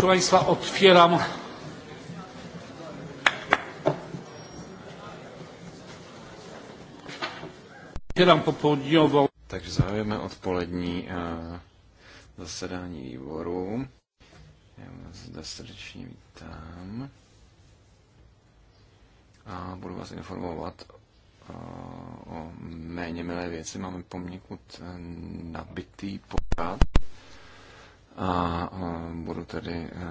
Proszę Państwa, otwieram otwieram popołudniową. Takže zahajujemy odpolední e, zasedání výboru. Ja Was zde witam. a budu vás informovat e, o méně milé věci. Máme poměkud e, nabitý pořád. A budu tedy eh,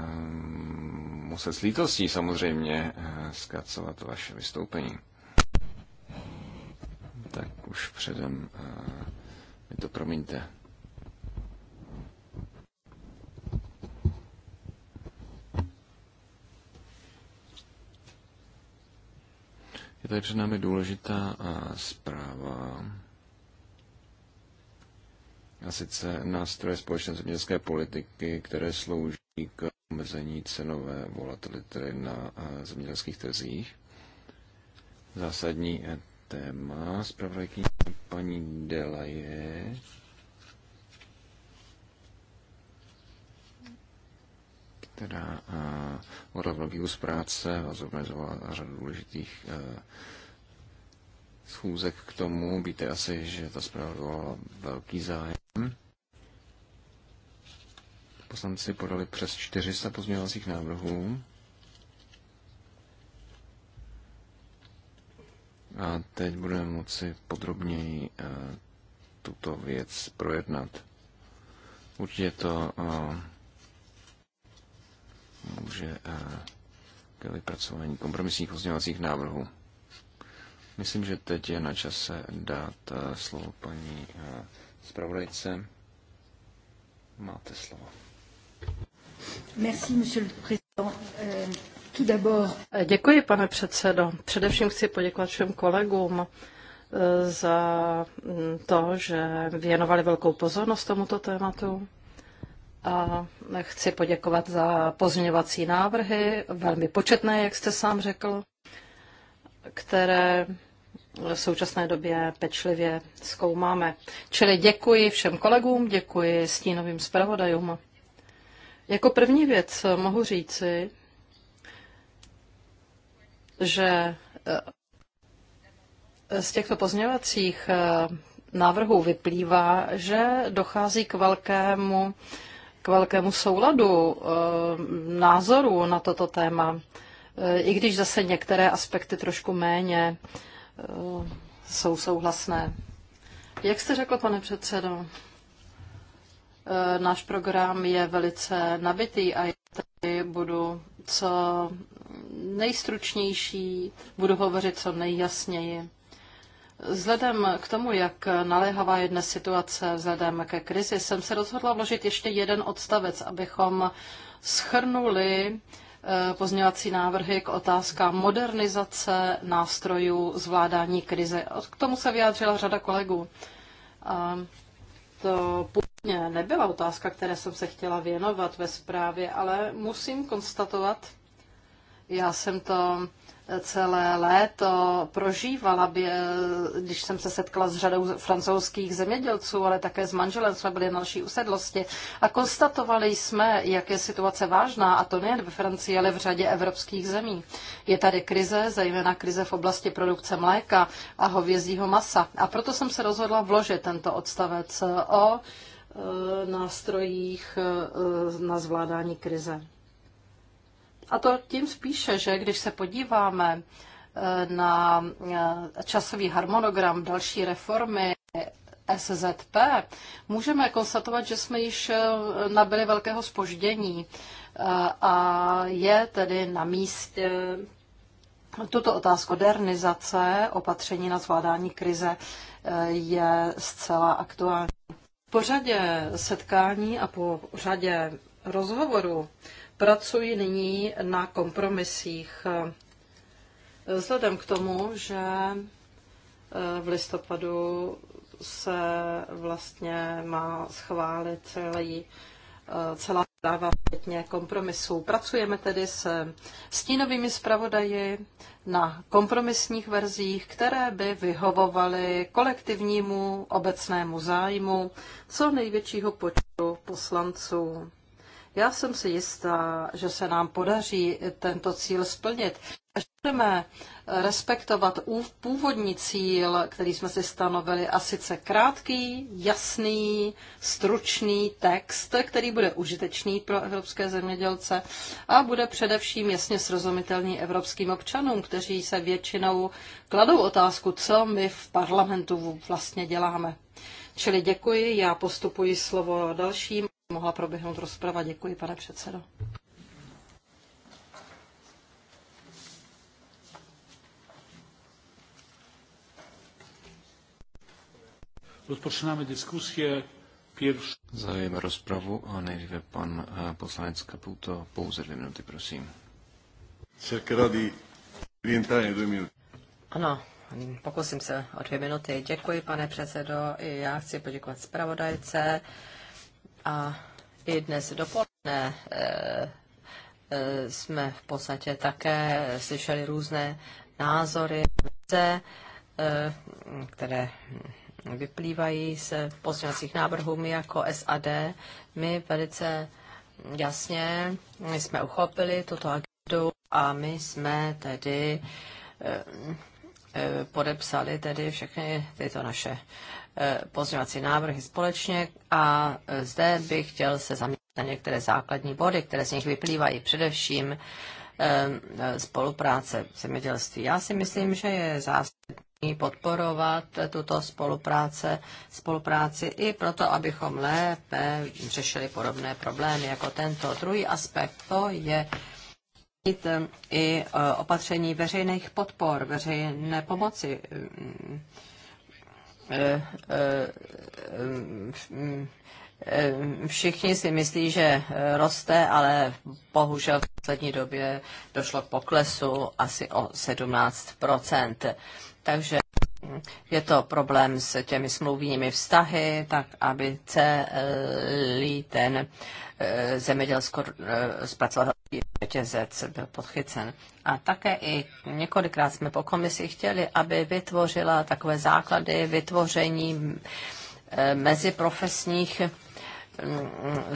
muset s lítostí samozřejmě eh, zkracovat vaše vystoupení. Tak už předem eh, mi to promiňte. Je tady před námi důležitá zpráva a sice nástroje společné zemědělské politiky, které slouží k omezení cenové volatility na eh, zemědělských trzích. Zásadní eh, téma zpravodajky paní Delaje. která odla eh, v z práce a zorganizovala řadu důležitých uh, schůzek k tomu. Víte asi, že ta zpráva vyvolala velký zájem. Poslanci podali přes 400 pozměňovacích návrhů. A teď budeme moci podrobněji eh, tuto věc projednat. Určitě to eh, může eh, k vypracování kompromisních pozměňovacích návrhů. Myslím, že teď je na čase dát eh, slovo paní eh, zpravodajce. Máte slovo. Merci, monsieur le président. Eh, tout d'abord... Děkuji, pane předsedo. Především chci poděkovat všem kolegům za mm, to, že věnovali velkou pozornost tomuto tématu. A chci poděkovat za pozměňovací návrhy, velmi početné, jak jste sám řekl, které v současné době pečlivě zkoumáme. Čili děkuji všem kolegům, děkuji stínovým zpravodajům. Jako první věc mohu říci, že eh, z těchto pozměvacích eh, návrhů vyplývá, že dochází k velkému, k velkému souladu eh, názorů na toto téma, i když zase některé aspekty trošku méně Eh, jsou souhlasné. Jak jste řekl, pane předsedo, eh, náš program je velice nabitý a já tady budu co nejstručnější, budu hovořit co nejjasněji. Vzhledem k tomu, jak naléhavá je dnes situace vzhledem ke krizi, jsem se rozhodla vložit ještě jeden odstavec, abychom schrnuli Eh, pozměňovací návrhy k otázkám modernizace nástrojů zvládání krize. K tomu se vyjádřila řada kolegů. To původně nebyla otázka, které jsem se chtěla věnovat ve zprávě, ale musím konstatovat, já jsem to celé léto prožívala, když jsem se setkala s řadou francouzských zemědělců, ale také s manželem jsme byli na naší usedlosti a konstatovali jsme, jak je situace vážná, a to nejen ve Francii, ale v řadě evropských zemí. Je tady krize, zejména krize v oblasti produkce mléka a hovězího masa. A proto jsem se rozhodla vložit tento odstavec o e, nástrojích e, na zvládání krize. A to tím spíše, že když se podíváme eh, na eh, časový harmonogram další reformy SZP, můžeme konstatovat, že jsme již eh, nabili velkého spoždění a je tedy na místě tuto otázku modernizace opatření na zvládání krize je zcela aktuální. Po řadě setkání a po řadě rozhovorů Pracuji nyní na kompromisích. Vzhledem k tomu, že eh, v listopadu se vlastně má schválit celý, eh, celá zpráva pětně kompromisů. Pracujeme tedy s stínovými zpravodaji na kompromisních verzích, které by vyhovovaly kolektivnímu obecnému zájmu co největšího počtu poslanců. Já jsem si jistá, že se nám podaří tento cíl splnit. Až budeme respektovat původní cíl, který jsme si stanovili, a sice krátký, jasný, stručný text, který bude užitečný pro evropské zemědělce a bude především jasně srozumitelný evropským občanům, kteří se většinou kladou otázku, co my v parlamentu vlastně děláme. Čili děkuji, já postupuji slovo dalším mohla proběhnout rozprava. Děkuji, pane předsedo. Rozpočínáme diskusie. Pierwszy... Zajeme rozpravu a nejdříve pan eh, poslanec Kaputo. Pouze dvě minuty, prosím. Ano, pokusím se o dvě minuty. Děkuji, pane předsedo. I já chci poděkovat zpravodajce a i dnes dopoledne eh, eh, jsme v podstatě také slyšeli různé názory, eh, které vyplývají z pozměňovacích návrhů. My jako SAD, my velice jasně my jsme uchopili tuto agendu a my jsme tedy Eh, podepsali tedy všechny tyto naše eh, pozměňovací návrhy společně a eh, zde bych chtěl se zaměřit na některé základní body, které z nich vyplývají především spolupráce v zemědělství. Já si myslím, že je zásadní podporovat tuto spolupráce, spolupráci i proto, abychom lépe řešili podobné problémy jako tento. Druhý aspekt to je zmínit eh, i eh, opatření veřejných podpor, veřejné pomoci eh, Všichni si myslí, že roste, ale bohužel v poslední době došlo k poklesu asi o 17 Takže je to problém s těmi smluvními vztahy, tak aby celý ten e, zemědělsko-zpracovatelský e, řetězec byl podchycen. A také i několikrát jsme po komisi chtěli, aby vytvořila takové základy vytvoření e, meziprofesních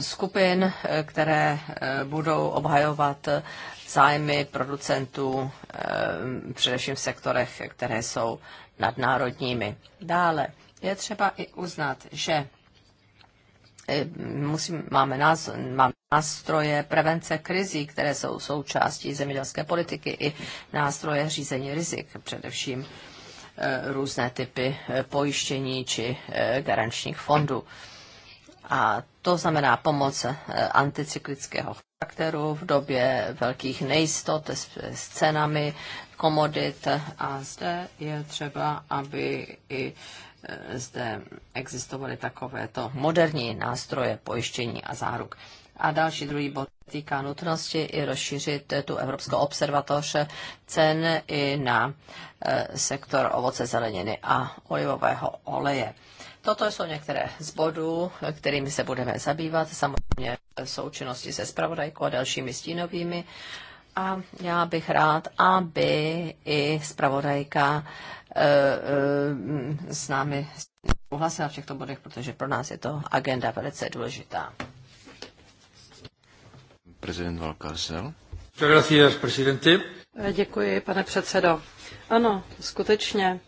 skupin, které budou obhajovat zájmy producentů, především v sektorech, které jsou nadnárodními. Dále je třeba i uznat, že eh, musím, máme, nás, máme nástroje prevence krizí, které jsou součástí zemědělské politiky i nástroje řízení rizik, především eh, různé typy eh, pojištění či garančních fondů. A to znamená pomoc anticyklického charakteru v době velkých nejistot s cenami, komodit a zde je třeba, aby i e, zde existovaly takovéto moderní nástroje pojištění a záruk. A další druhý bod týká nutnosti i rozšířit tu Evropskou observatoř cen i na e, sektor ovoce zeleniny a olivového oleje. Toto jsou některé z bodů, kterými se budeme zabývat, samozřejmě v součinnosti se spravodajkou a dalšími stínovými a já bych rád, aby i zpravodajka eh, eh, s námi souhlasila v těchto bodech, protože pro nás je to agenda velice důležitá. Prezident Valkarsel. Eh, děkuji, pane předsedo. Ano, skutečně.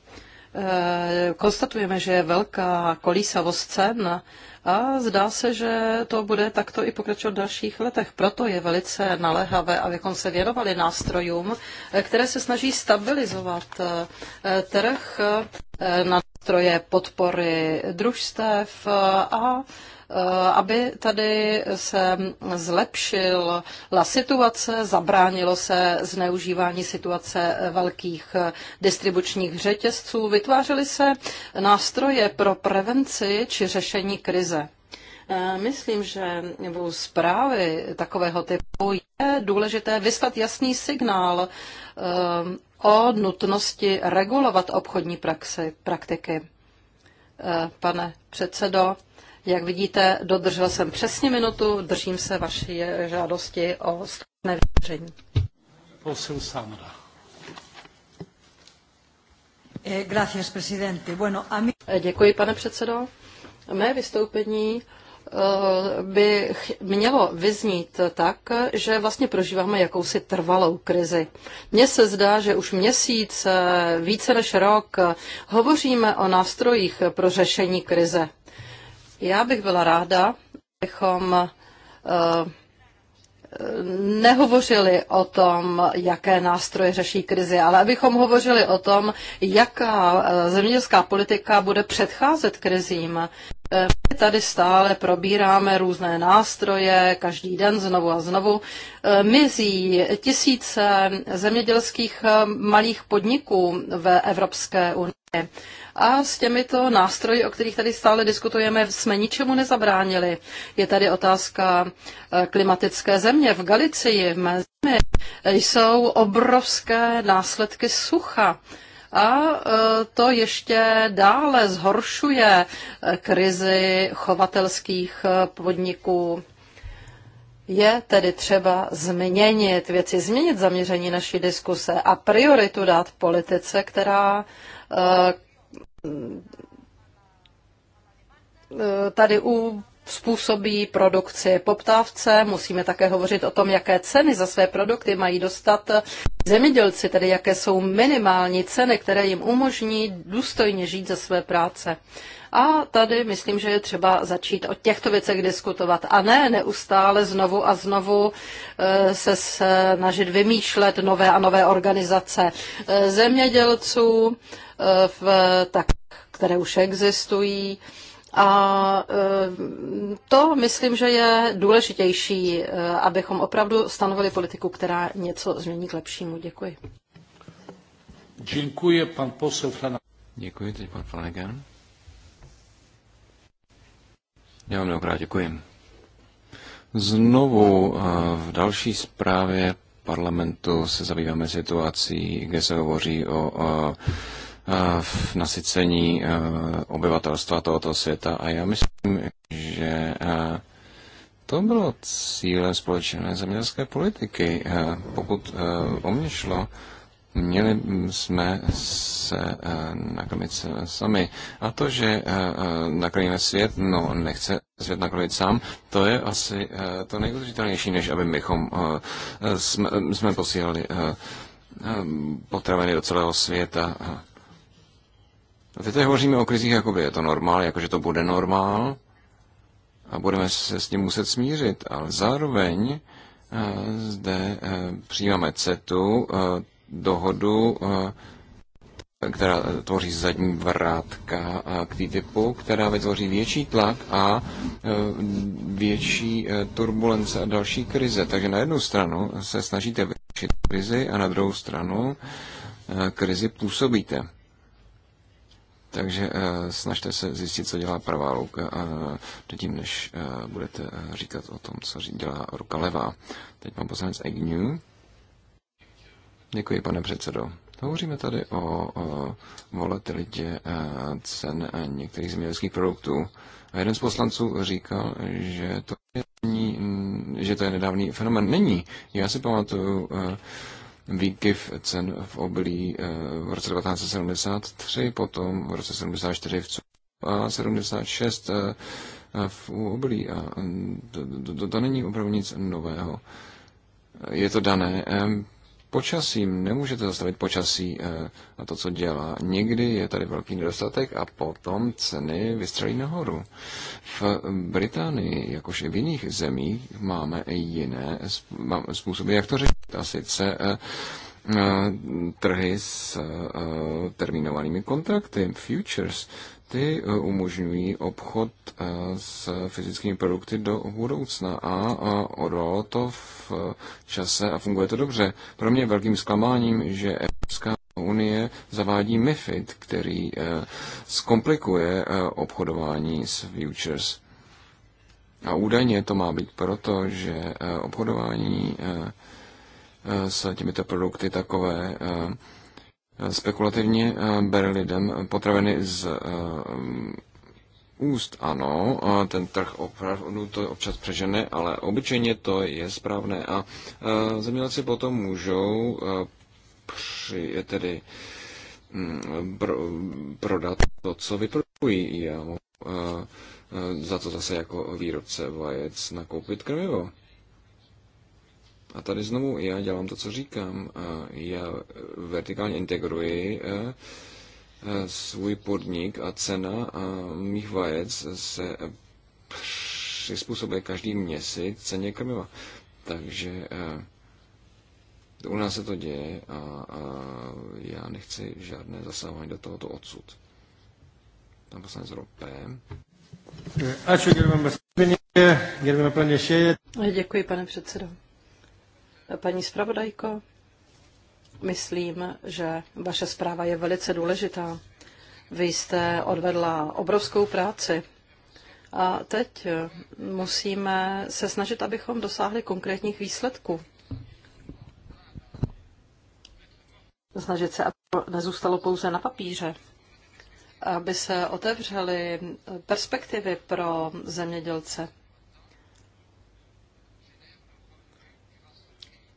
Konstatujeme, že je velká kolísavost cen a zdá se, že to bude takto i pokračovat v dalších letech. Proto je velice naléhavé, abychom se věnovali nástrojům, které se snaží stabilizovat eh, trh na eh, nástroje podpory družstev eh, a Eh, aby tady se zlepšila situace, zabránilo se zneužívání situace velkých distribučních řetězců, vytvářely se nástroje pro prevenci či řešení krize. Eh, myslím, že u zprávy takového typu je důležité vyslat jasný signál eh, o nutnosti regulovat obchodní praxi, praktiky. Pane předsedo, jak vidíte, dodržel jsem přesně minutu, držím se vaší žádosti o stručné vyjádření. Prosím, Sandra. Eh, eh, děkuji, pane předsedo. Mé vystoupení eh, by mělo vyznít tak, že vlastně prožíváme jakousi trvalou krizi. Mně se zdá, že už měsíc, více než rok, hovoříme o nástrojích pro řešení krize. Já bych byla ráda, abychom eh, eh, nehovořili o tom, jaké nástroje řeší krizi, ale abychom hovořili o tom, jaká eh, zemědělská politika bude předcházet krizím. My tady stále probíráme různé nástroje, každý den znovu a znovu. Mizí tisíce zemědělských malých podniků ve Evropské unii a s těmito nástroji, o kterých tady stále diskutujeme, jsme ničemu nezabránili. Je tady otázka eh, klimatické země. V Galicii, v zemi, jsou obrovské následky sucha. A eh, to ještě dále zhoršuje eh, krizi chovatelských podniků. Je tedy třeba změnit věci, změnit zaměření naší diskuse a prioritu dát politice, která Mm, tady u způsobí produkci poptávce. Musíme také hovořit o tom, jaké ceny za své produkty mají dostat zemědělci, tedy jaké jsou minimální ceny, které jim umožní důstojně žít za své práce. A tady myslím, že je třeba začít o těchto věcech diskutovat a ne neustále znovu a znovu e, se snažit vymýšlet nové a nové organizace e, zemědělců, e, v, tak, které už existují. A to myslím, že je důležitější, abychom opravdu stanovili politiku, která něco změní k lepšímu. Děkuji. Děkuji, pan posel Děkuji, teď pan Flanagan. Já vám mnohokrát děkuji. Znovu eh, v další zprávě parlamentu se zabýváme situací, kde se hovoří o, o eh, eh, v nasycení obyvatelstva tohoto světa a já myslím, že to bylo cílem společné zemědělské politiky. Pokud o mě šlo, Měli jsme se eh, nakrmit sami. A to, že eh, eh, nakrmíme svět, no nechce svět nakrmit sám, to je asi to nejdůležitější, než aby bychom jsme, jsme posílali potraviny do celého světa. Teď hovoříme o krizích, jako by je to normál, jako že to bude normál a budeme se s tím muset smířit, ale zároveň zde přijímáme CETu, dohodu, eh, která tvoří zadní vrátka eh, k TTIPu, která vytvoří větší tlak a eh, větší turbulence a další krize. Takže na jednu stranu se snažíte vyřešit krizi a na druhou stranu krizi působíte. Takže snažte se zjistit, co dělá pravá ruka předtím, než budete říkat o tom, co dělá ruka levá. Teď mám poslanec Agnew. Děkuji, pane předsedo. Hovoříme tady o, o volatilitě e, cen e, některých zemědělských produktů. A jeden z poslanců říkal, že to je, že to je nedávný fenomen. Není. Já si pamatuju e, výkyv cen v obilí v roce 1973, potom v roce 1974 v a 76 v obilí. A to, to, to není opravdu nic nového. Je to dané počasím. Nemůžete zastavit počasí eh, a to, co dělá. Někdy je tady velký nedostatek a potom ceny vystřelí nahoru. V Británii, jakož i v jiných zemích, máme jiné způsoby, jak to řešit. A sice eh, eh, trhy s termínovanými kontrakty, futures ty eh, umožňují obchod eh, s fyzickými produkty do budoucna a odolalo to v eh, čase a funguje to dobře. Pro mě je velkým zklamáním, že Evropská unie zavádí MIFID, který zkomplikuje obchodování s futures. A údajně to má být proto, že obchodování s těmito produkty takové Eh, spekulativně eh, bere lidem eh, potraviny z mm, úst. Ano, ten trh opravdu to občas přežene, ale obyčejně to je správné. A zemědělci potom můžou při, tedy mm, pro, prodat to, co vyprodukují. Já za to zase jako výrobce vajec nakoupit krmivo. A tady znovu já dělám to, co říkám. Já vertikálně integruji eh, eh, svůj podnik a cena mých vajec se přizpůsobuje každý měsíc ceně krmiva. Takže eh, u nás se to děje a, a já nechci žádné zasahování do tohoto odsud. Tam poslanec Ropé. Děkuji, pane předsedo. Paní zpravodajko, myslím, že vaše zpráva je velice důležitá. Vy jste odvedla obrovskou práci. A teď eh, musíme se snažit, abychom dosáhli konkrétních výsledků. Snažit se, aby to nezůstalo pouze na papíře, aby se otevřely perspektivy pro zemědělce.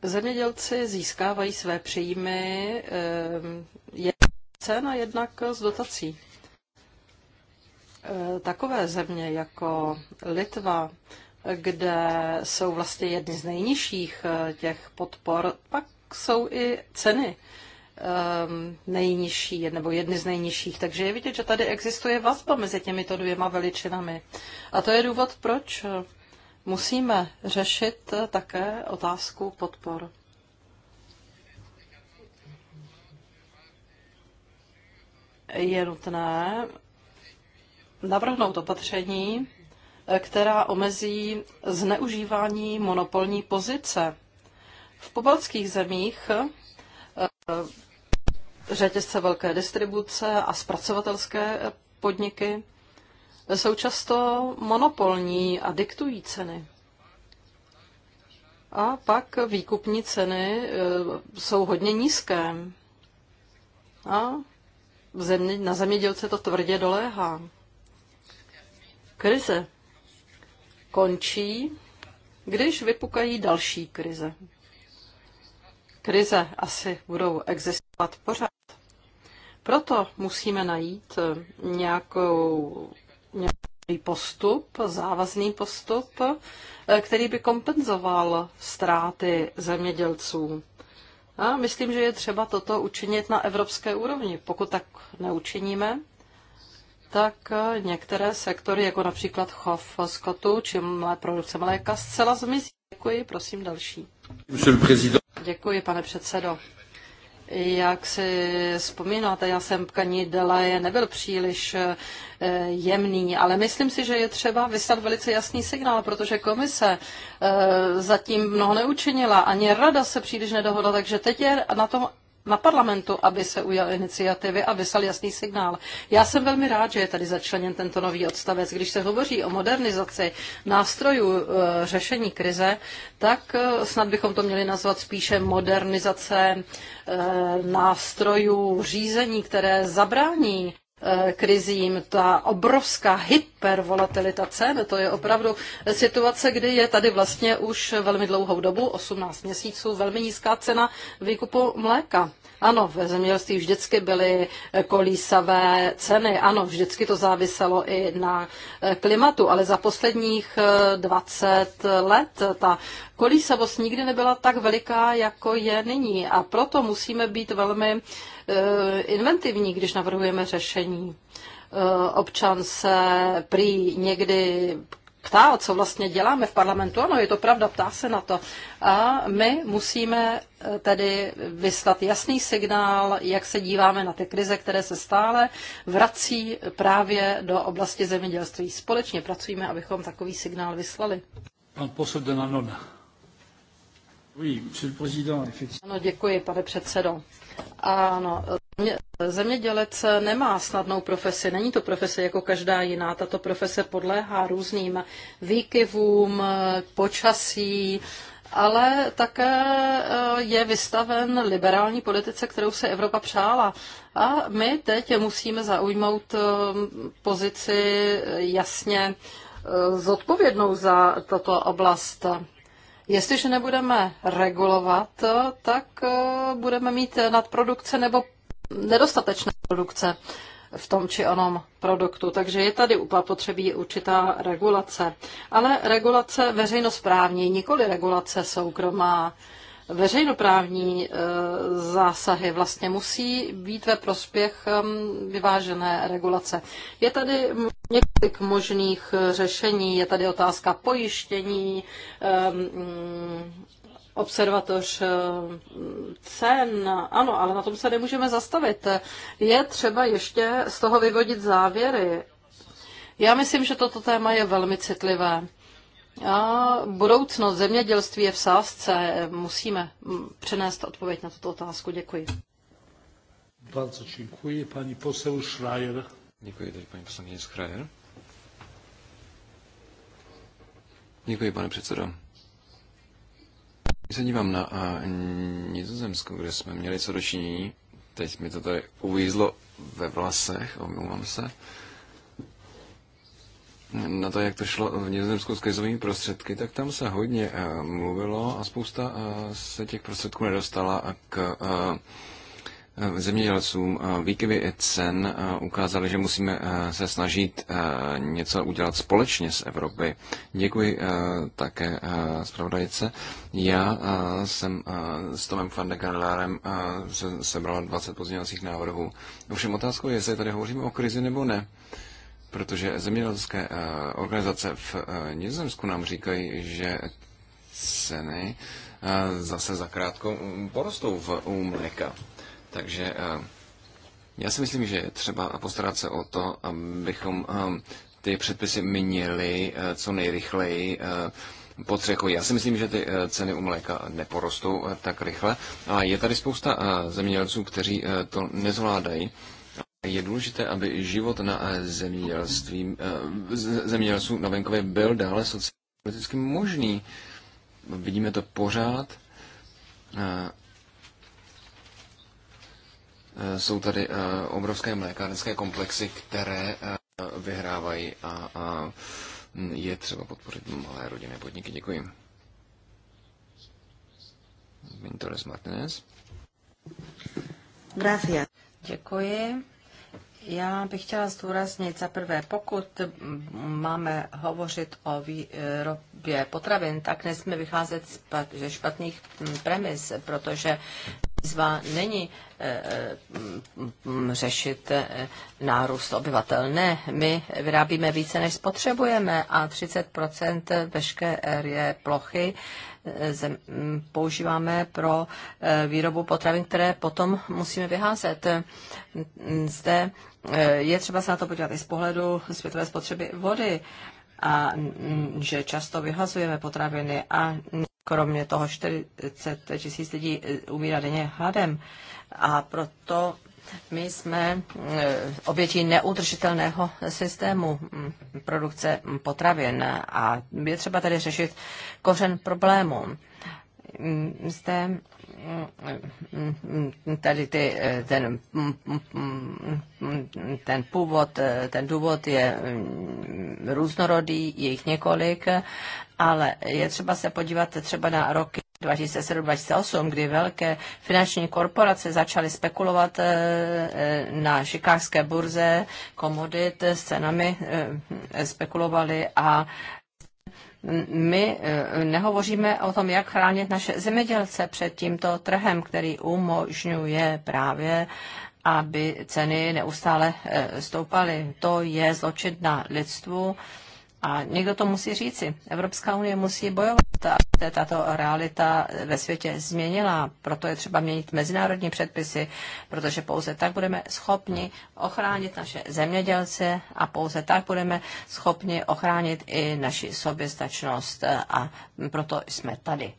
Zemědělci získávají své příjmy eh, jednak cen jednak z dotací. Eh, takové země jako Litva, kde jsou vlastně jedny z nejnižších eh, těch podpor, pak jsou i ceny ehm, nejnižší, nebo jedny z nejnižších. Takže je vidět, že tady existuje vazba mezi těmito dvěma veličinami. A to je důvod, proč musíme řešit také otázku podpor. Je nutné navrhnout opatření, která omezí zneužívání monopolní pozice. V pobaltských zemích eh, řetězce velké distribuce a zpracovatelské podniky jsou často monopolní a diktují ceny. A pak výkupní ceny eh, jsou hodně nízké. A na zemědělce to tvrdě doléhá. Krize končí, když vypukají další krize. Krize asi budou existovat pořád. Proto musíme najít eh, nějakou nějaký postup, závazný postup, eh, který by kompenzoval ztráty zemědělců. A myslím, že je třeba toto učinit na evropské úrovni. Pokud tak neučiníme, tak eh, některé sektory, jako například chov skotu či produkce mléka, zcela zmizí. Děkuji, prosím další. Děkuji, pane předsedo. Jak si vzpomínáte, já jsem Kaní Delaje nebyl příliš eh, jemný, ale myslím si, že je třeba vyslat velice jasný signál, protože komise eh, zatím mnoho neučinila, ani rada se příliš nedohodla, takže teď je na tom na parlamentu, aby se ujal iniciativy a vyslal jasný signál. Já jsem velmi rád, že je tady začleněn tento nový odstavec. Když se hovoří o modernizaci nástrojů e, řešení krize, tak e, snad bychom to měli nazvat spíše modernizace e, nástrojů řízení, které zabrání Eh, krizím, ta obrovská hypervolatilita cen, to je opravdu situace, kdy je tady vlastně už velmi dlouhou dobu, 18 měsíců, velmi nízká cena výkupu mléka. Ano, ve zemědělství vždycky byly kolísavé ceny, ano, vždycky to záviselo i na eh, klimatu, ale za posledních 20 eh, let ta kolísavost nikdy nebyla tak veliká, jako je nyní. A proto musíme být velmi eh, inventivní, když navrhujeme řešení. Eh, občan se prý někdy ptá, co vlastně děláme v parlamentu. Ano, je to pravda, ptá se na to. A my musíme eh, tedy vyslat jasný signál, jak se díváme na ty krize, které se stále vrací právě do oblasti zemědělství. Společně pracujeme, abychom takový signál vyslali. Pan posud Denanona. Ano, děkuji, pane předsedo. Ano, zemědělec nemá snadnou profesi, není to profese jako každá jiná. Tato profese podléhá různým výkyvům, počasí, ale také eh, je vystaven liberální politice, kterou se Evropa přála. A my teď musíme zaujmout eh, pozici jasně eh, zodpovědnou za tato oblast. Jestliže nebudeme regulovat, tak eh, budeme mít nadprodukce nebo nedostatečné produkce v tom či onom produktu. Takže je tady potřebí určitá regulace. Ale regulace veřejnosprávní, nikoli regulace soukromá veřejnoprávní eh, zásahy vlastně musí být ve prospěch eh, vyvážené regulace. Je tady několik možných eh, řešení, je tady otázka pojištění, mm, observatoř cen, ano, ale na tom se nemůžeme zastavit. Je třeba ještě z toho vyvodit závěry. Já myslím, že toto téma je velmi citlivé. A budoucnost zemědělství je v sázce. Musíme mm, přenést odpověď na tuto otázku. Děkuji. Bardzo děkuji. Pani poseł Schreier. Děkuji tady paní poslankyně Schreier. Děkuji, pane předsedo. Když se dívám na Nizozemsku, kde jsme měli co dočinění, teď mi to tady uvízlo ve vlasech, omlouvám se, na to, jak to šlo v Nizozemsku s krizovými prostředky, tak tam se hodně eh, mluvilo a spousta eh, se těch prostředků nedostala k eh, zemědělcům. Výkyvy cen ukázaly, že musíme se snažit něco udělat společně z Evropy. Děkuji také zpravodajce. Já jsem s Tomem van de se, sebral 20 pozměňovacích návrhů. Ovšem otázkou je, jestli tady hovoříme o krizi nebo ne protože zemědělské eh, organizace v eh, Nizozemsku nám říkají, že ceny eh, zase zakrátko mm, porostou v, u mléka. Takže já si myslím, že je třeba postarat se o to, abychom ty předpisy měli co nejrychleji po třechu. Já si myslím, že ty ceny u mléka neporostou tak rychle. A je tady spousta zemědělců, kteří to nezvládají je důležité, aby život na eh, zemědělství, eh, zemědělců na venkově byl dále sociálně politicky možný. Vidíme to pořád. Eh, jsou tady obrovské mlékárenské komplexy, které vyhrávají a, je třeba podpořit malé rodinné podniky. Děkuji. Vintores Martinez. Gracias. Děkuji. Já bych chtěla zdůraznit za prvé, pokud máme hovořit o výrobě potravin, tak nesmíme vycházet ze špatných mm, premis, protože výzva není eh, mm, řešit eh, nárůst obyvatel. Ne, my vyrábíme více, než spotřebujeme a 30 veškeré plochy zem, používáme pro eh, výrobu potravin, které potom musíme vyházet. Zde eh, je třeba se na to podívat i z pohledu světové spotřeby vody a že často vyhazujeme potraviny a kromě toho 40 tisíc lidí eh, umírá denně hladem. A proto my jsme eh, obětí neudržitelného systému mm, produkce potravin a je třeba tady řešit kořen problému. Jste mm, mm, tady ty, eh, ten, ten původ, eh, ten důvod je různorodý, je jich několik, ale je třeba se podívat třeba na roky 2007-2008, kdy velké finanční korporace začaly spekulovat eh, eh, na šikářské burze komodit s cenami, eh, spekulovali a my nehovoříme o tom, jak chránit naše zemědělce před tímto trhem, který umožňuje právě aby ceny neustále stoupaly. To je zločin na lidstvu a někdo to musí říci. Evropská unie musí bojovat, aby se tato realita ve světě změnila. Proto je třeba měnit mezinárodní předpisy, protože pouze tak budeme schopni ochránit naše zemědělce a pouze tak budeme schopni ochránit i naši soběstačnost. A proto jsme tady.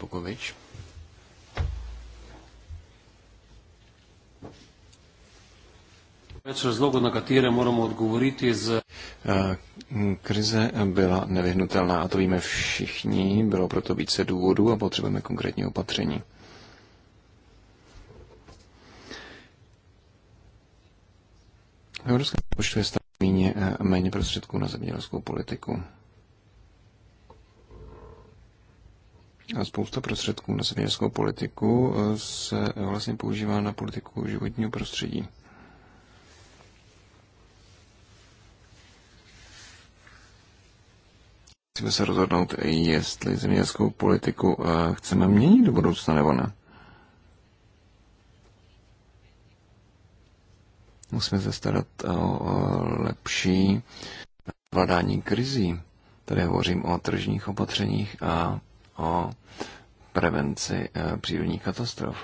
Bogovič. Več razlogov, na katere moramo odgovoriti z... Krize byla nevyhnutelná a to víme všichni. Bylo proto více důvodů a potřebujeme konkrétní opatření. V Evropském počtu je stále méně, méně prostředků na zemědělskou politiku. A spousta prostředků na zemědělskou politiku e, se vlastně používá na politiku životního prostředí. Musíme se rozhodnout, jestli zemědělskou politiku eh, chceme měnit do budoucna nebo ne. Musíme se starat o lepší vládání krizí. Tady hovořím o tržních opatřeních a o prevenci eh, přírodních katastrof.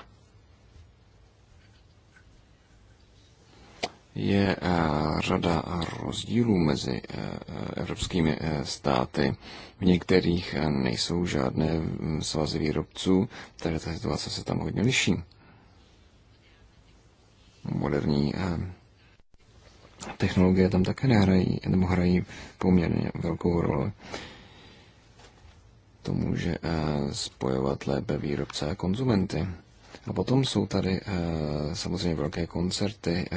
je eh, řada rozdílů mezi eh, evropskými eh, státy. V některých nejsou žádné mm, svazy výrobců, takže ta situace se tam hodně liší. Moderní technologie tam také nehrají, nebo hrají poměrně velkou roli. To může spojovat lépe výrobce a konzumenty. A potom jsou tady samozřejmě velké koncerty,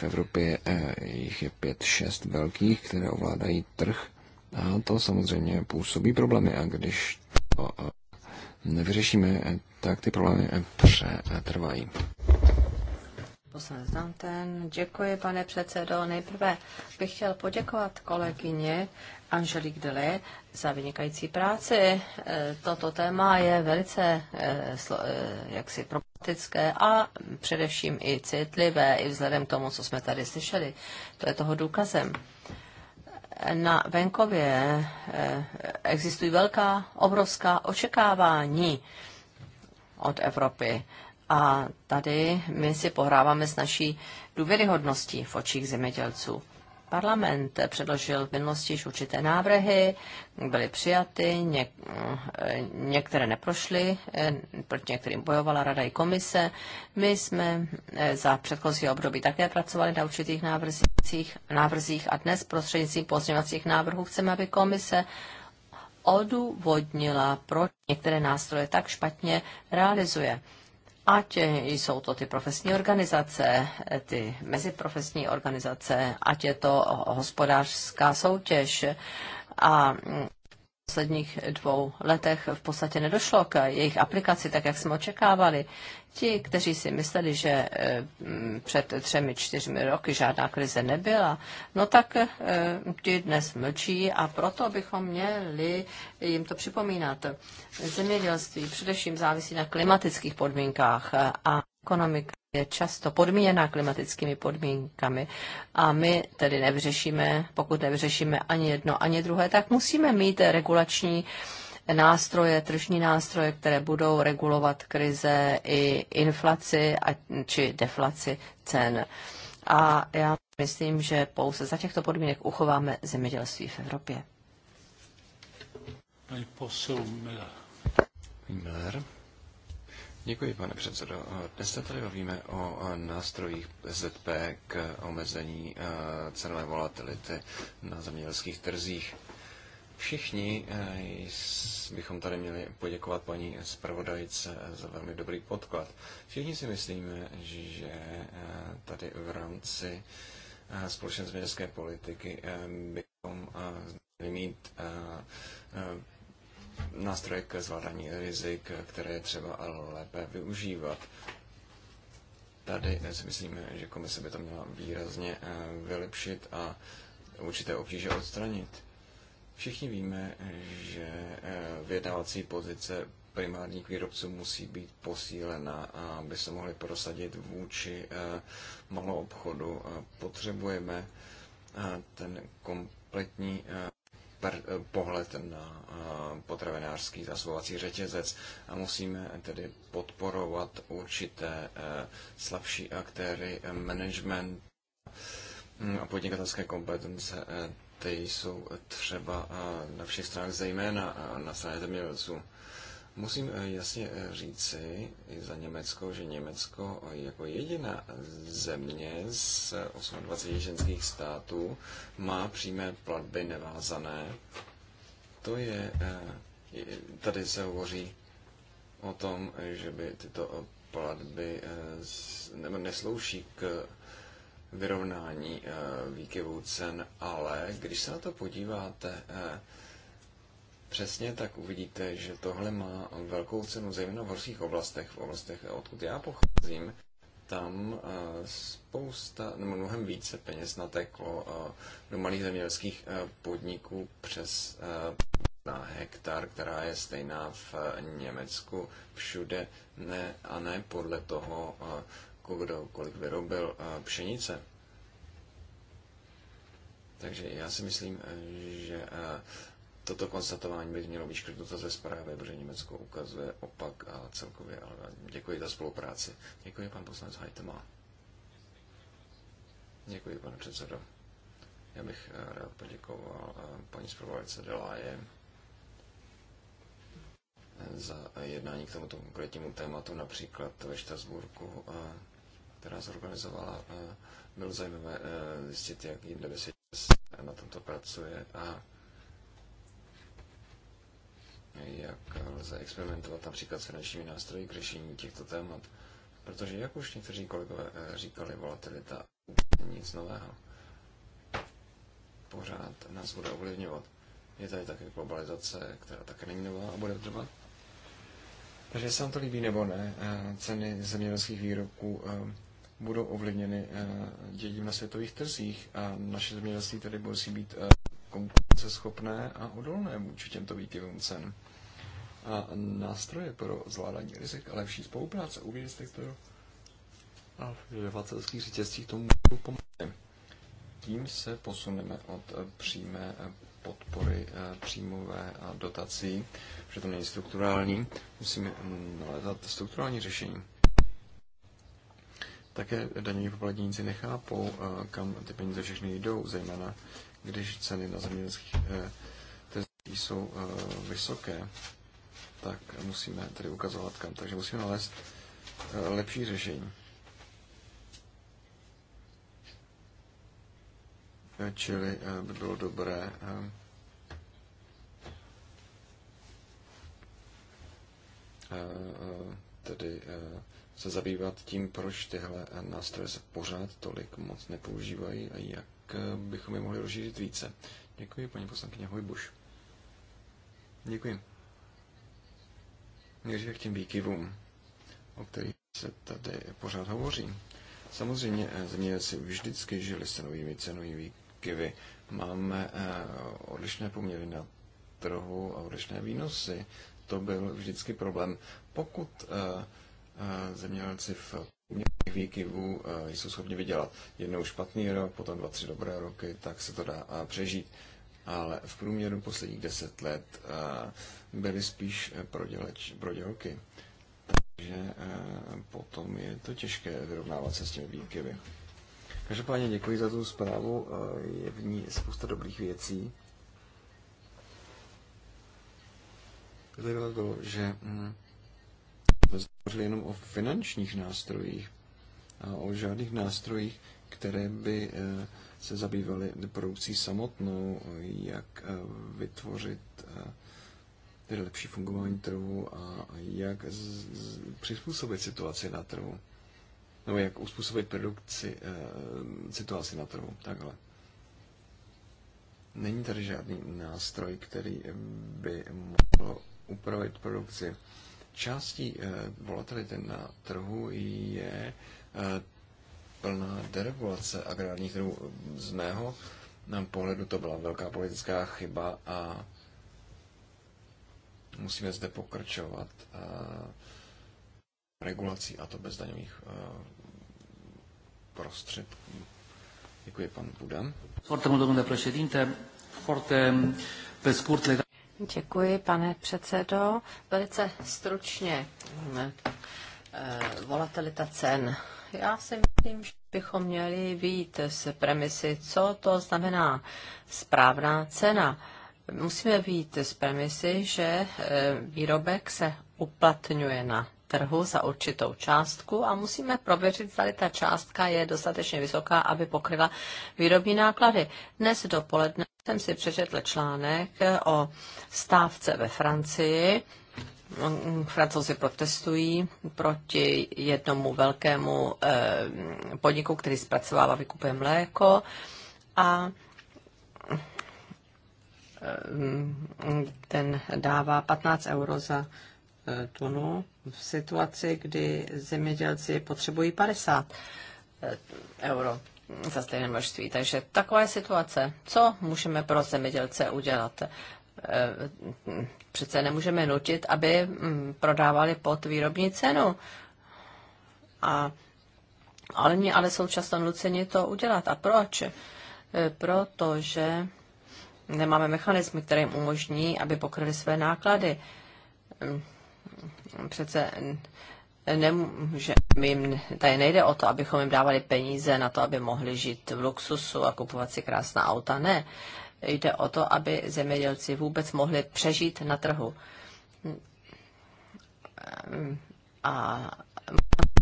v Evropě eh, jich je pět, šest velkých, které ovládají trh a to samozřejmě působí problémy a když to eh, nevyřešíme, eh, tak ty problémy přetrvají. Poslanec Danten, děkuji, pane předsedo. Nejprve bych chtěl poděkovat kolegyně Angelique Dele za vynikající práci. E, toto téma je velice e, e, jaksi problematické a především i citlivé, i vzhledem k tomu, co jsme tady slyšeli. To je toho důkazem na venkově existují velká, obrovská očekávání od Evropy. A tady my si pohráváme s naší důvěryhodností v očích zemědělců. Parlament předložil v minulosti již určité návrhy, byly přijaty, něk, některé neprošly, eh, proti některým bojovala Rada i komise. My jsme eh, za předchozí období také pracovali na určitých návrzích, návrzích a dnes prostřednictvím pozměňovacích návrhů chceme, aby komise odůvodnila, proč některé nástroje tak špatně realizuje. Ať jsou to ty profesní organizace, ty meziprofesní organizace, ať je to hospodářská soutěž a posledních dvou letech v podstatě nedošlo k jejich aplikaci, tak jak jsme očekávali. Ti, kteří si mysleli, že eh, před třemi, čtyřmi roky žádná krize nebyla, no tak eh, ti dnes mlčí a proto bychom měli jim to připomínat. Zemědělství především závisí na klimatických podmínkách a ekonomika je často podmíněná klimatickými podmínkami a my tedy nevyřešíme, pokud nevyřešíme ani jedno, ani druhé, tak musíme mít regulační nástroje, tržní nástroje, které budou regulovat krize i inflaci a, či deflaci cen. A já myslím, že pouze za těchto podmínek uchováme zemědělství v Evropě. Pani Miller. Děkuji, pane předsedo. Dnes se tady bavíme o nástrojích ZP k omezení eh, cenové volatility na zemědělských trzích. Všichni eh, bychom tady měli poděkovat paní zpravodajce za velmi dobrý podklad. Všichni si myslíme, že eh, tady v rámci společné zemědělské politiky bychom měli mít nástroje k zvládání rizik, které je třeba lépe využívat. Tady si myslíme, že komise by to měla výrazně eh, vylepšit a určité obtíže odstranit. Všichni víme, že eh, vyjednávací pozice primárních výrobců musí být posílena, aby se mohli prosadit vůči eh, malou obchodu. Potřebujeme ten kompletní Eh, pohled na eh, potravinářský zasvovací řetězec a musíme tedy podporovat určité eh, slabší aktéry, management hm, a podnikatelské kompetence, ty jsou třeba na všech stranách, zejména na straně zemědělců. Musím eh, jasně eh, říci za Německo, že Německo eh, jako jediná země z 28 ženských států má přímé platby nevázané. To je, tady se hovoří o tom, že by tyto platby neslouší k vyrovnání výkyvů cen, ale když se na to podíváte, přesně, tak uvidíte, že tohle má velkou cenu, zejména v horských oblastech, v oblastech, odkud já pocházím. Tam eh, spousta, nebo mnohem více peněz nateklo eh, do malých zemědělských eh, podniků přes na hektar, která je stejná v Německu všude, ne, a ne podle toho, kdo kolik vyrobil pšenice. Takže já si myslím, že Toto konstatování by mělo být škrtnuto ze zprávy, protože Německo ukazuje opak a celkově, ale děkuji za spolupráci. Děkuji, pan poslanec Hajtema. Děkuji, pane předsedo. Já bych eh, rád poděkoval eh, paní zpravodajce Deláje za jednání k tomuto konkrétnímu tématu, například ve Štrasburku, eh, která zorganizovala. Bylo zajímavé zjistit, jak jinde by se na tomto pracuje a jak lze experimentovat například s finančními nástroji k řešení těchto témat. Protože, jak už někteří kolegové eh, říkali, volatilita úplně nic nového. Pořád nás bude ovlivňovat. Je tady také globalizace, která také není nová a bude trvat. Takže se vám to líbí nebo ne, eh, ceny zemědělských výrobků eh, budou ovlivněny dědím na světových trzích a naše zemědělství tedy musí být konkurenceschopné a odolné vůči těmto výkyvům cen. A nástroje pro zvládání rizik a lepší spolupráce uvnitř sektoru a v dodavatelských řetězcích tomu můžou pomoci. Tím se posuneme od přímé podpory eh, příjmové a dotací, protože to není strukturální, musíme mm, nalézat strukturální řešení. Také daňoví poplatníci nechápou, eh, kam ty peníze všechny jdou, zejména když ceny na zemědělských eh, trzích jsou eh, vysoké, tak musíme tedy ukazovat kam. Takže musíme nalézt eh, lepší řešení. Čili by bylo dobré tedy se zabývat tím, proč tyhle nástroje se pořád tolik moc nepoužívají a jak Eh, bychom je mohli rozšířit více. Děkuji, paní poslankyně Hojbuš. Děkuji. Nejdříve k těm výkyvům, o kterých se tady pořád hovoří. Samozřejmě si eh, vždycky žili s cenovými cenovými výkyvy. Máme eh, odlišné poměry na trhu a odlišné výnosy. To byl vždycky problém. Pokud zemědělci v těch eh, výkyvů jsou schopni vydělat. Jednou špatný rok, potom dva, tři dobré roky, tak se to dá eh, přežít. Ale v průměru posledních deset let eh, byly spíš proděleč, prodělky. Takže potom je to těžké vyrovnávat se s těmi výkyvy. Každopádně děkuji za tu zprávu, je v ní spousta dobrých věcí. Vypadalo to, že hm, jsme jenom o finančních nástrojích, o žádných nástrojích, které by eh, se zabývaly produkcí samotnou, jak eh, vytvořit eh, tedy lepší fungování trhu a jak z, z, přizpůsobit situaci na trhu. Nebo jak uspůsobit produkci situaci na trhu. Takhle. Není tady žádný nástroj, který by mohl upravit produkci. Částí volatility na trhu je Eh, plná deregulace agrárních trhů. Z mého eh, pohledu to byla velká politická chyba a musíme zde pokračovat eh, regulací a to bez daňových prostředků. Děkuji, pan Buda. Děkuji, pane předsedo. Velice stručně volatilita cen já si myslím, že bychom měli výjít z premisy, co to znamená správná cena. Musíme výjít z premisy, že e, výrobek se uplatňuje na trhu za určitou částku a musíme prověřit, zda ta částka je dostatečně vysoká, aby pokryla výrobní náklady. Dnes dopoledne jsem si přečetl článek e, o stávce ve Francii Francouzi protestují proti jednomu velkému eh, podniku, který zpracovává vykupuje mléko a eh, ten dává 15 euro za eh, tunu v situaci, kdy zemědělci potřebují 50 euro za stejné množství. Takže taková je situace. Co můžeme pro zemědělce udělat? Eh, přece nemůžeme nutit, aby mm, prodávali pod výrobní cenu. A, ale, mě, ale jsou často nuceni to udělat. A proč? Eh, protože nemáme mechanizmy, které jim umožní, aby pokryli své náklady. Mm, přece nemůže, jim, tady nejde o to, abychom jim dávali peníze na to, aby mohli žít v luxusu a kupovat si krásná auta. Ne, jde o to, aby zemědělci vůbec mohli přežít na trhu. A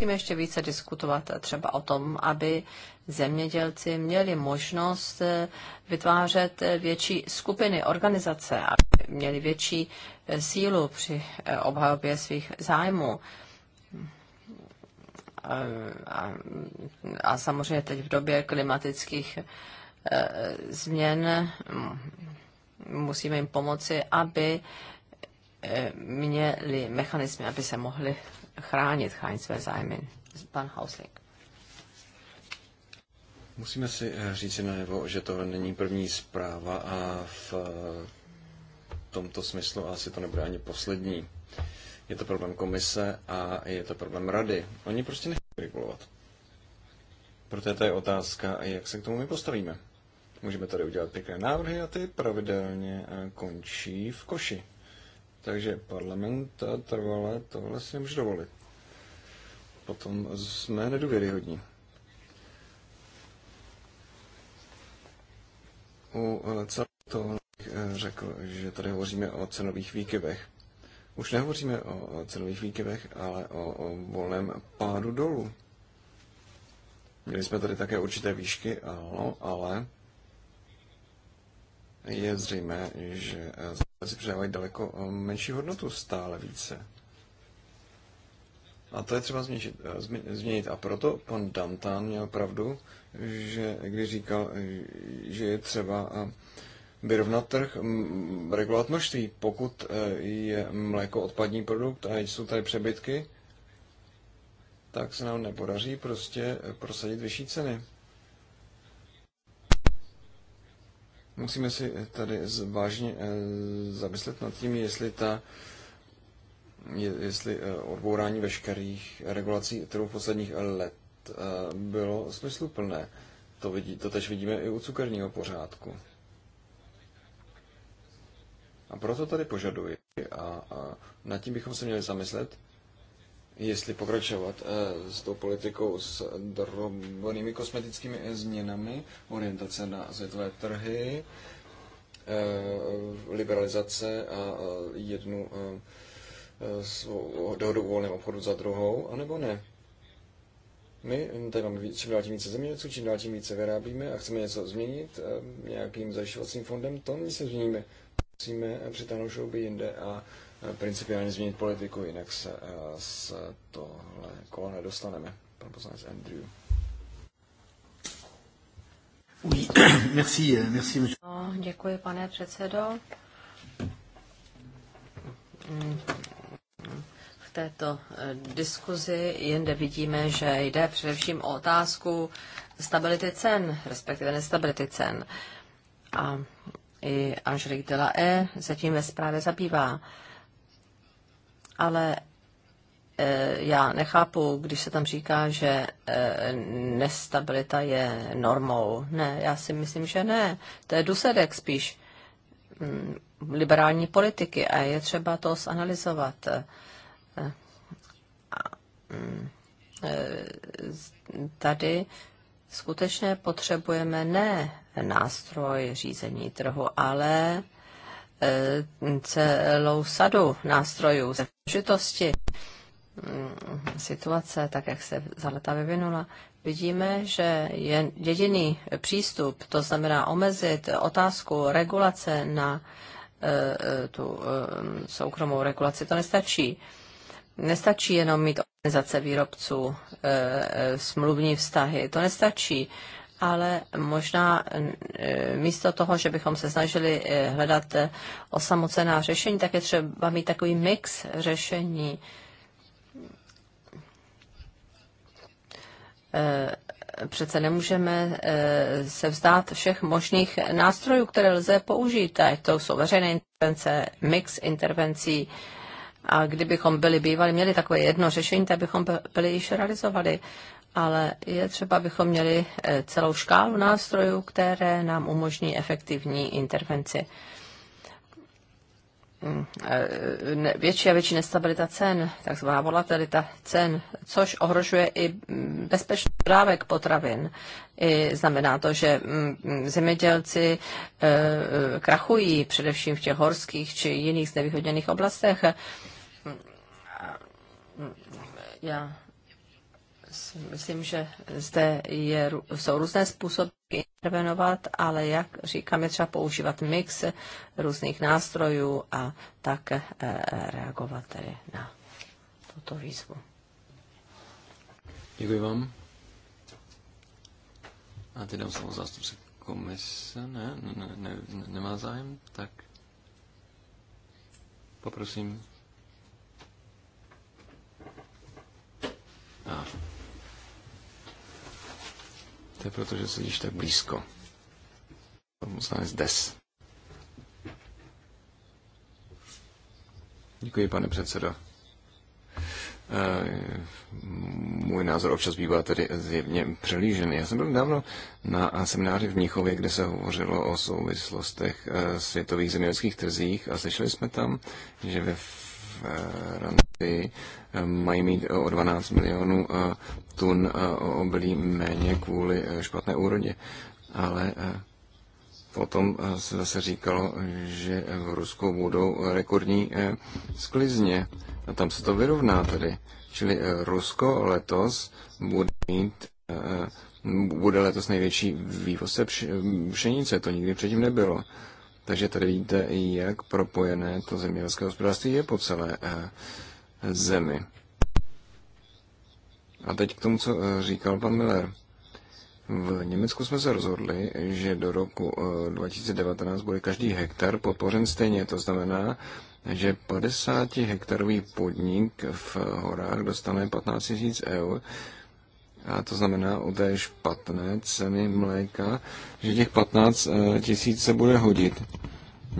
musíme ještě více diskutovat třeba o tom, aby zemědělci měli možnost vytvářet větší skupiny, organizace, aby měli větší sílu při obhajobě svých zájmů. A, a, a samozřejmě teď v době klimatických Eh, změn. Mm, musíme jim pomoci, aby eh, měli mechanismy, aby se mohli chránit, chránit své zájmy. Pan Hausling. Musíme si eh, říci najevo, že to není první zpráva a v tomto smyslu asi to nebude ani poslední. Je to problém komise a je to problém rady. Oni prostě nechtějí regulovat. Proto je je otázka, jak se k tomu my postavíme. Můžeme tady udělat pěkné návrhy a ty pravidelně eh, končí v koši. Takže parlament trvalé tohle vlastně si nemůže dovolit. Potom jsme nedůvěryhodní. U eh, celého toho eh, řekl, že tady hovoříme o cenových výkyvech. Už nehovoříme o cenových výkyvech, ale o, o volném pádu dolů. Měli jsme tady také určité výšky, ano, ale je zřejmé, že si eh, předávají daleko eh, menší hodnotu stále více. A to je třeba změnit. Eh, změnit. A proto pan Dantan měl pravdu, že když říkal, že je třeba vyrovnat trh, regulovat množství. Pokud je mléko odpadní produkt a jsou tady přebytky, tak se nám nepodaří prostě prosadit vyšší ceny. Musíme si tady vážně eh, zamyslet nad tím, jestli ta jestli eh, odbourání veškerých regulací trhu posledních let eh, bylo smysluplné. To, vidí, to tež vidíme i u cukerního pořádku. A proto tady požaduji a, a nad tím bychom se měli zamyslet, jestli pokračovat eh, s tou politikou s drobnými kosmetickými změnami, orientace na světové trhy, eh, liberalizace a eh, jednu dohodu o volném obchodu za druhou, anebo ne. My tady máme čím dál tím více zemědělců, čím dál tím více vyrábíme a chceme něco změnit nějakým zajišťovacím fondem, to my se změníme Musíme přitáhnout šouby jinde a Eh, principiálně změnit politiku, jinak se eh, z tohle kolo nedostaneme. Pan poslanec Andrew. merci, eh, merci, no, děkuji, pane předsedo. V této diskuzi jinde vidíme, že jde především o otázku stability cen, respektive nestability cen. A i Angelique la E zatím ve zprávě zabývá. Uh, ale eh, já nechápu, když se tam říká, že eh, nestabilita je normou. Ne, já si myslím, že ne. To je důsledek spíš mm, liberální politiky a je třeba to zanalizovat. Eh, mm, tady skutečně potřebujeme ne nástroj řízení trhu, ale celou sadu nástrojů Žitosti mm, situace, tak jak se za leta vyvinula, vidíme, že je jediný přístup, to znamená omezit otázku regulace na e, e, tu e, soukromou regulaci, to nestačí. Nestačí jenom mít organizace výrobců, smluvní vztahy, to nestačí ale možná e, místo toho, že bychom se snažili e, hledat e, osamocená řešení, tak je třeba mít takový mix řešení. Přece nemůžeme se vzdát všech možných nástrojů, které lze použít. To jsou veřejné intervence, mix intervencí, a kdybychom byli bývali, měli takové jedno řešení, tak bychom byli již realizovali ale je třeba, abychom měli eh, celou škálu nástrojů, které nám umožní efektivní intervenci. Mm, eh, větší a větší nestabilita cen, takzvaná volatilita cen, což ohrožuje i mm, bezpečnost dodávek potravin. I znamená to, že mm, zemědělci eh, krachují především v těch horských či jiných znevýhodněných oblastech. Já myslím, že zde je, jsou různé způsoby intervenovat, ale jak říkám, je třeba používat mix různých nástrojů a tak eh, reagovat tedy na tuto výzvu. Děkuji vám. A teď dám slovo zástupce komise. Ne, ne, ne, ne, nemá zájem, tak poprosím. A nevidíte, protože sedíš tak blízko. Poslanec Des. Děkuji, pane předsedo. Eh, můj názor občas bývá tedy zjevně přelížený. Já jsem byl dávno na semináři v Mnichově, kde se hovořilo o souvislostech eh, světových zemědělských trzích a slyšeli jsme tam, že ve Francii mají mít eh, o 12 milionů eh, tun eh, obilí méně kvůli špatné úrodě. Ale potom se zase říkalo, že v Rusku budou rekordní sklizně. A tam se to vyrovná tedy. Čili Rusko letos bude mít bude letos největší vývozce pšenice, to nikdy předtím nebylo. Takže tady vidíte, jak propojené to zemědělské hospodářství je po celé zemi. A teď k tomu, co eh, říkal pan Miller. V Německu jsme se rozhodli, že do roku 2019 eh, bude každý hektar podpořen stejně. To znamená, že 50 hektarový podnik v horách dostane 15 000 eur. A to znamená u té špatné ceny mléka, že těch 15 eh, tisíc se bude hodit.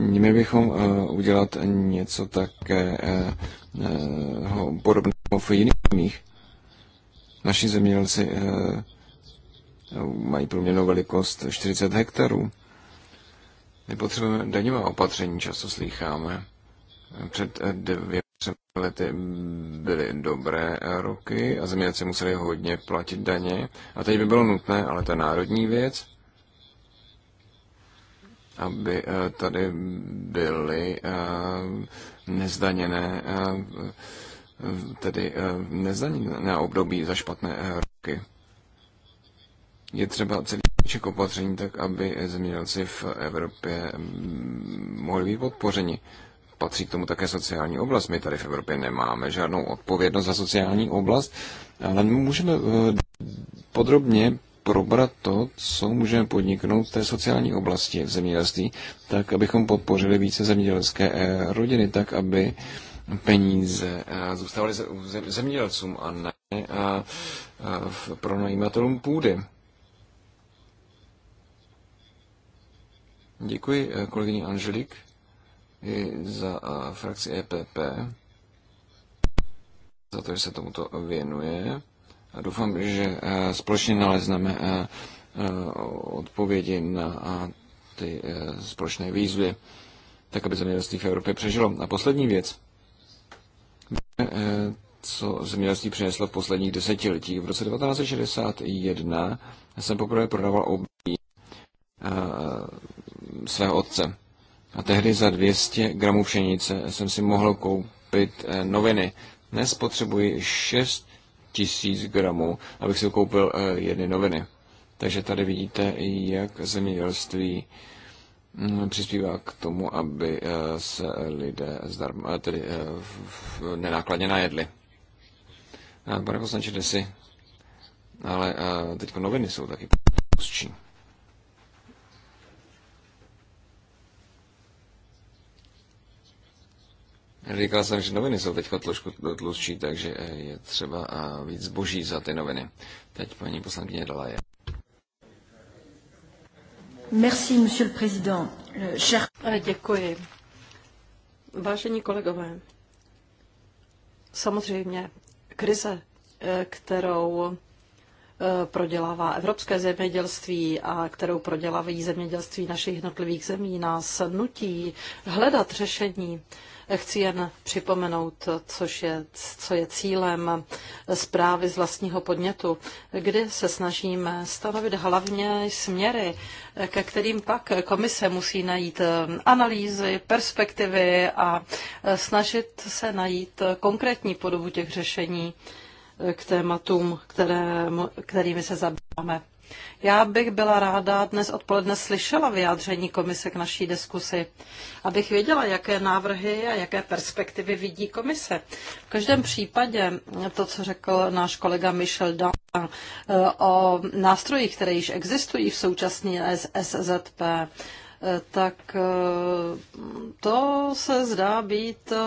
Měli bychom eh, udělat něco také eh, eh, podobného v jiných zemích. Naši zemědělci mají průměrnou velikost 40 hektarů. My potřebujeme daňová opatření, často slýcháme. Před dvě lety byly dobré roky a zemědělci museli hodně platit daně. A teď by bylo nutné, ale to je národní věc, aby eh, tady byly eh, nezdaněné, eh, tedy nezdaněné období za špatné roky. Je třeba celý balíček opatření tak, aby zemědělci v Evropě mm, mohli být podpořeni. Patří k tomu také sociální oblast. My tady v Evropě nemáme žádnou odpovědnost za sociální oblast, ale můžeme podrobně probrat to, co můžeme podniknout v té sociální oblasti v zemědělství, tak abychom podpořili více zemědělské eh, rodiny, tak aby peníze eh, zůstávaly zemědělcům a ne eh, pronajímatelům půdy. Děkuji kolegyni Angelik i za frakci EPP, za to, že se tomuto věnuje. A doufám, že eh, společně nalezneme eh, eh, odpovědi na ty společné výzvy, tak aby zemědělství v Evropě přežilo. A poslední věc. Co zemědělství přineslo v posledních desetiletích. V roce 1961 jsem poprvé prodával obilí svého otce. A tehdy za 200 gramů pšenice jsem si mohl koupit noviny. Dnes potřebuji 6 tisíc gramů, abych si koupil eh, jedny noviny. Takže tady vidíte, jak zemědělství mm, přispívá k tomu, aby eh, se lidé zdarma, eh, tedy nenákladně najedli. Pane poslanče si, ale teď noviny jsou taky pustší. Říkal jsem, že noviny jsou teď trošku tlustší, takže eh, je třeba eh, víc boží za ty noviny. Teď paní poslankyně je. Merci, monsieur le président. Euh, cher... Eh, děkuji. Vážení kolegové, samozřejmě krize, kterou prodělává evropské zemědělství a kterou prodělávají zemědělství našich jednotlivých zemí, nás nutí hledat řešení. Chci jen připomenout, což je, co je cílem zprávy z vlastního podnětu, kdy se snažíme stanovit hlavně směry, ke kterým pak komise musí najít analýzy, perspektivy a snažit se najít konkrétní podobu těch řešení k tématům, které, kterými se zabýváme. Já bych byla ráda dnes odpoledne slyšela vyjádření komise k naší diskusi, abych věděla, jaké návrhy a jaké perspektivy vidí komise. V každém případě to, co řekl náš kolega Michel Dan eh, o nástrojích, které již existují v současné SZP, tak eh, to se zdá být eh,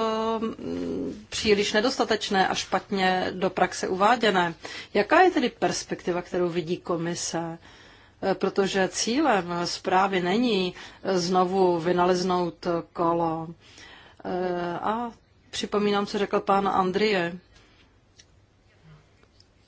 příliš nedostatečné a špatně do praxe uváděné. Jaká je tedy perspektiva, kterou vidí komise? Eh, protože cílem zprávy není znovu vynaleznout kolo. A připomínám, co řekl pán Andrie.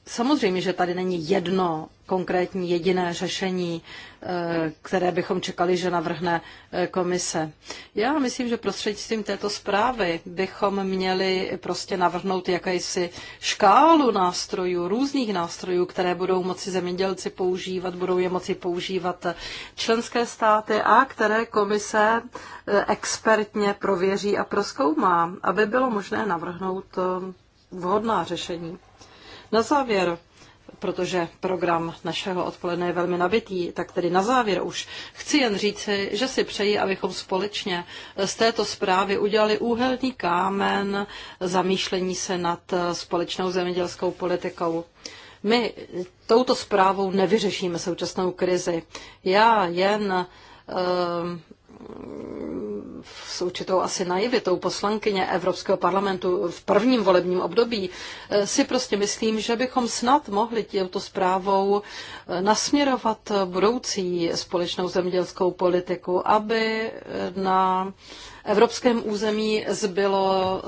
Samozřejmě, že tady není jedno konkrétní jediné řešení. Eh, které bychom čekali, že navrhne eh, komise. Já myslím, že prostřednictvím této zprávy bychom měli prostě navrhnout jakési škálu nástrojů, různých nástrojů, které budou moci zemědělci používat, budou je moci používat členské státy a které komise eh, expertně prověří a proskoumá, aby bylo možné navrhnout vhodná řešení. Na závěr protože program našeho odpoledne je velmi nabitý, tak tedy na závěr už chci jen říci, že si přeji, abychom společně z této zprávy udělali úhelný kámen zamýšlení se nad společnou zemědělskou politikou. My touto zprávou nevyřešíme současnou krizi. Já jen s určitou asi naivitou poslankyně Evropského parlamentu v prvním volebním období, eh, si prostě myslím, že bychom snad mohli těmto zprávou eh, nasměrovat budoucí společnou zemědělskou politiku, aby eh, na evropském území zbylo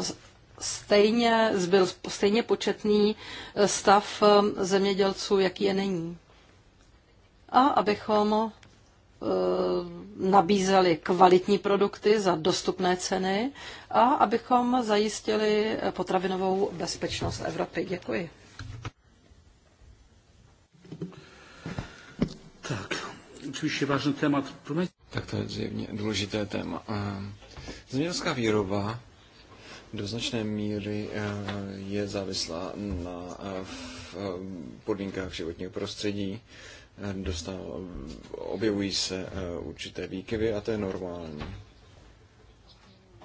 stejně, zbyl stejně početný stav zemědělců, jaký je není. A abychom Eh, nabízeli kvalitní produkty za dostupné ceny a abychom zajistili potravinovou bezpečnost Evropy. Děkuji. Tak, je vážný témat. Tak to je zjevně důležité téma. Eh, zemědělská výroba do značné míry eh, je závislá na podmínkách životního prostředí dostal, objevují se eh, určité výkyvy a to je normální.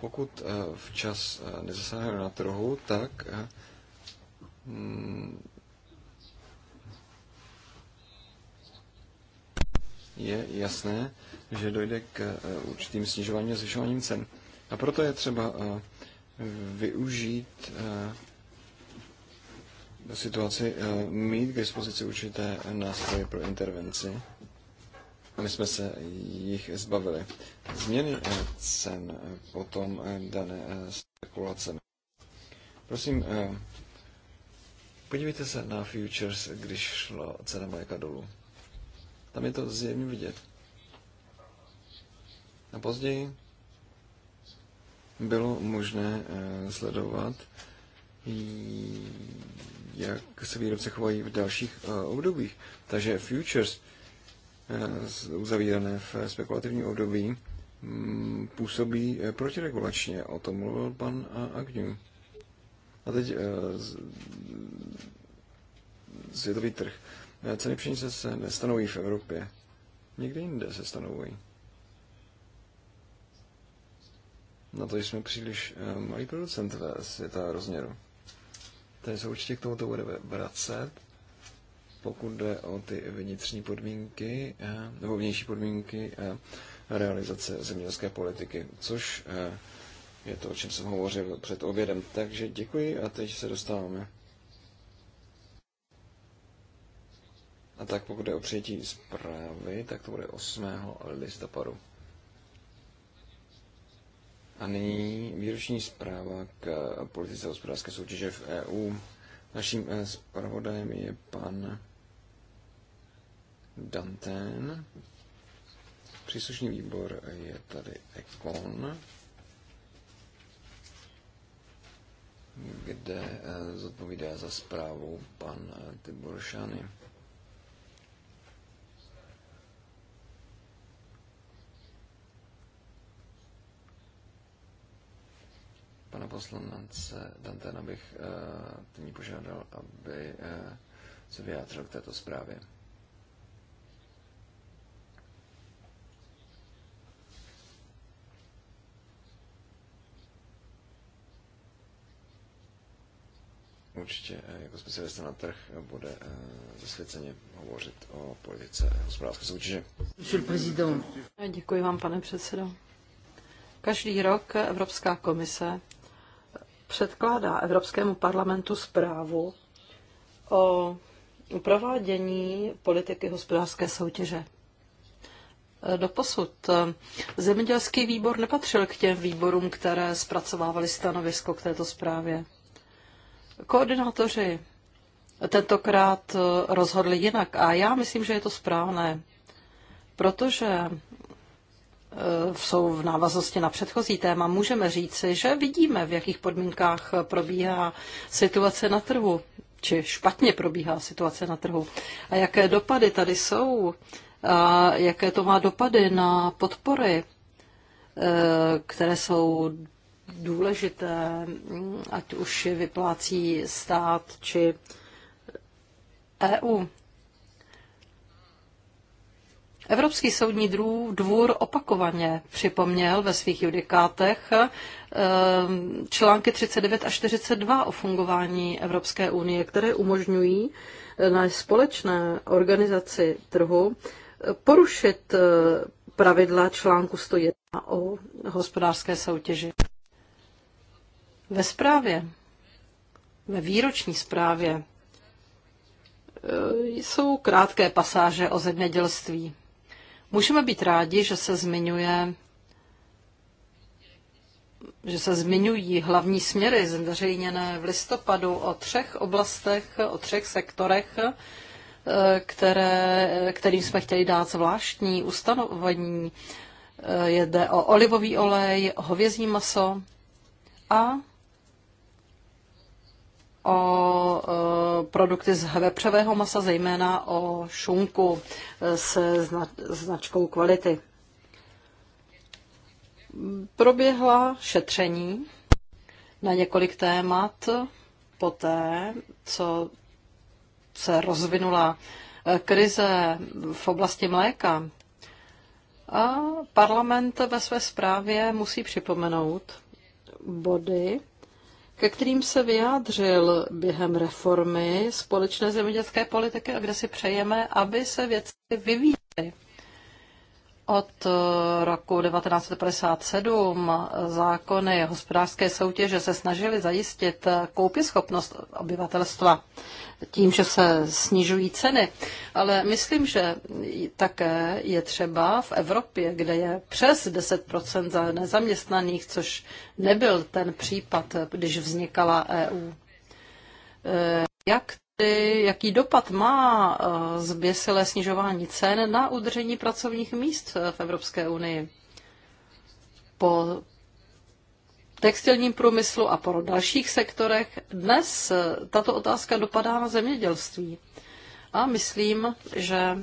Pokud eh, včas eh, nezasáhneme na trhu, tak hmm, je jasné, že dojde k určitým snižování a zvyšováním cen. A proto je třeba využít situaci eh, mít k dispozici určité nástroje pro intervenci. My jsme se jich zbavili. Změny eh, cen eh, potom dané spekulacemi. Prosím, podívejte se na futures, když šla cena mléka dolů. Tam je to zjevně vidět. A později bylo možné sledovat, jak se výrobce chovají v dalších eh, obdobích. Takže futures eh, uzavírané v spekulativním období mm, působí eh, protiregulačně. O tom mluvil pan Agnew. A teď světový trh. Ceny pšenice se nestanoví v Evropě. Někde jinde se stanovují. Na to jsme příliš malý producent ve světa rozměru. Takže se určitě k tomuto budeme vracet, pokud jde o ty vnitřní podmínky, eh, nebo vnější podmínky eh, realizace zemědělské politiky, což eh, je to, o čem jsem hovořil před obědem. Takže děkuji a teď se dostáváme. A tak pokud je o přijetí zprávy, tak to bude 8. listopadu. A nyní výroční zpráva k politice hospodářské soutěže v EU. Naším eh, zpravodajem je pan Danten. Příslušný výbor je tady Ekon, kde eh, zodpovídá za zprávu pan eh, Tibor Šany. pana poslance Dantena bych nyní eh, požádal, aby eh, se vyjádřil k této zprávě. určitě eh, jako specialista na trh bude zasvěceně hovořit o politice hospodářské soutěže. Děkuji vám, pane předsedo. Každý rok Evropská komise předkládá Evropskému parlamentu zprávu o provádění politiky hospodářské soutěže. E, doposud e, zemědělský výbor nepatřil k těm výborům, které zpracovávali stanovisko k této zprávě. Koordinátoři tentokrát e, rozhodli jinak a já myslím, že je to správné, protože Eh, jsou v návaznosti na předchozí téma, můžeme říci, že vidíme, v jakých podmínkách probíhá situace na trhu, či špatně probíhá situace na trhu. A jaké dopady tady jsou, a jaké to má dopady na podpory, eh, které jsou důležité, ať už vyplácí stát či EU. Evropský soudní dvůr opakovaně připomněl ve svých judikátech eh, články 39 a 42 o fungování Evropské unie, které umožňují eh, na společné organizaci trhu eh, porušit pravidla článku 101 o hospodářské soutěži. Ve zprávě, ve výroční zprávě jsou krátké pasáže o zemědělství. Můžeme být rádi, že se zmiňuje že se zmiňují hlavní směry zveřejněné v listopadu o třech oblastech, o třech sektorech, eh, které, kterým jsme chtěli dát zvláštní ustanovení. Eh, jde o olivový olej, hovězí maso a o e, produkty z vepřového masa, zejména o šunku e, se značkou kvality. Proběhla šetření na několik témat poté, co se rozvinula e, krize v oblasti mléka. A parlament ve své zprávě musí připomenout body, ke kterým se vyjádřil během reformy společné zemědělské politiky a kde si přejeme, aby se věci vyvíjely od eh, roku 1957 zákony hospodářské soutěže se snažily zajistit eh, koupěschopnost obyvatelstva tím, že se snižují ceny. Ale myslím, že také je třeba v Evropě, kde je přes 10 nezaměstnaných, což nebyl ten případ, když vznikala EU. Eh, jak jaký dopad má eh, zběsilé snižování cen na udržení pracovních míst v Evropské unii. Po textilním průmyslu a po dalších sektorech dnes eh, tato otázka dopadá na zemědělství. A myslím, že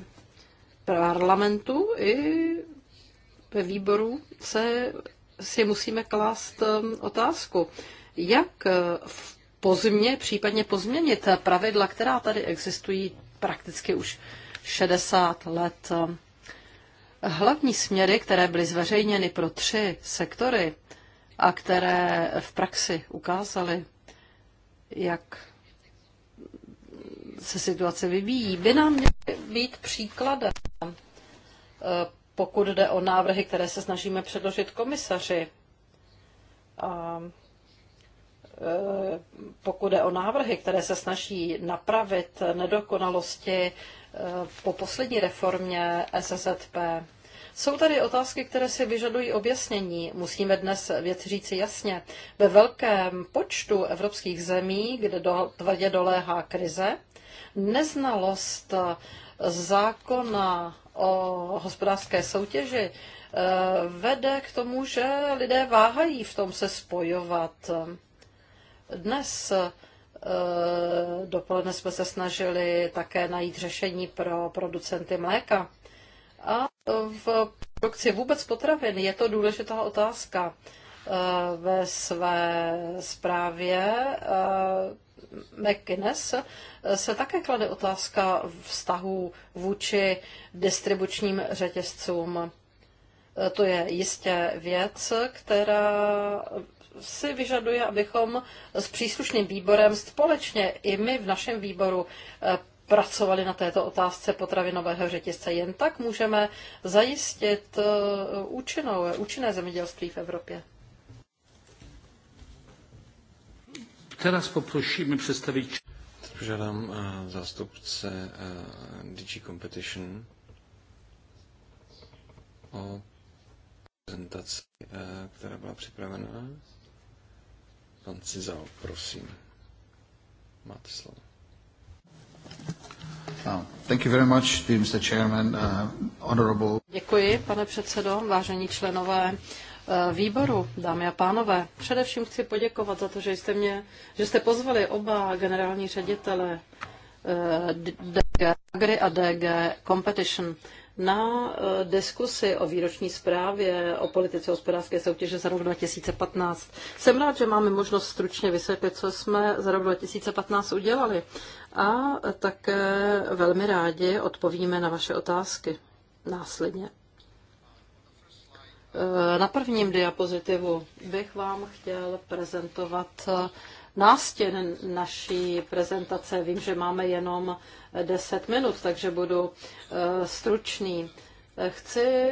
parlamentu i ve výboru se si musíme klást eh, otázku, jak v pozmě, případně pozměnit pravidla, která tady existují prakticky už 60 let. Hlavní směry, které byly zveřejněny pro tři sektory a které v praxi ukázaly, jak se situace vyvíjí, by nám měly být příkladem, pokud jde o návrhy, které se snažíme předložit komisaři. A Eh, pokud jde o návrhy, které se snaží napravit nedokonalosti eh, po poslední reformě SSZP, jsou tady otázky, které si vyžadují objasnění. Musíme dnes věc říci jasně. Ve velkém počtu evropských zemí, kde do, tvrdě doléhá krize, neznalost zákona o hospodářské soutěži eh, vede k tomu, že lidé váhají v tom se spojovat. Dnes eh, dopoledne jsme se snažili také najít řešení pro producenty mléka. A v produkci vůbec potravin je to důležitá otázka. Eh, ve své zprávě eh, McInnes se také klade otázka vztahů vůči distribučním řetězcům. To je jistě věc, která si vyžaduje, abychom s příslušným výborem společně i my v našem výboru eh, pracovali na této otázce potravinového řetězce. Jen tak můžeme zajistit eh, účinnou, účinné zemědělství v Evropě. Teraz poprosíme představit. Požádám eh, zástupce DG Competition o prezentaci, která byla připravena. Pan Cizal, prosím. Máte slovo. Uh, thank you very much, Mr. Chairman, uh, honorable. Děkuji, pane předsedo, vážení členové uh, výboru, dámy a pánové. Především chci poděkovat za to, že jste, mě, že jste pozvali oba generální ředitele uh, DG Agri a DG Competition na eh, diskusi o výroční zprávě o politice hospodářské soutěže za rok 2015. Jsem rád, že máme možnost stručně vysvětlit, co jsme za rok 2015 udělali. A také velmi rádi odpovíme na vaše otázky následně. Eh, na prvním diapozitivu bych vám chtěl prezentovat eh, nástěn naší prezentace. Vím, že máme jenom 10 minut, takže budu eh, stručný. Eh, chci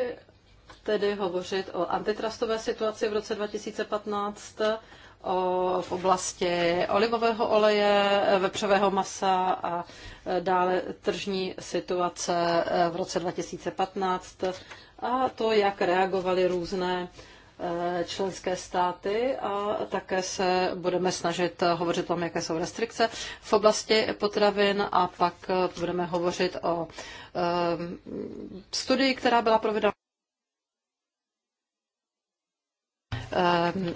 tedy hovořit o antitrustové situaci v roce 2015, o, v oblasti olivového oleje, vepřového masa a eh, dále tržní situace v roce 2015 a to, jak reagovaly různé Eh, členské státy a také se budeme snažit hovořit o tom, jaké jsou restrikce v oblasti potravin a pak eh, budeme hovořit o eh, studii, která byla provedena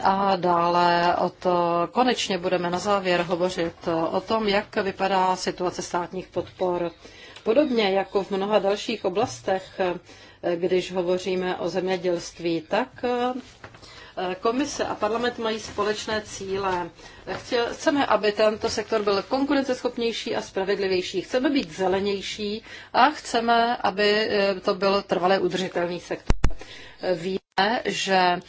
A dále o to konečně budeme na závěr hovořit o tom, jak vypadá situace státních podpor. Podobně jako v mnoha dalších oblastech když hovoříme o zemědělství, tak eh, Komise a parlament mají společné cíle. Chceme, aby tento sektor byl konkurenceschopnější a spravedlivější. Chceme být zelenější a chceme, aby eh, to byl trvalé udržitelný sektor. Eh, Ví víme, že ehm,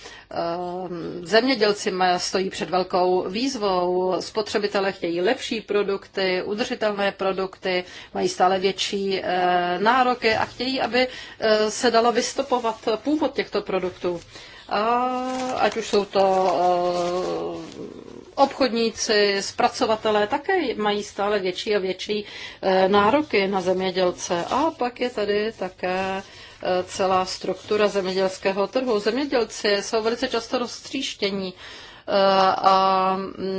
zemědělci stojí před velkou výzvou, spotřebitelé chtějí lepší produkty, udržitelné produkty, mají stále větší eh, nároky a chtějí, aby eh, se dalo vystopovat původ těchto produktů. A ať už jsou to eh, obchodníci, zpracovatelé také mají stále větší a větší nároky na zemědělce. A pak je tady také celá struktura zemědělského trhu. Zemědělci jsou velice často roztříštění eh, a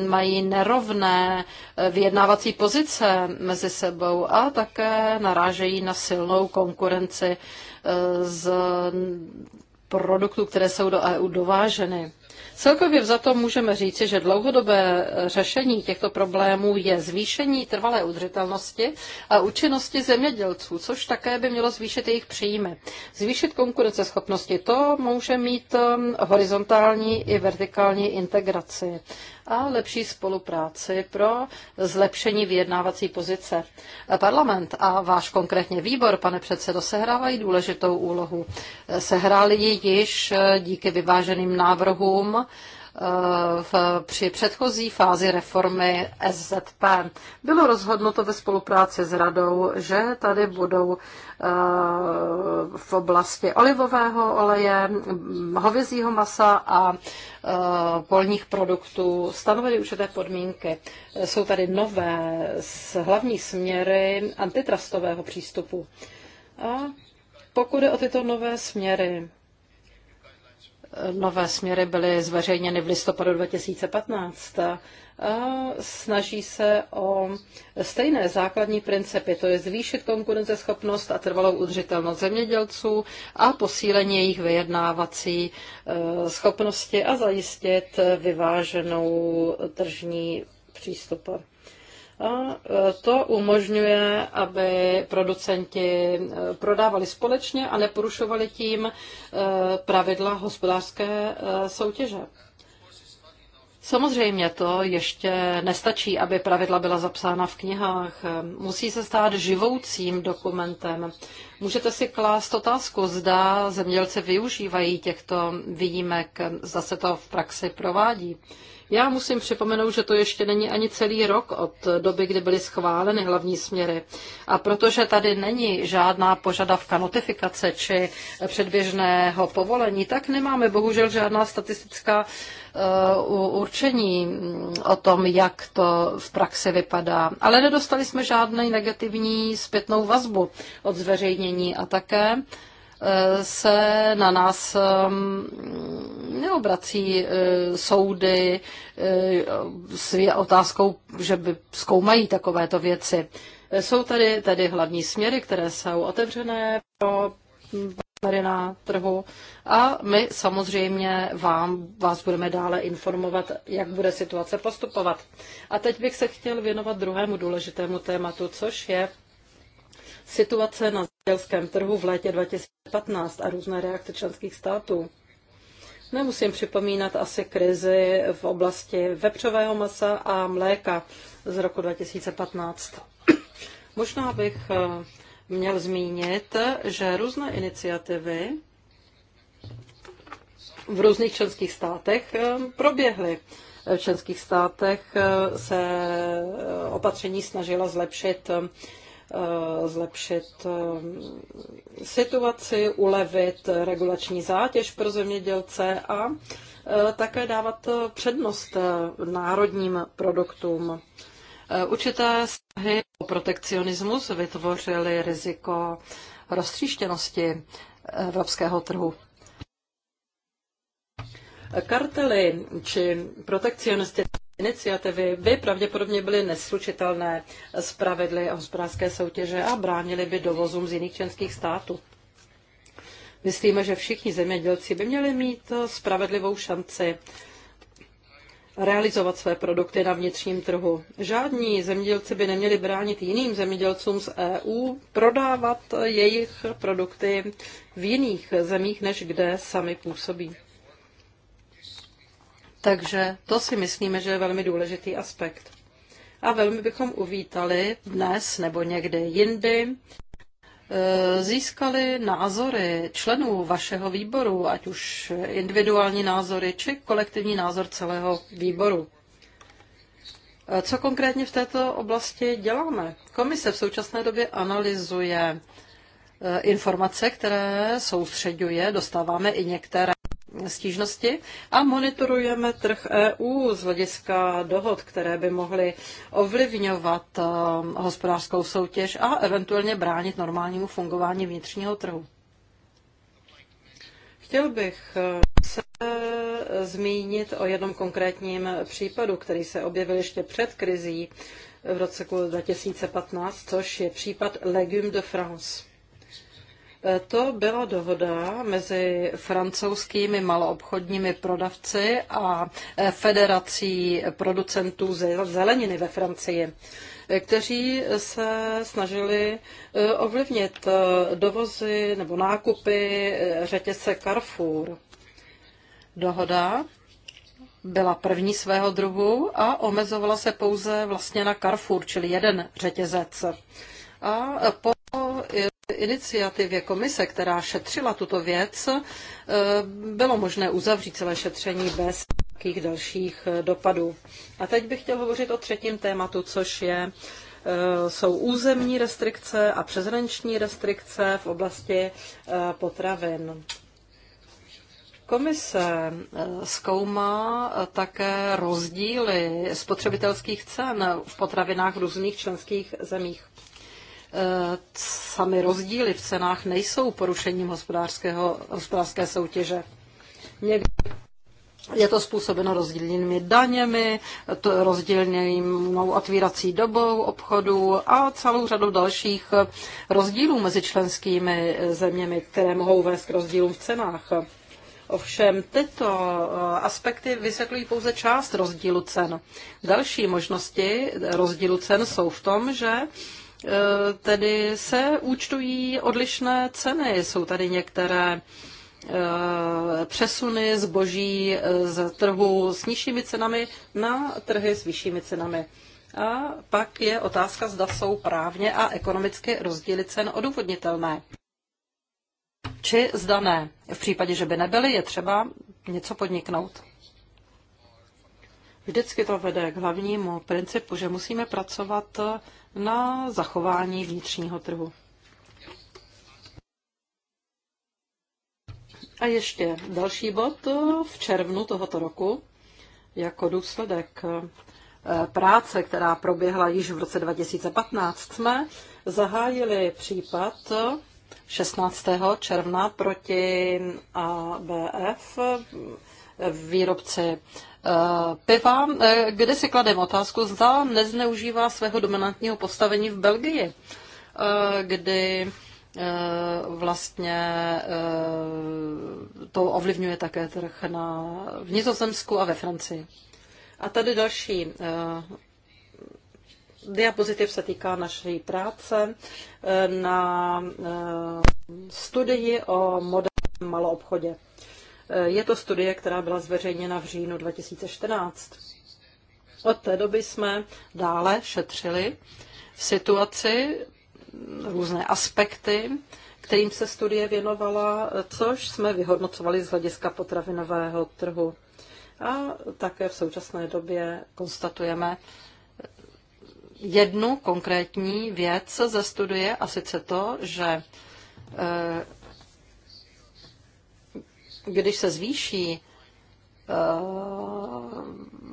mají nerovné eh, vyjednávací pozice mezi sebou a také narážejí na silnou konkurenci eh, z produktů, které jsou do EU dováženy. Celkově to můžeme říci, že dlouhodobé řešení těchto problémů je zvýšení trvalé udržitelnosti a účinnosti zemědělců, což také by mělo zvýšit jejich příjmy. Zvýšit konkurenceschopnosti to může mít um, horizontální i vertikální integraci a lepší spolupráci pro zlepšení vyjednávací pozice. Parlament a váš konkrétně výbor, pane předsedo, sehrávají důležitou úlohu. Sehráli ji již díky vyváženým návrhům Eh, v, při předchozí fázi reformy SZP. Bylo rozhodnuto ve spolupráci s radou, že tady budou eh, v oblasti olivového oleje, hovězího masa a eh, polních produktů stanovily určité podmínky. Jsou tady nové hlavní směry antitrustového přístupu. A pokud je o tyto nové směry, Nové směry byly zveřejněny v listopadu 2015 snaží se o stejné základní principy, to je zvýšit konkurenceschopnost a trvalou udržitelnost zemědělců a posílení jejich vyjednávací e, schopnosti a zajistit vyváženou tržní přístup. A e, to umožňuje, aby producenti e, prodávali společně a neporušovali tím e, pravidla hospodářské soutěže. Samozřejmě to ještě nestačí, aby pravidla byla zapsána v knihách. Musí se stát živoucím dokumentem. Můžete si klást otázku, zda zemědělci využívají těchto výjimek, zda se to v praxi provádí. Já musím připomenout, že to ještě není ani celý rok od doby, kdy byly schváleny hlavní směry. A protože tady není žádná požadavka notifikace či předběžného povolení, tak nemáme bohužel žádná statistická eh, určení mm, o tom, jak to v praxi vypadá. Ale nedostali jsme žádnou negativní zpětnou vazbu od zveřejnění a také Eh, se na nás eh, neobrací eh, soudy s otázkou, že by zkoumají takovéto věci. Jsou tady tedy hlavní směry, které jsou otevřené pro na trhu a my samozřejmě vám, vás budeme dále informovat, jak bude situace postupovat. A teď bych se chtěl věnovat druhému důležitému tématu, což je situace na zemědělském trhu v létě 2015 a různé reakce členských států. Nemusím připomínat asi krizi v oblasti vepřového masa a mléka z roku 2015. Možná bych eh, měl zmínit, že různé iniciativy v různých členských státech eh, proběhly. V členských státech eh, se opatření snažila zlepšit Eh, zlepšit eh, situaci, ulevit regulační zátěž pro zemědělce a eh, také dávat přednost národním produktům. Určité snahy o protekcionismus vytvořily riziko roztříštěnosti evropského trhu. Kartely či protekcionistické iniciativy by pravděpodobně byly neslučitelné s pravidly hospodářské soutěže a bránily by dovozům z jiných členských států. Myslíme, že všichni zemědělci by měli mít eh, spravedlivou šanci realizovat své produkty na vnitřním trhu. Žádní zemědělci by neměli bránit jiným zemědělcům z EU prodávat eh, jejich produkty v jiných zemích, než kde sami působí. Takže to si myslíme, že je velmi důležitý aspekt. A velmi bychom uvítali dnes nebo někdy jindy eh, získali názory členů vašeho výboru, ať už individuální názory či kolektivní názor celého výboru. Eh, co konkrétně v této oblasti děláme? Komise v současné době analyzuje eh, informace, které soustředuje, dostáváme i některé stížnosti a monitorujeme trh EU z hlediska dohod, které by mohly ovlivňovat um, hospodářskou soutěž a eventuálně bránit normálnímu fungování vnitřního trhu. Chtěl bych uh, se uh, zmínit o jednom konkrétním případu, který se objevil ještě před krizí v roce 2015, což je případ Legume de France. To byla dohoda mezi francouzskými maloobchodními prodavci a eh, federací producentů zeleniny ve Francii kteří se snažili eh, ovlivnit eh, dovozy nebo nákupy řetězce Carrefour. Dohoda byla první svého druhu a omezovala se pouze vlastně na Carrefour, čili jeden řetězec. A po iniciativě komise, která šetřila tuto věc, eh, bylo možné uzavřít celé šetření bez nějakých dalších eh, dopadů. A teď bych chtěl hovořit o třetím tématu, což je eh, jsou územní restrikce a přezranční restrikce v oblasti potravin. Komise zkoumá také rozdíly spotřebitelských cen v potravinách v různých členských zemích. Eh, sami rozdíly v cenách nejsou porušením hospodářského, hospodářské soutěže. Někdy je to způsobeno rozdílnými daněmi, rozdílnou otvírací dobou obchodu a celou řadou dalších rozdílů mezi členskými zeměmi, které mohou vést k rozdílům v cenách. Ovšem tyto eh, aspekty vysvětlují pouze část rozdílu cen. Další možnosti rozdílu cen jsou v tom, že E, tedy se účtují odlišné ceny. Jsou tady některé e, přesuny zboží e, z trhu s nižšími cenami na trhy s vyššími cenami. A pak je otázka, zda jsou právně a ekonomicky rozdíly cen odůvodnitelné. Či zda ne. V případě, že by nebyly, je třeba něco podniknout. Vždycky to vede k hlavnímu principu, že musíme pracovat na zachování vnitřního trhu. A ještě další bod eh, v červnu tohoto roku jako důsledek eh, práce, která proběhla již v roce 2015, jsme zahájili případ 16. června proti ABF eh, výrobci Eh, piva, eh, kde si kladem otázku, zda nezneužívá svého dominantního postavení v Belgii, eh, kdy vlastně to ovlivňuje také trh na, v Nizozemsku a ve Francii. A tady další diapozitiv se týká naší práce na studii o moderním maloobchodě. Eh, je to studie, která byla zveřejněna v říjnu 2014. Od té doby jsme dále šetřili situaci, různé aspekty, kterým se studie věnovala, což jsme vyhodnocovali z hlediska potravinového trhu. A také v současné době konstatujeme jednu konkrétní věc ze studie, a sice to, že eh, když se zvýší eh,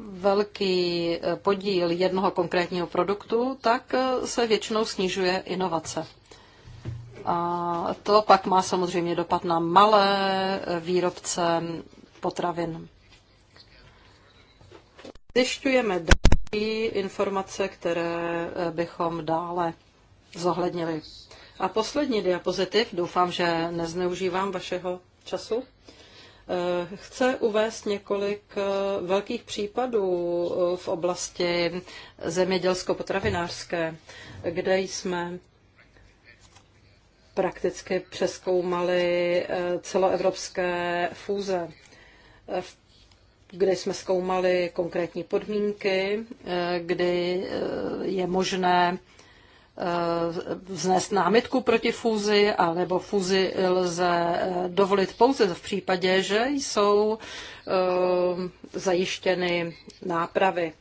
velký eh, podíl jednoho konkrétního produktu, tak eh, se většinou snižuje inovace. A to pak má samozřejmě dopad na malé výrobce potravin. Zjišťujeme další informace, které bychom dále zohlednili. A poslední diapozitiv, doufám, že nezneužívám vašeho času. Eh, chce uvést několik eh, velkých případů eh, v oblasti zemědělsko-potravinářské, kde jsme prakticky přeskoumali celoevropské fúze, kde jsme zkoumali konkrétní podmínky, kdy je možné Eh, vznést námitku proti fúzi, alebo fúzi lze eh, dovolit pouze v případě, že jsou eh, zajištěny nápravy.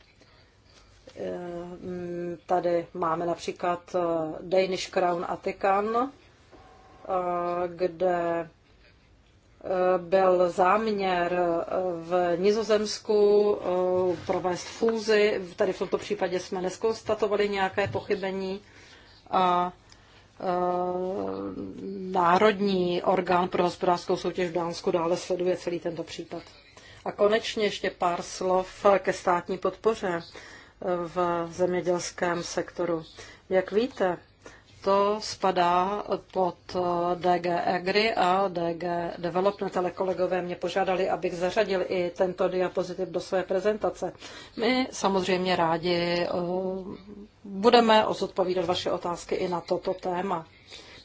Mm, tady máme například Danish Crown Atikan, kde byl záměr eh, v Nizozemsku eh, provést fúzi. Tady v tomto případě jsme neskonstatovali nějaké pochybení a eh, Národní orgán pro hospodářskou soutěž v Dánsku dále sleduje celý tento případ. A konečně ještě pár slov ke státní podpoře v zemědělském sektoru. Jak víte, to spadá pod eh, DG Agri a DG Development, ale kolegové mě požádali, abych zařadil i tento diapozitiv do své prezentace. My samozřejmě rádi eh, budeme odpovídat vaše otázky i na toto téma.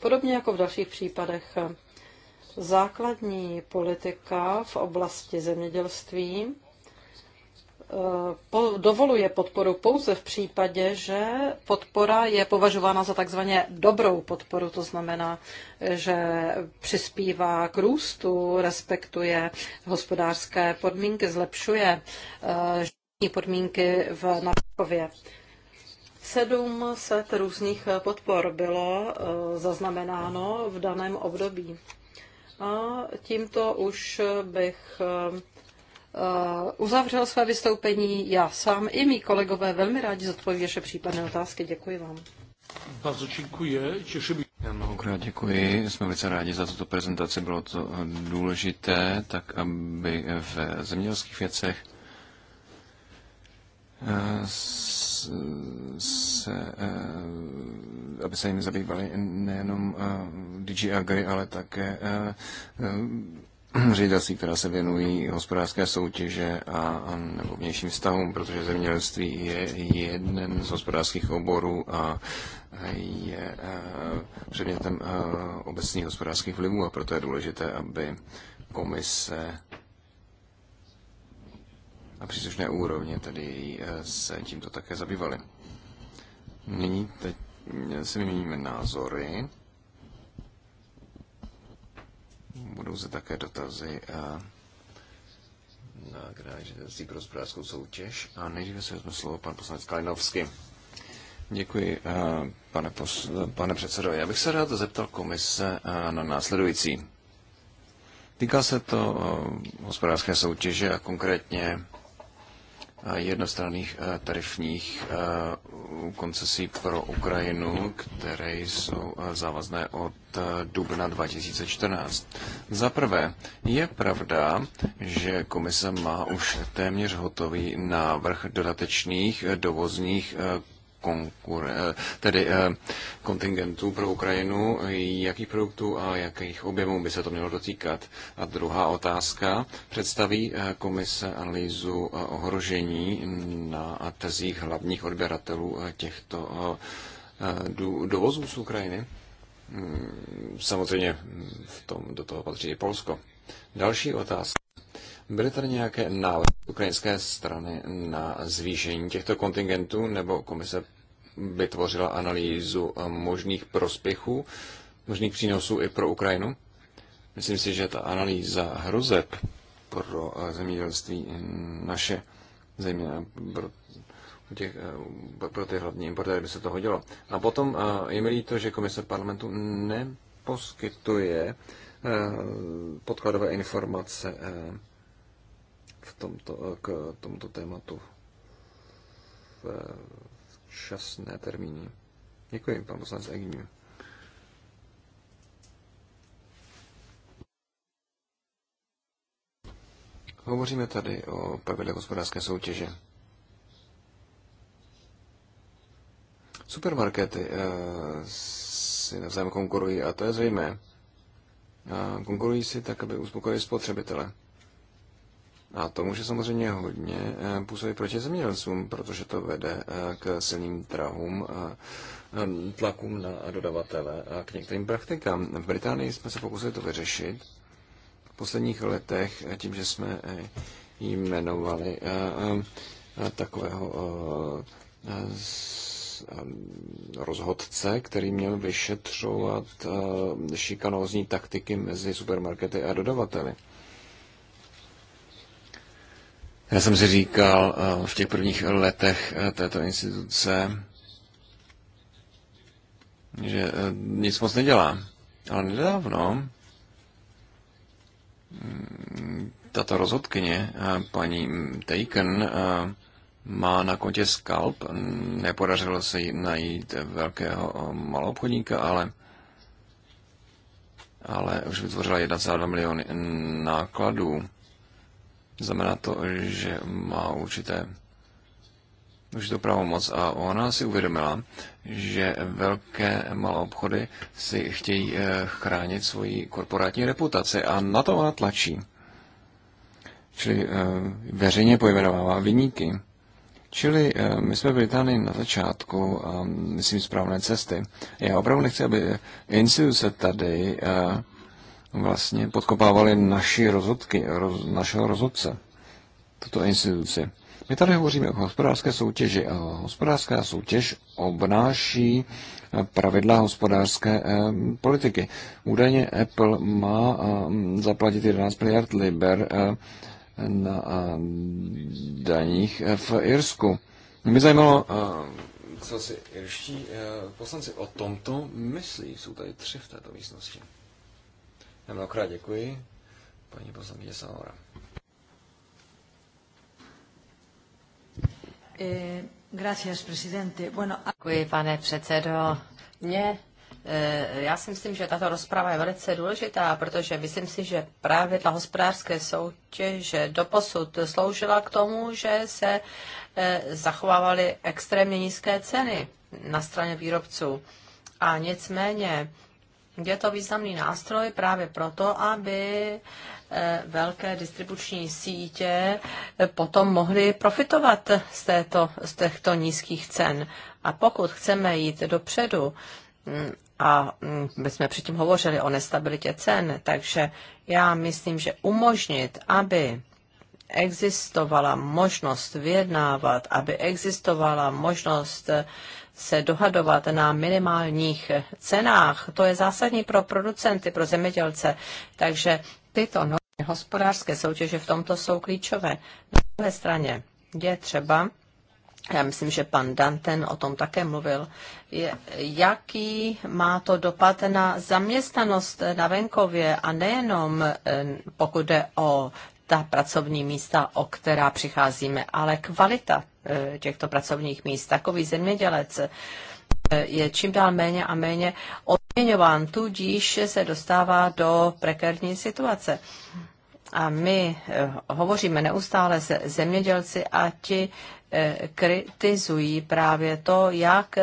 Podobně jako v dalších případech, eh, základní politika v oblasti zemědělství dovoluje podporu pouze v případě, že podpora je považována za takzvaně dobrou podporu, to znamená, že přispívá k růstu, respektuje hospodářské podmínky, zlepšuje eh, podmínky v Napově. set různých podpor bylo eh, zaznamenáno v daném období. A tímto už bych eh, Eh, uzavřel své vystoupení. Já sám i mý kolegové velmi rádi zodpoví vaše případné otázky. Děkuji vám. Bardzo děkuji. Těším. Já mnohokrát děkuji. Jsme velice rádi za tuto prezentaci. Bylo to eh, důležité, tak aby eh, v zemědělských věcech se, aby se jim zabývali nejenom DG Agri, ale také ředitelství, která se věnují hospodářské soutěže a, a nebo vnějším vztahům, protože zemědělství je jeden z hospodářských oborů a je předmětem obecných hospodářských vlivů a proto je důležité, aby komise a příslušné úrovně tedy e, se tímto také zabývaly. Nyní teď se vyměníme názory. Budou se také dotazy eh, na generální pro hospodářskou soutěž. A nejdříve se vezme slovo pan poslanec Kalinovský. Děkuji, eh, pane, pos, pane předsedo. Já bych se rád zeptal komise eh, na následující. Týká se to hospodářské soutěže a konkrétně Eh, jednostranných eh, tarifních eh, koncesí pro Ukrajinu, které jsou závazné od dubna 2014. Za prvé, je pravda, že komise má už téměř hotový návrh dodatečných dovozních konkur- eh, tedy eh, kontingentů pro Ukrajinu, jakých produktů a jakých objemů by se to mělo dotýkat. A druhá otázka, představí eh, komise analýzu ohrožení na trzích hlavních odběratelů těchto dovozů z Ukrajiny? Hmm, samozřejmě v tom, do toho patří i Polsko. Další otázka. Byly tady nějaké návrhy ukrajinské strany na zvýšení těchto kontingentů, nebo komise vytvořila analýzu možných prospěchů, možných přínosů i pro Ukrajinu? Myslím si, že ta analýza hrozeb pro eh, zemědělství mm, naše, zejména pro, těch, eh, pro ty hlavní importéry by se to hodilo. A potom eh, je mi líto, že komise parlamentu neposkytuje podkladové informace v tomto, k tomuto tématu v časné termíny. Děkuji, pan poslanec Agnew. Hovoříme tady o pravidlech hospodářské soutěže. Supermarkety e, si navzájem konkurují a to je zřejmé. E, konkurují si tak, aby uspokojili spotřebitele. A to může samozřejmě hodně eh, působit proti zemědělcům, protože to vede eh, k silným trahům, a eh, tlakům na dodavatele a k některým praktikám. V Británii jsme se pokusili to vyřešit v posledních letech tím, že jsme jmenovali takového rozhodce, který měl vyšetřovat šikanózní taktiky mezi supermarkety a dodavateli. Já jsem si říkal eh, v těch prvních letech eh, této instituce, že eh, nic moc nedělá. Ale nedávno mm, tato rozhodkyně, paní Taken, má na kontě skalp. Nepodařilo se jí najít velkého maloobchodníka, ale, ale už vytvořila 1,2 miliony nákladů. Znamená to, že má určité určitou pravomoc a ona si uvědomila, že velké malé obchody si chtějí eh, chránit svoji korporátní reputaci a na to ona tlačí. Čili eh, veřejně pojmenovává vyníky. Čili eh, my jsme v Británii na začátku, myslím, správné cesty. Já opravdu nechci, aby instituce tady vlastně podkopávali naši rozhodky, roz, našeho rozhodce, tuto instituci. My tady hovoříme o hospodářské soutěži a hospodářská soutěž obnáší eh, pravidla hospodářské eh, politiky. Údajně Apple má eh, zaplatit 11 miliard liber na daních v Irsku. Mě zajímalo, co si irští poslanci o tomto myslí. Jsou tady tři v této místnosti. Já mnohokrát děkuji, paní poslankyně Sahora. Eh, děkuji, pane předsedo. Mě, eh, já si myslím, že tato rozprava je velice důležitá, protože myslím si, že právě ta hospodářské soutěže doposud sloužila k tomu, že se eh, zachovávaly extrémně nízké ceny na straně výrobců. A nicméně je to významný nástroj právě proto, aby eh, velké distribuční sítě eh, potom mohly profitovat z, této, z těchto nízkých cen. A pokud chceme jít dopředu, mm, a mm, my jsme předtím hovořili o nestabilitě cen, takže já myslím, že umožnit, aby existovala možnost vyjednávat, aby existovala možnost eh, se dohadovat na minimálních cenách. To je zásadní pro producenty, pro zemědělce. Takže tyto normy hospodářské soutěže v tomto jsou klíčové. Na druhé straně je třeba já myslím, že pan Danten o tom také mluvil, je, jaký má to dopad na zaměstnanost na venkově a nejenom eh, pokud jde o ta pracovní místa, o která přicházíme, ale kvalita e, těchto pracovních míst. Takový zemědělec e, je čím dál méně a méně odměňován, tudíž se dostává do prekérní situace. A my e, hovoříme neustále se zemědělci a ti kritizují právě to, jak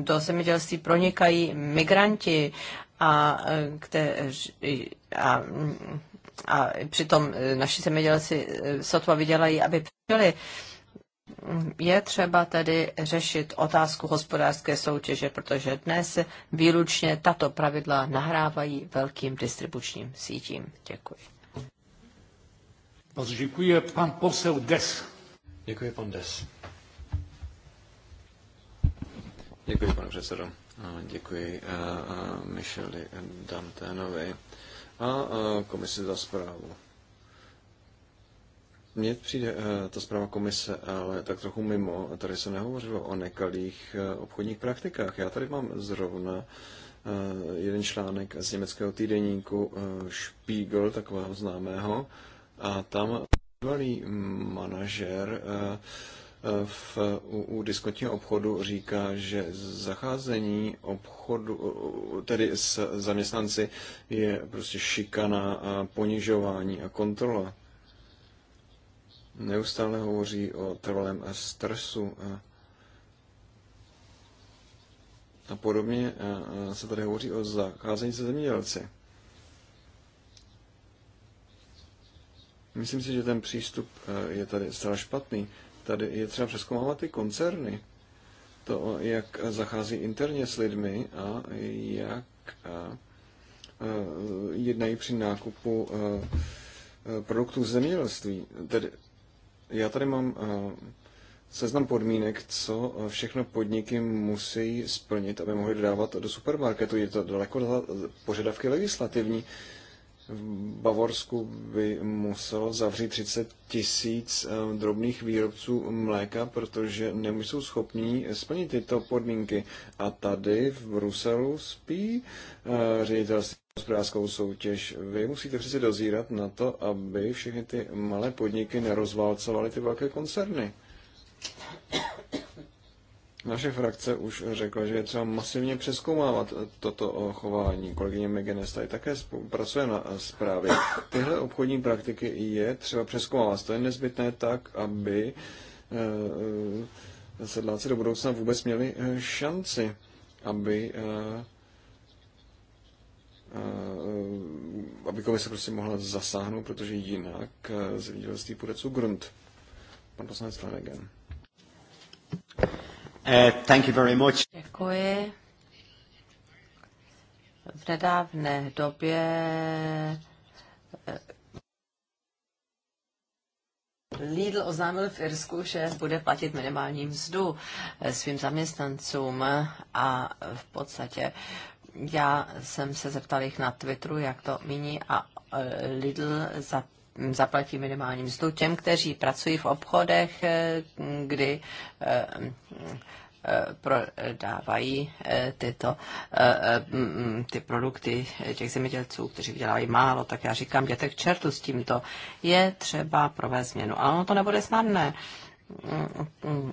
do zemědělství pronikají migranti a, kteř, a, a přitom naši zemědělci e, sotva vydělají, aby přišli Je třeba tedy řešit otázku hospodářské soutěže, protože dnes výlučně tato pravidla nahrávají velkým distribučním sítím. Děkuji. Moc děkuji. Pan posel Des. Děkuji, pan Des. Děkuji, pane předsedo. Děkuji eh, eh, Micheli Danténovi a eh, komisi za zprávu. Mně přijde ta zpráva komise, ale tak trochu mimo. Tady se nehovořilo o nekalých obchodních praktikách. Já tady mám zrovna jeden článek z německého týdeníku Spiegel, takového známého, a tam bývalý manažer uh, v, u, u diskotního obchodu říká, že zacházení obchodu, tedy s zaměstnanci, je prostě šikana a ponižování a kontrola. Neustále hovoří o trvalém stresu a, a podobně a se tady hovoří o zacházení se zemědělci. Myslím si, že ten přístup e, je tady zcela špatný tady je třeba přeskoumávat ty koncerny. To, jak zachází interně s lidmi a jak e, jednají při nákupu e, e, produktů zemědělství. Tedy já tady mám seznam podmínek, co všechno podniky musí splnit, aby mohly dodávat do supermarketu. Je to daleko za požadavky legislativní v Bavorsku by muselo zavřít 30 tisíc eh, drobných výrobců mléka, protože nejsou schopní splnit tyto podmínky. A tady v Bruselu spí eh, ředitelství hospodářskou soutěž. Vy musíte přece dozírat na to, aby všechny ty malé podniky nerozválcovaly ty velké koncerny. Naše frakce už řekla, že je třeba masivně přeskoumávat toto chování. Kolegyně Megenes tady také pracuje na zprávě. Tyhle obchodní praktiky je třeba přeskoumávat. To je nezbytné tak, aby eh, eh, sedláci do budoucna vůbec měli eh, šanci, aby aby komise prostě mohla zasáhnout, protože jinak zemědělství půjde co grunt. Pan poslanec Flanagan. Eh, Děkuji. V nedávné době eh, Lidl oznámil v Irsku, že bude platit minimální mzdu eh, svým zaměstnancům a v podstatě já jsem se zeptal jich na Twitteru, jak to míní a Lidl za zaplatí minimální mzdu těm, kteří pracují v obchodech, eh, kdy eh, mm, eh, prodávají tyto, mm, ty produkty těch zemědělců, kteří vydělávají málo, tak já říkám, jděte k čertu s tímto. Je třeba provést změnu. A ono to nebude snadné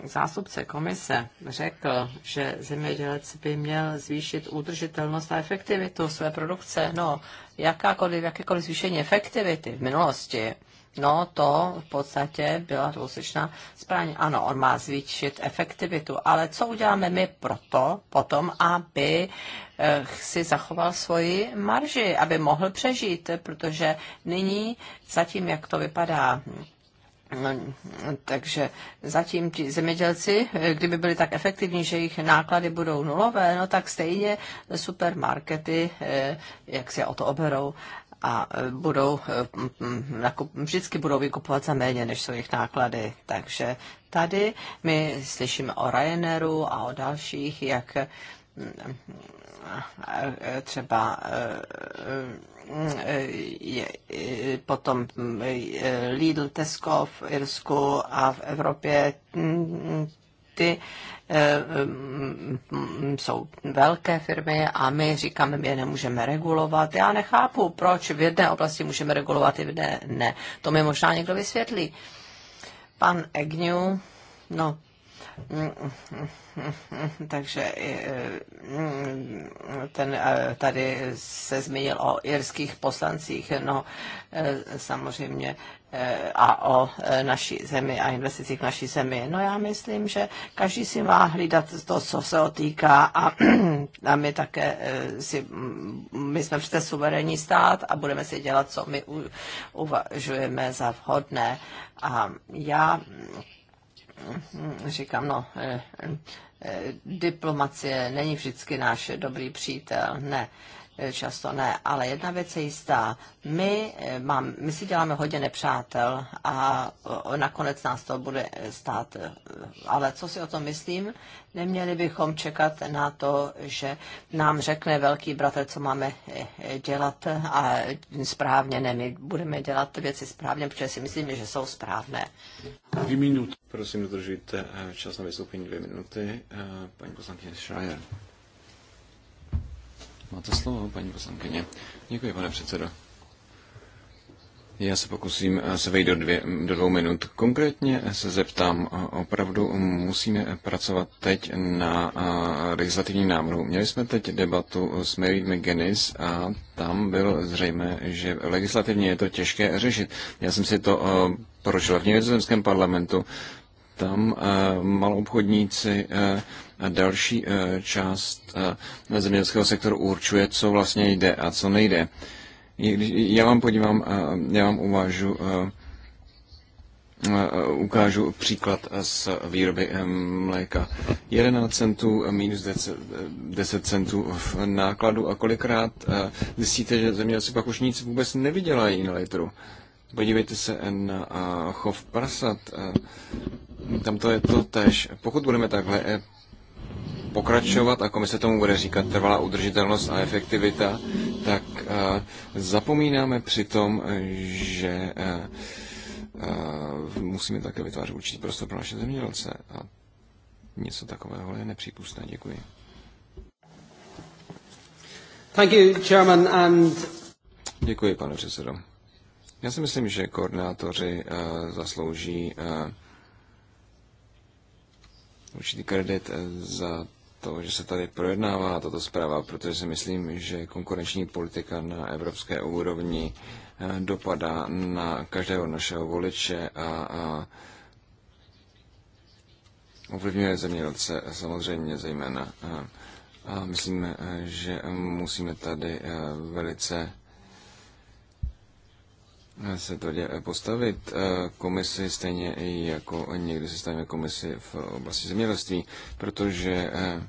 zástupce komise řekl, že zemědělec by měl zvýšit udržitelnost a efektivitu své produkce, no jakákoliv, jakékoliv zvýšení efektivity v minulosti, no to v podstatě byla dvousečná správně. Ano, on má zvýšit efektivitu, ale co uděláme my proto, potom, aby eh, si zachoval svoji marži, aby mohl přežít, protože nyní, zatím jak to vypadá, takže zatím ti zemědělci, kdyby byli tak efektivní, že jejich náklady budou nulové, no tak stejně supermarkety, eh, jak se o to oberou a eh, budou, eh, vždycky budou vykupovat za méně, než jsou jejich náklady. Takže tady my slyšíme o Ryanairu a o dalších, jak mm, třeba je, eh, potom eh, Lidl, Tesco v Irsku a v Evropě mm, ty eh, mm, jsou velké firmy a my říkáme, my je nemůžeme regulovat. Já nechápu, proč v jedné oblasti můžeme regulovat, i v jedné ne. To mi možná někdo vysvětlí. Pan Egňu, no, takže eh, ten, eh, tady se zmínil o irských poslancích, no eh, samozřejmě a o naší zemi a investicích v naší zemi. No já myslím, že každý si má hlídat to, co se otýká týká a, a my také si, mm, my jsme přece suverénní stát a budeme si dělat, co my uvažujeme za vhodné. A já říkám, no, eh, eh, diplomacie není vždycky náš dobrý přítel, ne často ne, ale jedna věc je jistá. My, eh, mám, my si děláme hodně nepřátel a nakonec nás to bude stát. Eh, ale co si o tom myslím? Neměli bychom čekat na to, že nám řekne velký bratr, co máme eh, dělat a správně ne. My budeme dělat věci správně, protože si myslím, že jsou správné. Dvě minuty. Prosím, dodržujte čas na vystoupení dvě minuty. Paní poslankyně Schreier. Máte slovo, paní poslankyně. Děkuji, pane předsedo. Já se pokusím eh, se vejít do, dvě, do dvou minut. Konkrétně se zeptám, eh, opravdu musíme pracovat teď na eh, legislativní návrhu. Měli jsme teď debatu s Mary McGinnis a tam bylo zřejmé, že legislativně je to těžké řešit. Já jsem si to prošel v Nizozemském parlamentu. Tam malou obchodníci další eh, část eh, zemědělského sektoru určuje, co vlastně jde a co nejde. Já vám podívám, eh, já vám uvážu, ukážu příklad z výroby mléka. 11 centů minus 10, 10 centů v nákladu a kolikrát zjistíte, že zemědělci pak už nic vůbec nevydělají na litru. Podívejte se na chov prasat. Tam to je to tež. Pokud budeme takhle pokračovat a komise tomu bude říkat trvalá udržitelnost a efektivita, tak eh, zapomínáme přitom, že eh, eh, musíme také vytvářet určitý prostor pro naše zemědělce. A něco takového je nepřípustné. Děkuji. Thank you, Chairman, and... Děkuji, pane předsedo. Já si myslím, že koordinátoři uh, zaslouží uh, určitý kredit za to, že se tady projednává tato zpráva, protože si myslím, že konkurenční politika na evropské úrovni eh, dopadá na každého našeho voliče a, a ovlivňuje zemědělce samozřejmě zejména. A, a myslím, eh, že musíme tady eh, velice se to dě, postavit e, komisi stejně i jako někdy se stavíme komisi v oblasti zemědělství, protože e,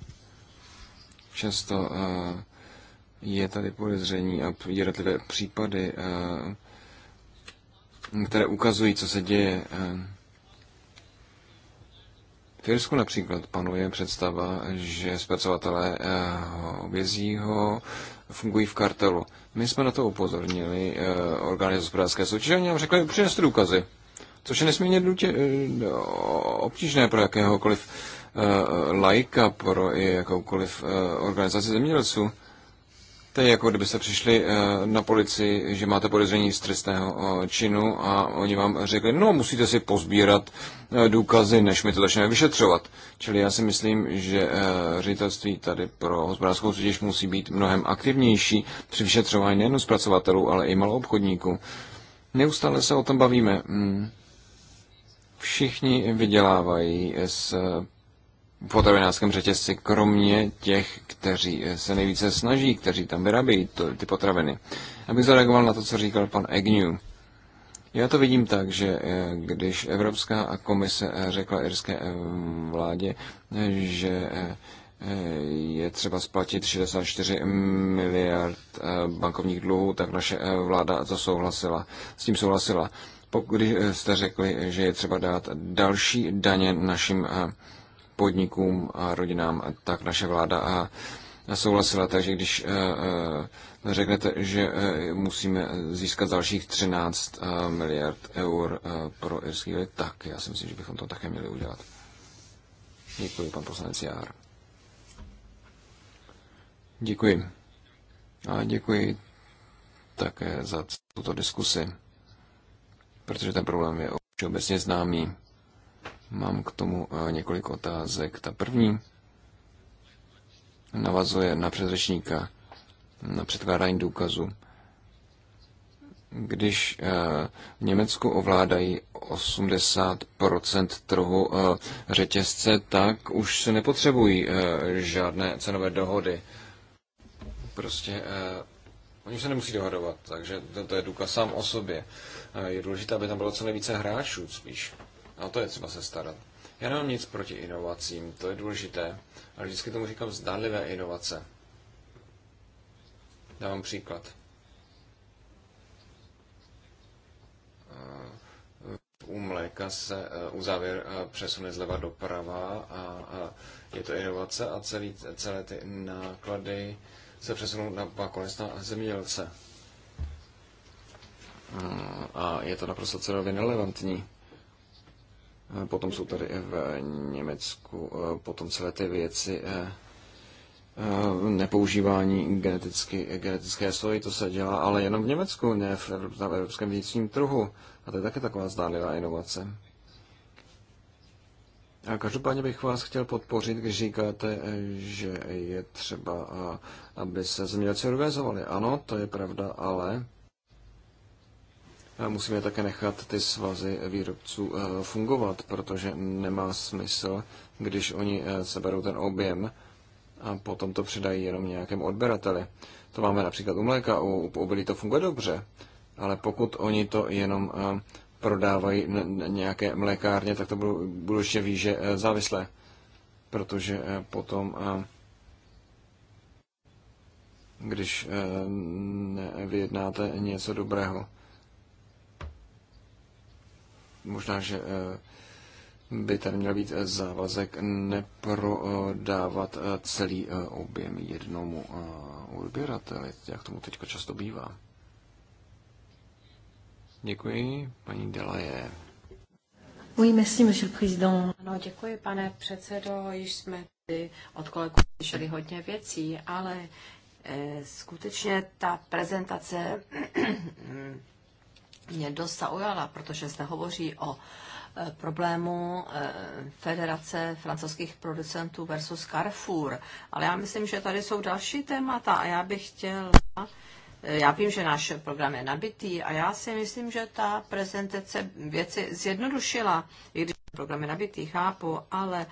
často e, je tady podezření a jednotlivé případy, které ukazují, co se děje. V Irsku například panuje představa, že zpracovatelé obězího fungují v kartelu. My jsme na to upozornili eh, orgány hospodářské soutěže, oni nám řekli, přineste důkazy. Což je nesmírně důtě, eh, obtížné pro jakéhokoliv eh, lajka, pro jakoukoliv organizaci zemědělců. To je jako kdybyste přišli eh, na policii, že máte podezření z trestného eh, činu a oni vám řekli, no musíte si pozbírat eh, důkazy, než my to začneme vyšetřovat. Čili já si myslím, že ředitelství tady pro hospodářskou soutěž musí být mnohem aktivnější při vyšetřování nejen zpracovatelů, ale i obchodníků. Neustále se o tom bavíme. Hmm. Všichni vydělávají z potravinářském řetězci, kromě těch, kteří eh, se nejvíce snaží, kteří tam vyrábějí to, ty potraviny. Abych zareagoval na to, co říkal pan Agnew. Já to vidím tak, že eh, když Evropská komise eh, řekla irské vládě, že je třeba splatit 64 miliard bankovních dluhů, tak naše vláda to souhlasila. S tím souhlasila. Pokud jste řekli, že je třeba dát další daně našim podnikům a rodinám, tak naše vláda a souhlasila. Takže když eh, eh, řeknete, že eh, musíme získat dalších 13 miliard eur pro irský lid, tak já si myslím, že bychom to také měli udělat. Děkuji, pan poslanec Jár. Děkuji. A děkuji také za tuto diskusi, protože ten problém je obecně známý. Mám k tomu eh, několik otázek. Ta první navazuje na předřečníka, na předkládání důkazu. Když eh, v Německu ovládají 80% trhu eh, řetězce, tak už se nepotřebují žádné cenové dohody. Prostě Oni se nemusí dohadovat, takže to, to je důkaz sám o sobě. Je důležité, aby tam bylo co nejvíce hráčů spíš. Na to je třeba se starat. Já nemám nic proti inovacím, to je důležité, ale vždycky tomu říkám zdánlivé inovace. Dávám příklad. U mléka se eh, uzávěr eh, přesune zleva doprava a je to inovace a celý, celé ty náklady se přesunou na konec na zemědělce. Hmm, a je to naprosto cenově relevantní. Potom jsou tady v Německu, eh, potom celé ty věci eh, eh, nepoužívání geneticky, genetické soji, to se dělá, ale jenom v Německu, ne v, na evropském vnitřním trhu. A to je také taková zdánlivá inovace. A každopádně bych vás chtěl podpořit, když říkáte, že je třeba, aby se zemědělci organizovali. Ano, to je pravda, ale musíme také nechat ty svazy výrobců eh, fungovat, protože nemá smysl, když oni eh, seberou ten objem a potom to předají jenom nějakém odberateli. To máme například u mléka, u, u obilí to funguje dobře, ale pokud oni to jenom eh, prodávají nějaké mlékárně, tak to budou, ještě výže závislé, protože potom když nevyjednáte něco dobrého, možná, že eh, by tady měl být eh, závazek neprodávat eh, celý objem jednomu odběrateli, jak tomu teďka často bývá. Děkuji, paní Delaje. Oui, merci, monsieur le président. Ano, děkuji, pane předsedo. Již jsme od kolegů slyšeli hodně věcí, ale eh, skutečně ta prezentace mě dost zaujala, protože zde hovoří o e, problému e, Federace francouzských producentů versus Carrefour. Ale já myslím, že tady jsou další témata a já bych chtěl... E, já vím, že náš program je nabitý a já si myslím, že ta prezentace věci zjednodušila, i když program je nabitý, chápu, ale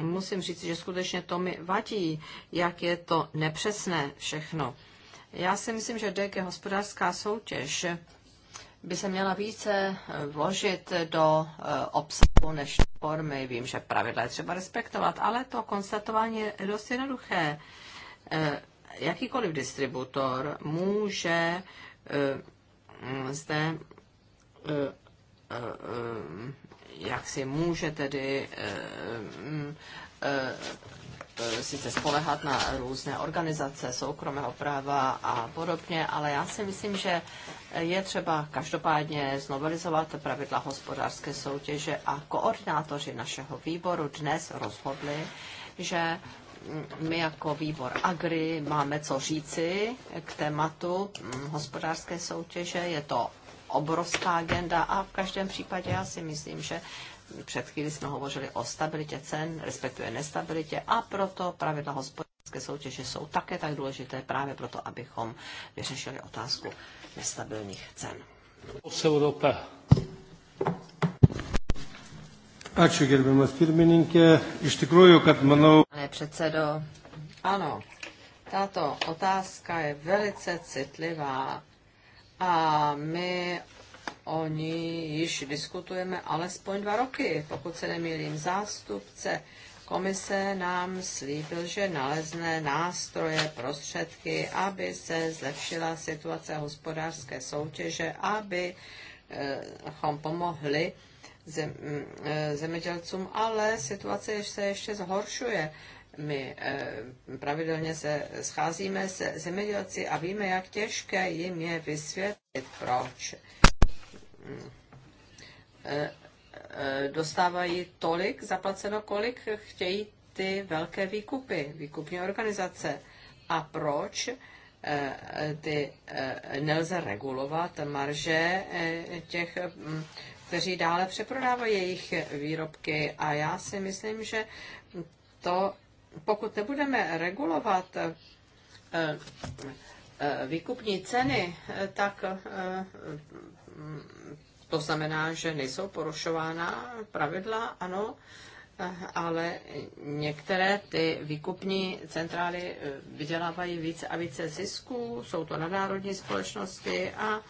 musím říct, že skutečně to mi vadí, jak je to nepřesné všechno. Já si myslím, že DG hospodářská soutěž by se měla více eh, vložit do eh, obsahu než formy. Vím, že pravidla je třeba respektovat, ale to konstatování je dost jednoduché. Eh, jakýkoliv distributor může mm, zde jak si může tedy mm, Eh, sice spolehat na různé organizace soukromého práva a podobně, ale já si myslím, že je třeba každopádně znovelizovat pravidla hospodářské soutěže a koordinátoři našeho výboru dnes rozhodli, že mm, my jako výbor Agri máme co říci k tématu mm, hospodářské soutěže. Je to obrovská agenda a v každém případě já si myslím, že před chvíli jsme hovořili o stabilitě cen, respektive nestabilitě a proto pravidla hospodářské soutěže jsou také tak důležité právě proto, abychom vyřešili otázku nestabilních cen. Ačiū gerbiamas pirmininkė. Iš tikrųjų, kad manau. Pane předsedo, ano, tato otázka je velice citlivá a my o ní již diskutujeme alespoň dva roky. Pokud se nemýlím, zástupce komise nám slíbil, že nalezne nástroje, prostředky, aby se zlepšila situace hospodářské soutěže, abychom eh, pomohli zem, eh, zemědělcům, ale situace se ještě zhoršuje. My eh, pravidelně se scházíme se zemědělci a víme, jak těžké jim je vysvětlit, proč Eh, eh, dostávají tolik zaplaceno, kolik chtějí ty velké výkupy, výkupní organizace. A proč eh, ty nelze regulovat marže těch, hm, kteří dále přeprodávají jejich výrobky. A já si myslím, že to, pokud nebudeme regulovat výkupní ceny, tak to znamená, že nejsou porušována pravidla, ano, ale některé ty výkupní centrály eh, vydělávají více a více zisků, jsou to nadnárodní společnosti a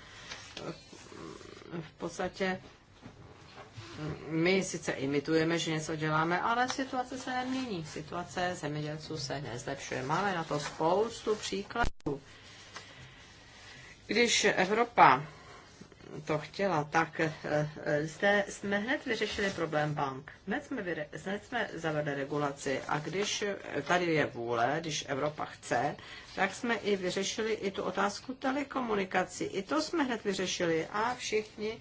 eh, v podstatě mm, my sice imitujeme, že něco děláme, ale situace se nemění. Situace zemědělců se nezlepšuje. Máme na to spoustu příkladů. Když Evropa to chtěla, tak eh, eh, zde jsme hned vyřešili problém bank. Hned jsme, vyre, hned jsme zavedli regulaci a když eh, tady je vůle, když Evropa chce, tak jsme i vyřešili i tu otázku telekomunikací. I to jsme hned vyřešili a všichni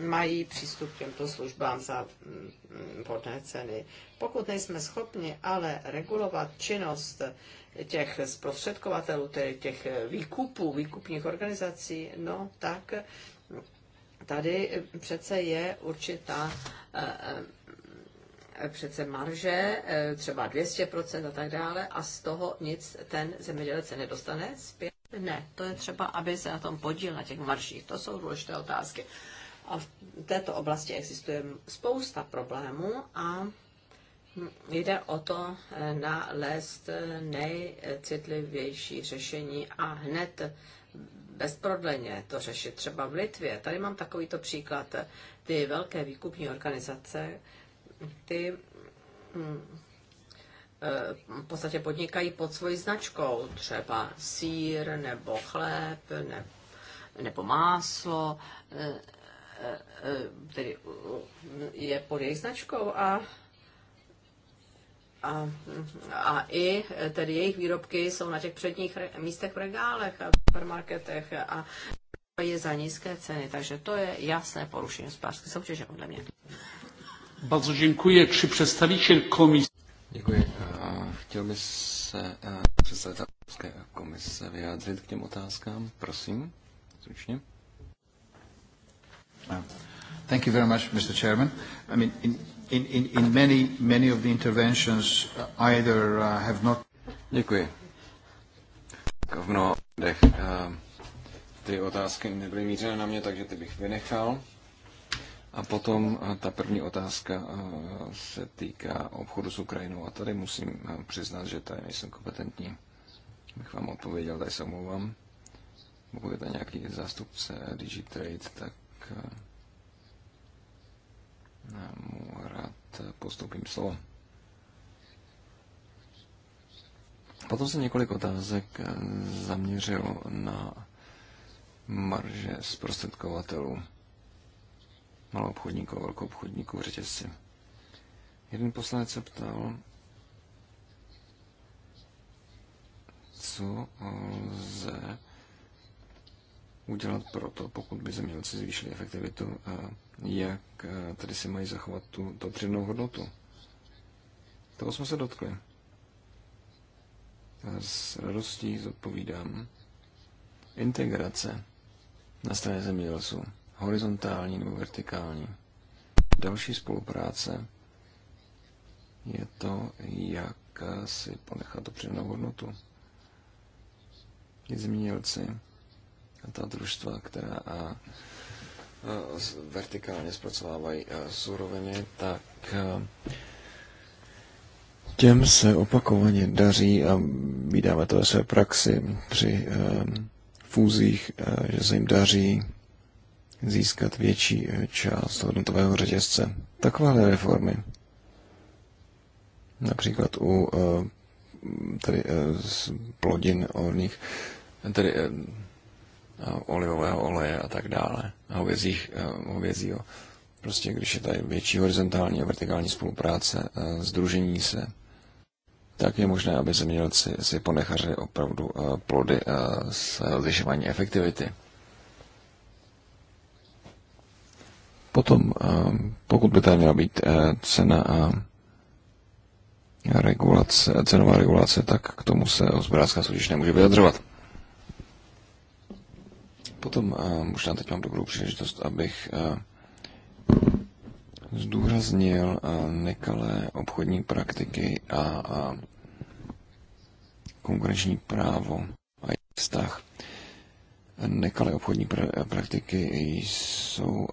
mají přístup k těmto službám za mm, mm, vhodné ceny. Pokud nejsme schopni ale regulovat činnost těch zprostředkovatelů, tedy těch výkupů, výkupních organizací, no tak tady přece je určitá eh, eh, přece marže, eh, třeba 200% a tak dále, a z toho nic ten zemědělec se nedostane zpět. Ne, to je třeba, aby se na tom podíl na těch maržích. To jsou důležité otázky. A v této oblasti existuje spousta problémů a jde o to nalézt nejcitlivější řešení a hned bezprodleně to řešit. Třeba v Litvě, tady mám takovýto příklad, ty velké výkupní organizace, ty hm, eh, v podstatě podnikají pod svojí značkou, třeba sír nebo chléb ne, nebo máslo, eh, eh, tedy je pod jejich značkou a a, a i tedy jejich výrobky jsou na těch předních místech v regálech a v supermarketech a je za nízké ceny, takže to je jasné porušení hospodářské soutěže podle mě. Bardzo dziękuję. Czy przedstawiciel komisji... Děkuji. Chtěl by se představitel Evropské komise vyjádřit k těm otázkám. Prosím, stručně. Uh, thank you very much, Mr. Chairman. I mean, in in, in, in many, many of the interventions uh, either uh, have not... Děkuji. V mnoha dech, uh, ty otázky nebyly mířené na mě, takže ty bych vynechal. A potom ta první otázka se týká obchodu s Ukrajinou. A tady musím přiznat, že tady nejsem kompetentní. Bych vám odpověděl, tady se omlouvám. Pokud je to nějaký zástupce DigiTrade, tak mu rád postoupím slovo. Potom se několik otázek zaměřilo na marže zprostředkovatelů, malou obchodníků, velkou obchodníků řetězci. Jeden poslanec se ptal, co lze udělat pro to, pokud by zemědělci zvýšili efektivitu a jak tedy si mají zachovat tu, tu přidanou hodnotu. Toho jsme se dotkli. A s radostí zodpovídám. Integrace na straně zemědělců, horizontální nebo vertikální. Další spolupráce je to, jak si ponechat tu přidanou hodnotu. Ti zemědělci ta družstva, která a, vertikálně zpracovávají suroviny, tak těm se opakovaně daří a vydáme to ve své praxi při fúzích, že se jim daří získat větší e, část hodnotového řetězce. Takovéhle reformy, například u e, tady, e, plodin orných, tedy olivového oleje a tak dále, a hovězích, eh, hovězího. Prostě když je tady větší horizontální a vertikální spolupráce, eh, združení se, tak je možné, aby zemědělci si ponechali opravdu eh, plody s zvyšování efektivity. Potom, pokud by tam měla být cena a regulace, cenová regulace, tak k tomu se hospodářská soutěž nemůže vyjadřovat. Potom eh, možná teď mám dobrou příležitost, abych eh, zdůraznil eh, nekalé obchodní praktiky a konkurenční právo a vztah. Nekalé obchodní praktiky jsou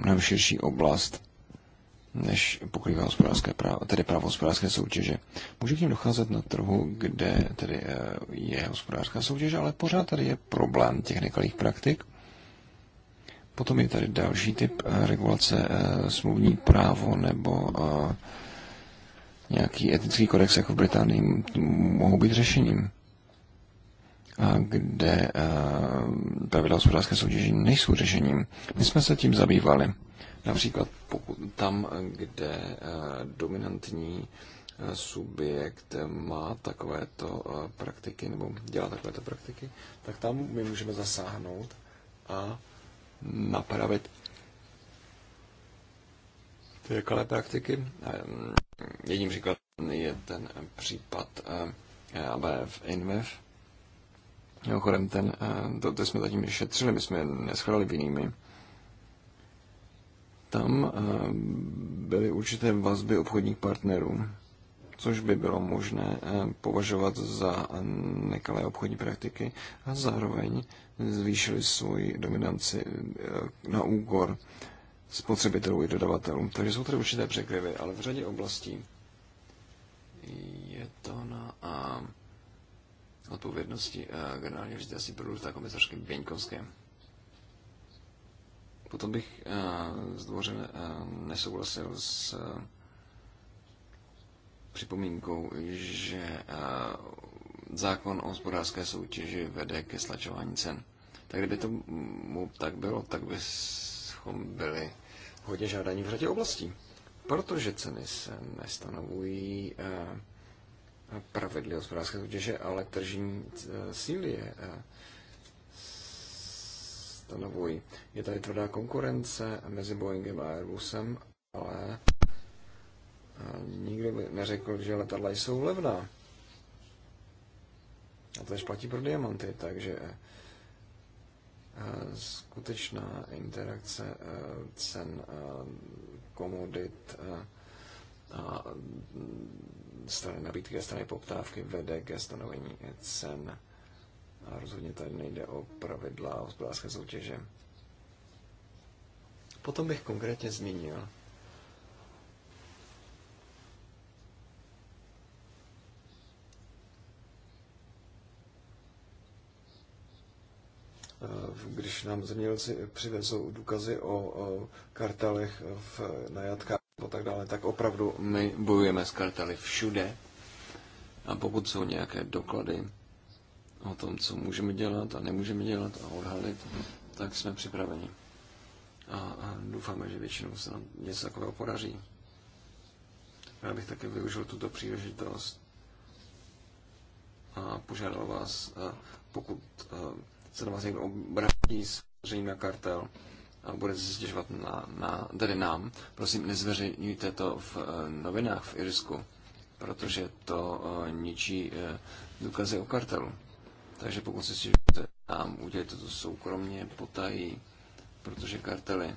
mnohem širší oblast než pokrývá hospodářské právo, tedy právo hospodářské soutěže. Může k ním docházet na trhu, kde tedy eh, je hospodářská soutěž, ale pořád tady je problém těch nekalých praktik. Potom je tady další typ eh, regulace, eh, smluvní právo nebo nějaký etický kodex jako v Británii mohou být řešením, a kde pravidla hospodářské soutěže nejsou řešením. My jsme se tím zabývali. Například pokud tam, kde eh, dominantní eh, subjekt má takovéto eh, praktiky nebo dělá takovéto praktiky, tak tam my můžeme zasáhnout a napravit ty nekalé praktiky. Jedním příkladem je ten případ ABF InVev. Mimochodem, ten, to, to jsme zatím šetřili, my jsme neschválili jinými tam eh, byly určité vazby obchodních partnerů, což by bylo možné eh, považovat za nekalé obchodní praktiky a zároveň zvýšili svoji dominanci eh, na úkor spotřebitelů i dodavatelů. Takže jsou tady určité překryvy, ale v řadě oblastí je to na a, odpovědnosti generálního asi produkta komisařky Běňkovské. Potom bych uh, nesouhlasil s eh, připomínkou, že zákon o hospodářské soutěži vede ke slačování cen. Tak kdyby to tak bylo, tak bychom byli hodně žádaní v řadě oblastí. Protože ceny se nestanovují pravidly hospodářské soutěže, ale tržní síly je stanovují. Je tady tvrdá konkurence mezi Boeingem a Airbusem, ale eh, nikdo by neřekl, že letadla jsou levná. A to platí pro diamanty, takže eh, eh, skutečná interakce cen komodit a mm, strany nabídky a strany poptávky vede ke stanovení cen a rozhodně tady nejde o pravidla hospodářské soutěže. Potom bych konkrétně zmínil, eh, když nám zemědělci přivezou důkazy o, o kartelech v, na jatkách a tak dále, tak opravdu my bojujeme s kartely všude. A pokud jsou nějaké doklady, o tom, co můžeme dělat a nemůžeme dělat a odhalit, tak jsme připraveni. A, a doufáme, že většinou se nám něco takového podaří. Já bych také využil tuto příležitost a požádal vás, pokud se na vás někdo obrátí s na kartel, a bude se stěžovat na, na, tady nám, prosím, nezveřejňujte to v e, novinách v Irsku, protože to e, ničí e, důkazy o kartelu. Takže pokud si stěžujete nám, udělejte to soukromně, potají, protože kartely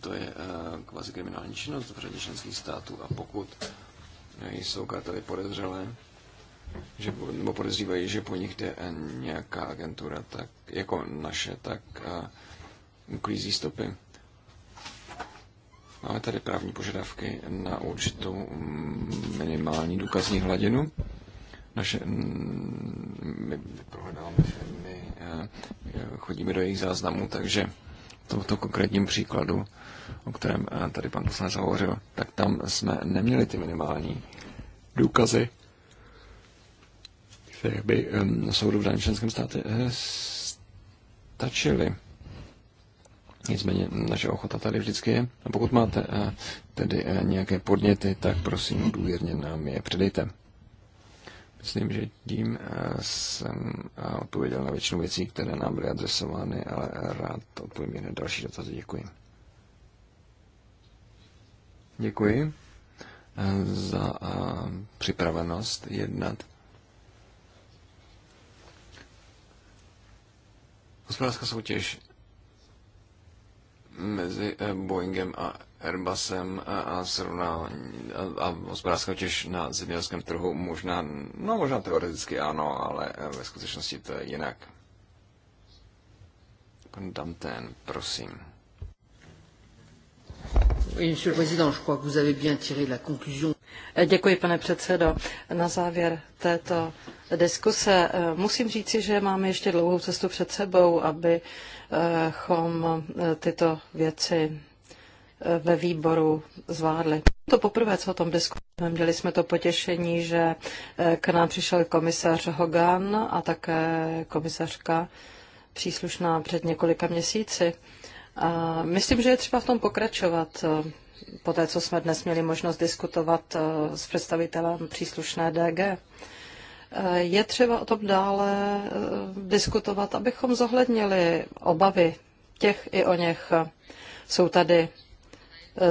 to je eh, kvazi kriminální činnost v řadě členských států a pokud jsou kartely podezřelé, že, nebo podezřívají, že po nich jde eh, nějaká agentura, tak jako naše, tak uh, uklízí stopy. Máme tady právní požadavky na určitou mm, minimální důkazní hladinu naše, mm, my, my prohledáme firmy, eh, eh, chodíme do jejich záznamů, takže tomto konkrétním příkladu, o kterém eh, tady pan poslanec hovořil, tak tam jsme neměli ty minimální důkazy, které by soudu v daném členském státě stačily. Nicméně naše ochota tady vždycky je. A pokud máte tedy nějaké podněty, tak prosím důvěrně nám je předejte. Myslím, že tím eh, jsem eh, odpověděl na většinu věcí, které nám byly adresovány, ale rád odpovím i na další dotazy. Děkuji. Děkuji eh, za připravenost jednat. Hospodářská soutěž mezi eh, Boeingem a Airbusem a, eh, a srovnání a, a hospodářskou těž na zemědělském trhu možná, no možná teoreticky ano, ale eh, ve skutečnosti to je jinak. Pan Danten, prosím. Děkuji, pane předsedo. Na závěr této diskuse musím říci, že máme ještě dlouhou cestu před sebou, aby chom eh, tyto věci eh, ve výboru zvládli. To poprvé, co o tom diskutujeme, měli jsme to potěšení, že eh, k nám přišel komisař Hogan a také komisařka příslušná před několika měsíci. A myslím, že je třeba v tom pokračovat. Po té, co jsme dnes měli možnost diskutovat s představitelem příslušné DG. Eh, je třeba o tom dále eh, diskutovat, abychom zohlednili obavy těch i o něch. Jsou tady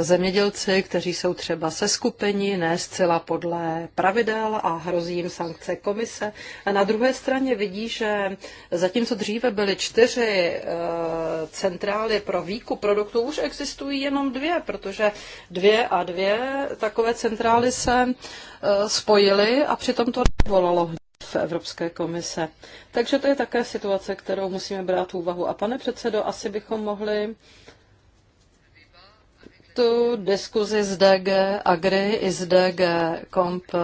zemědělci, kteří jsou třeba seskupeni, ne zcela podle pravidel a hrozí jim sankce komise. A na druhé straně vidí, že zatímco dříve byly čtyři eh, centrály pro výkup produktů, už existují jenom dvě, protože dvě a dvě takové centrály se eh, spojily a přitom to volalo v Evropské komise. Takže to je také situace, kterou musíme brát v úvahu. A pane předsedo, asi bychom mohli tu diskuzi z DG Agri i z DG Komp eh,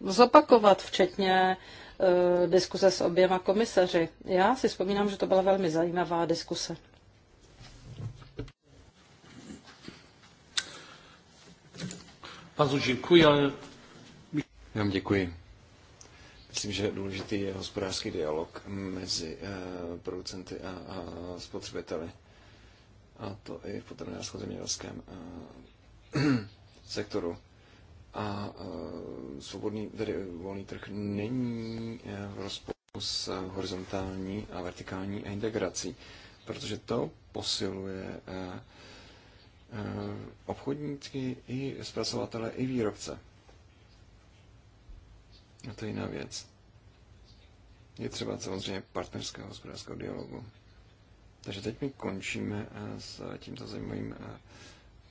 zopakovat, včetně eh, diskuze s oběma komisaři. Já si vzpomínám, že to byla velmi zajímavá diskuse. Bardzo děkuji, Já vám děkuji. Myslím, že důležitý je hospodářský dialog mezi eh, producenty a spotřebiteli a to i v potravinářském zemědělském eh, sektoru. A eh, svobodný, tedy volný trh není eh, v rozporu s horizontální a vertikální integrací, protože to posiluje obchodníky i zpracovatele, i výrobce. A to je jiná věc. Je třeba samozřejmě partnerského hospodářského dialogu. Takže teď my končíme eh, s tímto zajímavým eh,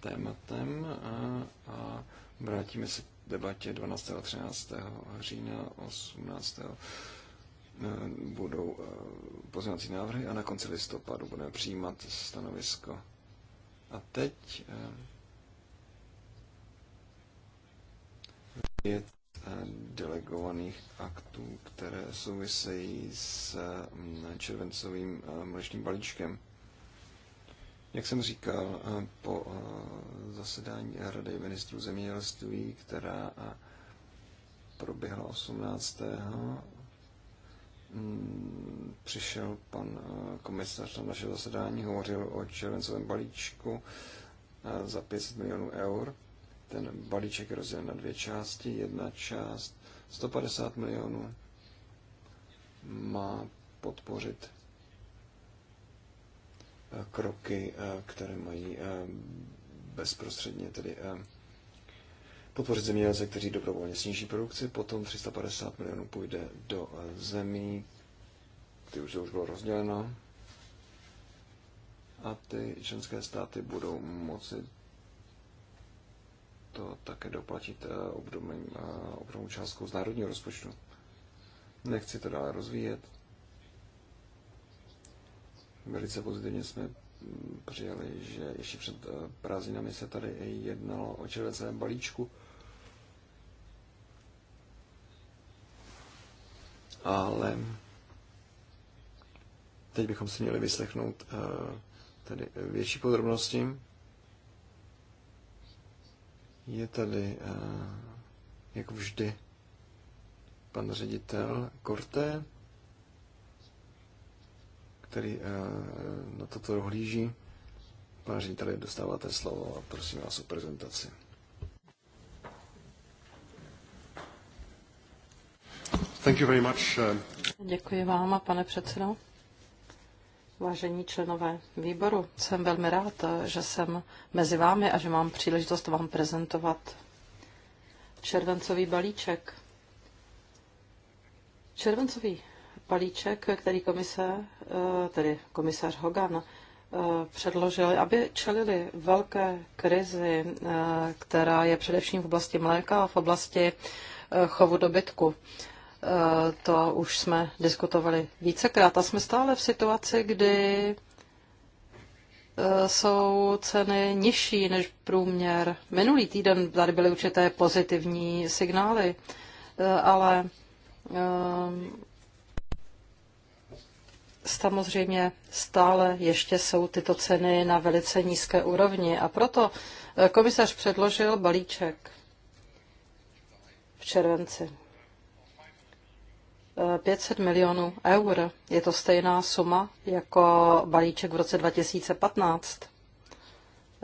tématem eh, a vrátíme se k debatě 12. a 13. října 18. budou pozměňovací návrhy a na konci listopadu budeme přijímat stanovisko. A teď je delegovaných aktů, které souvisejí s mm, červencovým eh, mlečným balíčkem. Jak jsem říkal, eh, po eh, zasedání Rady ministrů zemědělství, která proběhla 18. Mm, přišel pan komisař na naše zasedání, hovořil o červencovém balíčku za 500 milionů eur ten balíček rozdělen na dvě části. Jedna část 150 milionů má podpořit eh, kroky, eh, které mají eh, bezprostředně tedy podpořit zemědělce, kteří dobrovolně sníží produkci, potom 350 milionů půjde do zemí, ty už, to už bylo rozděleno, a ty členské státy budou moci to také doplatit eh, obdobným, eh, obdobnou částkou z národního rozpočtu. Nechci to dále rozvíjet. Velice pozitivně jsme přijali, že ještě před eh, prázdninami se tady jednalo o červencovém balíčku. Ale teď bychom si měli vyslechnout tedy větší podrobnosti. Je tady, eh, jak vždy, pan ředitel korte, který eh, na toto dohlíží. Pane řediteli, dostáváte slovo a prosím vás o prezentaci. Thank you very much. Eh. Děkuji vám, pane předsedo. Vážení členové výboru, jsem velmi rád, že jsem mezi vámi a že mám příležitost vám prezentovat červencový balíček. Červencový balíček, který komise, eh, tedy komisař Hogan, eh, předložili, aby čelili velké krizi, eh, která je především v oblasti mléka a v oblasti chovu dobytku. Eh, to už jsme diskutovali vícekrát a jsme stále v situaci, kdy eh, jsou ceny nižší než průměr. Minulý týden tady byly určité pozitivní signály, eh, ale samozřejmě stále ještě jsou tyto ceny na velice nízké úrovni a proto komisař předložil balíček v červenci. 500 milionů eur. Je to stejná suma jako balíček v roce 2015.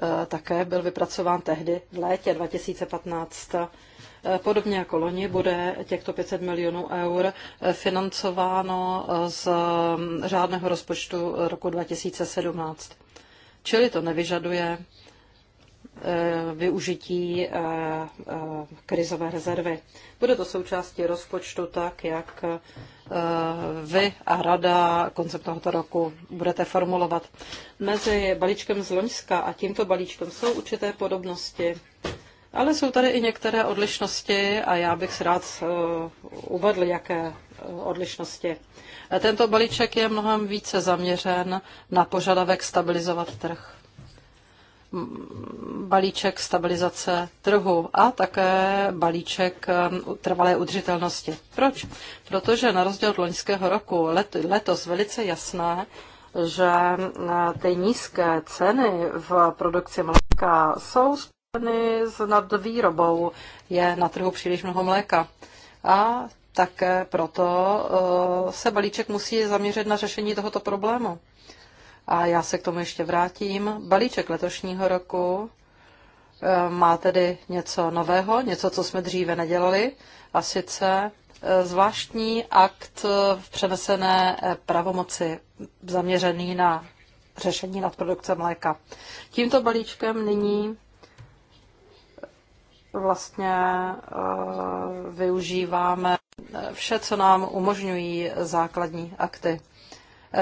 Eh, také byl vypracován tehdy v létě 2015. Eh, podobně jako loni bude těchto 500 milionů eur eh, financováno z mm, řádného rozpočtu roku 2017. Čili to nevyžaduje E, využití e, e, krizové rezervy. Bude to součástí rozpočtu tak, jak vy a rada koncept tohoto roku budete formulovat. Mezi balíčkem z Loňska a tímto balíčkem jsou určité podobnosti, ale jsou tady i některé odlišnosti a já bych si rád uvedl, jaké odlišnosti. Tento balíček je mnohem více zaměřen na požadavek stabilizovat trh balíček stabilizace trhu a také balíček um, trvalé udržitelnosti. Proč? Protože na rozdíl od loňského roku let, letos velice jasné, že eh, ty nízké ceny v produkci mléka jsou spojeny s nadvýrobou. Je na trhu příliš mnoho mléka. A také proto eh, se balíček musí zaměřit na řešení tohoto problému a já se k tomu ještě vrátím. Balíček letošního roku eh, má tedy něco nového, něco, co jsme dříve nedělali, a sice eh, zvláštní akt eh, v přenesené pravomoci zaměřený na řešení nadprodukce mléka. Tímto balíčkem nyní vlastně využíváme vše, co nám umožňují základní akty.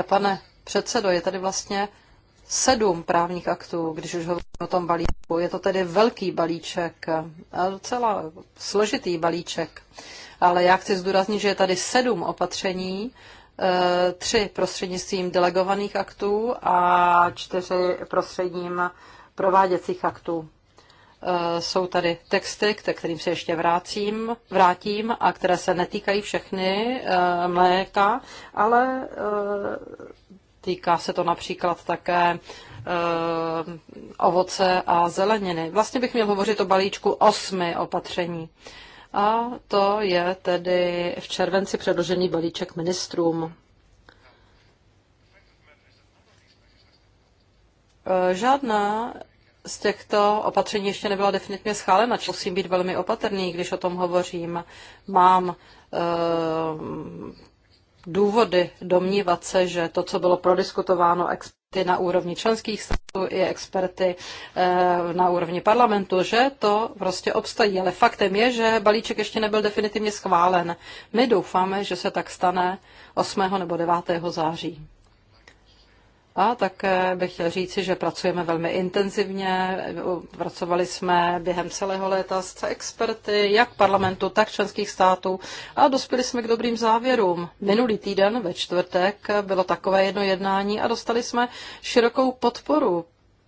Pane předsedo, je tady vlastně sedm právních aktů, když už hovoříme o tom balíčku. Je to tedy velký balíček, eh, docela složitý balíček. Ale já chci zdůraznit, že je tady sedm opatření, eh, tři prostřednictvím delegovaných aktů a čtyři prostředním prováděcích aktů. Eh, jsou tady texty, ke kterým se ještě vrátím, vrátím a které se netýkají všechny mléka, ale Týká se to například také eh, ovoce a zeleniny. Vlastně bych měl hovořit o balíčku osmi opatření. A to je tedy v červenci předložený balíček ministrům. Eh, žádná z těchto opatření ještě nebyla definitivně schválena, musím být velmi opatrný, když o tom hovořím. Mám eh, důvody domnívat se, že to, co bylo prodiskutováno experty na úrovni členských států i experty eh, na úrovni parlamentu, že to prostě obstojí. Ale faktem je, že balíček ještě nebyl definitivně schválen. My doufáme, že se tak stane 8. nebo 9. září. A také bych chtěl říci, že pracujeme velmi intenzivně. Pracovali jsme během celého léta s experty, jak parlamentu, tak členských států a dospěli jsme k dobrým závěrům. Minulý týden ve čtvrtek bylo takové jedno jednání a dostali jsme širokou podporu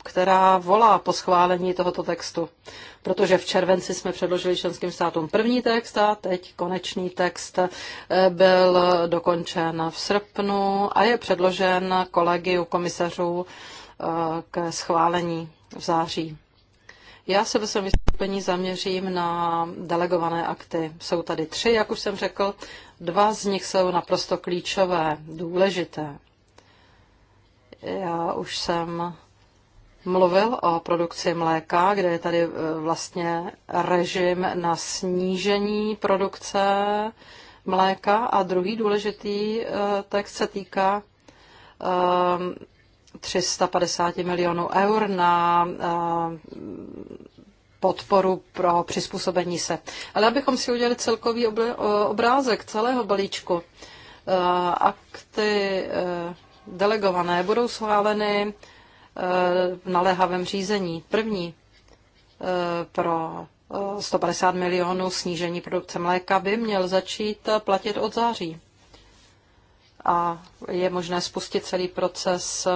která volá po schválení tohoto textu. Protože v červenci jsme předložili členským státům první text a teď konečný text eh, byl dokončen v srpnu a je předložen kolegiu komisařů eh, k schválení v září. Já se ve svém vystoupení zaměřím na delegované akty. Jsou tady tři, jak už jsem řekl. Dva z nich jsou naprosto klíčové, důležité. Já už jsem mluvil o produkci mléka, kde je tady e, vlastně režim na snížení produkce mléka a druhý důležitý e, text se týká 350 e, milionů eur na podporu pro přizpůsobení se. Ale abychom si udělali celkový obrázek celého balíčku, akty delegované budou schváleny Eh, naléhavém řízení. První eh, pro 150 eh, milionů snížení produkce mléka by měl začít platit od září. A je možné spustit celý proces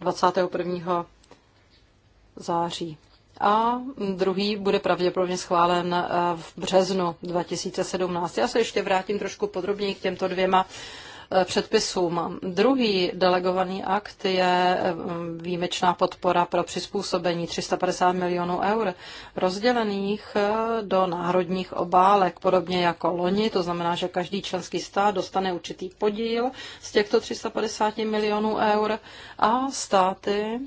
21. září. A druhý bude pravděpodobně schválen v březnu 2017. Já se ještě vrátím trošku podrobněji k těmto dvěma předpisům. Druhý delegovaný akt je mm, výjimečná podpora pro přizpůsobení 350 milionů eur rozdělených eh, do národních obálek, podobně jako loni, to znamená, že každý členský stát dostane určitý podíl z těchto 350 milionů eur a státy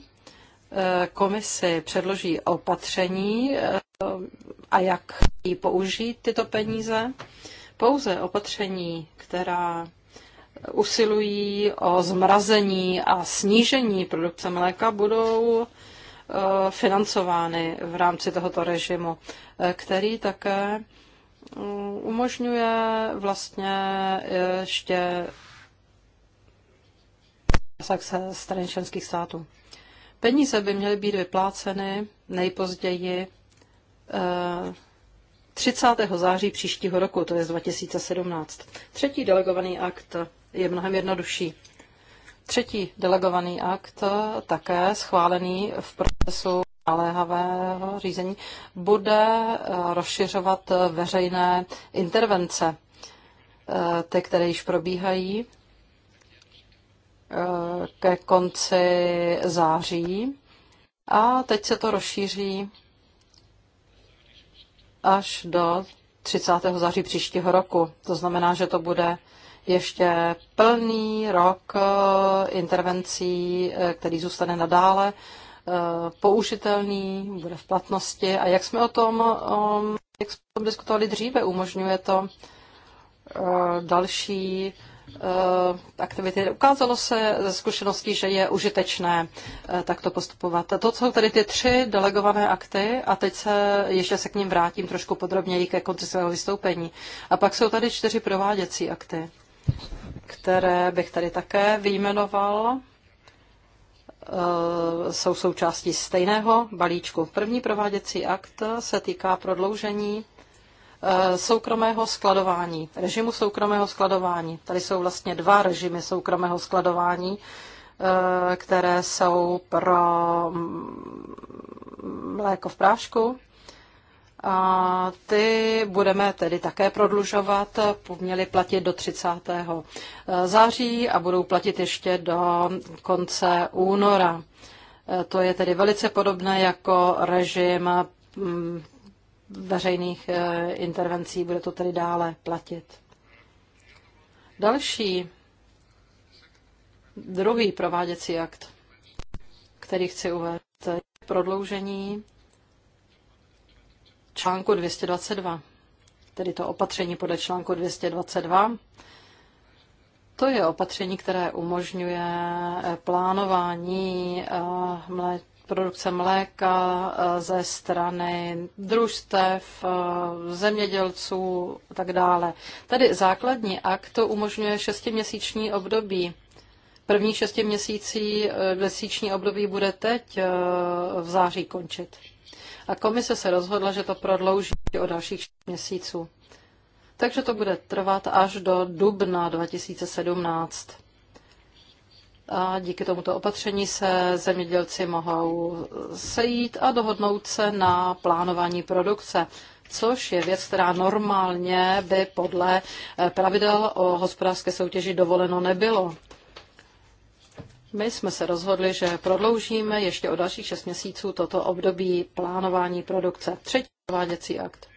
eh, komisi předloží opatření eh, a jak ji použít tyto peníze. Pouze opatření, která usilují o zmrazení a snížení produkce mléka, budou eh, financovány v rámci tohoto režimu, eh, který také mm, umožňuje vlastně eh, ještě se strany členských států. Peníze by měly být vypláceny nejpozději 30. září příštího roku, to je 2017. Třetí delegovaný akt je mnohem jednodušší. Třetí delegovaný akt, také schválený v procesu naléhavého řízení, bude eh, rozšiřovat veřejné intervence, eh, ty, které již probíhají eh, ke konci září. A teď se to rozšíří až do 30. září příštího roku. To znamená, že to bude ještě plný rok eh, intervencí, eh, který zůstane nadále eh, použitelný, bude v platnosti. A jak jsme o tom, jak jsme o tom diskutovali dříve, umožňuje to další aktivity. Ukázalo se ze zkušeností, že je užitečné takto postupovat. To jsou tady ty tři delegované akty a teď se ještě se k ním vrátím trošku podrobněji ke konci svého vystoupení. A pak jsou tady čtyři prováděcí akty které bych tady také vyjmenoval, eh, jsou součástí stejného balíčku. První prováděcí akt se týká prodloužení eh, soukromého skladování, režimu soukromého skladování. Tady jsou vlastně dva režimy soukromého skladování, eh, které jsou pro mm, mléko v prášku a ty budeme tedy také prodlužovat, měly platit do 30. Eh, září a budou platit ještě do konce února. Eh, to je tedy velice podobné jako režim mm, veřejných eh, intervencí, bude to tedy dále platit. Další, druhý prováděcí akt, který chci uvést, je prodloužení článku 222, tedy to opatření podle článku 222, to je opatření, které umožňuje eh, plánování eh, produkce mléka eh, ze strany družstev, zemědělců a tak dále. Tady základní akt to umožňuje šestiměsíční období. První šestiměsíční období bude teď v září končit a komise se rozhodla, že to prodlouží o dalších měsíců. Takže to bude trvat až do dubna 2017. A díky tomuto opatření se zemědělci mohou sejít a dohodnout se na plánování produkce, což je věc, která normálně by podle eh, pravidel o hospodářské soutěži dovoleno nebylo. My jsme se rozhodli, že prodloužíme ještě o dalších 6 měsíců toto období plánování produkce. Třetí prováděcí akt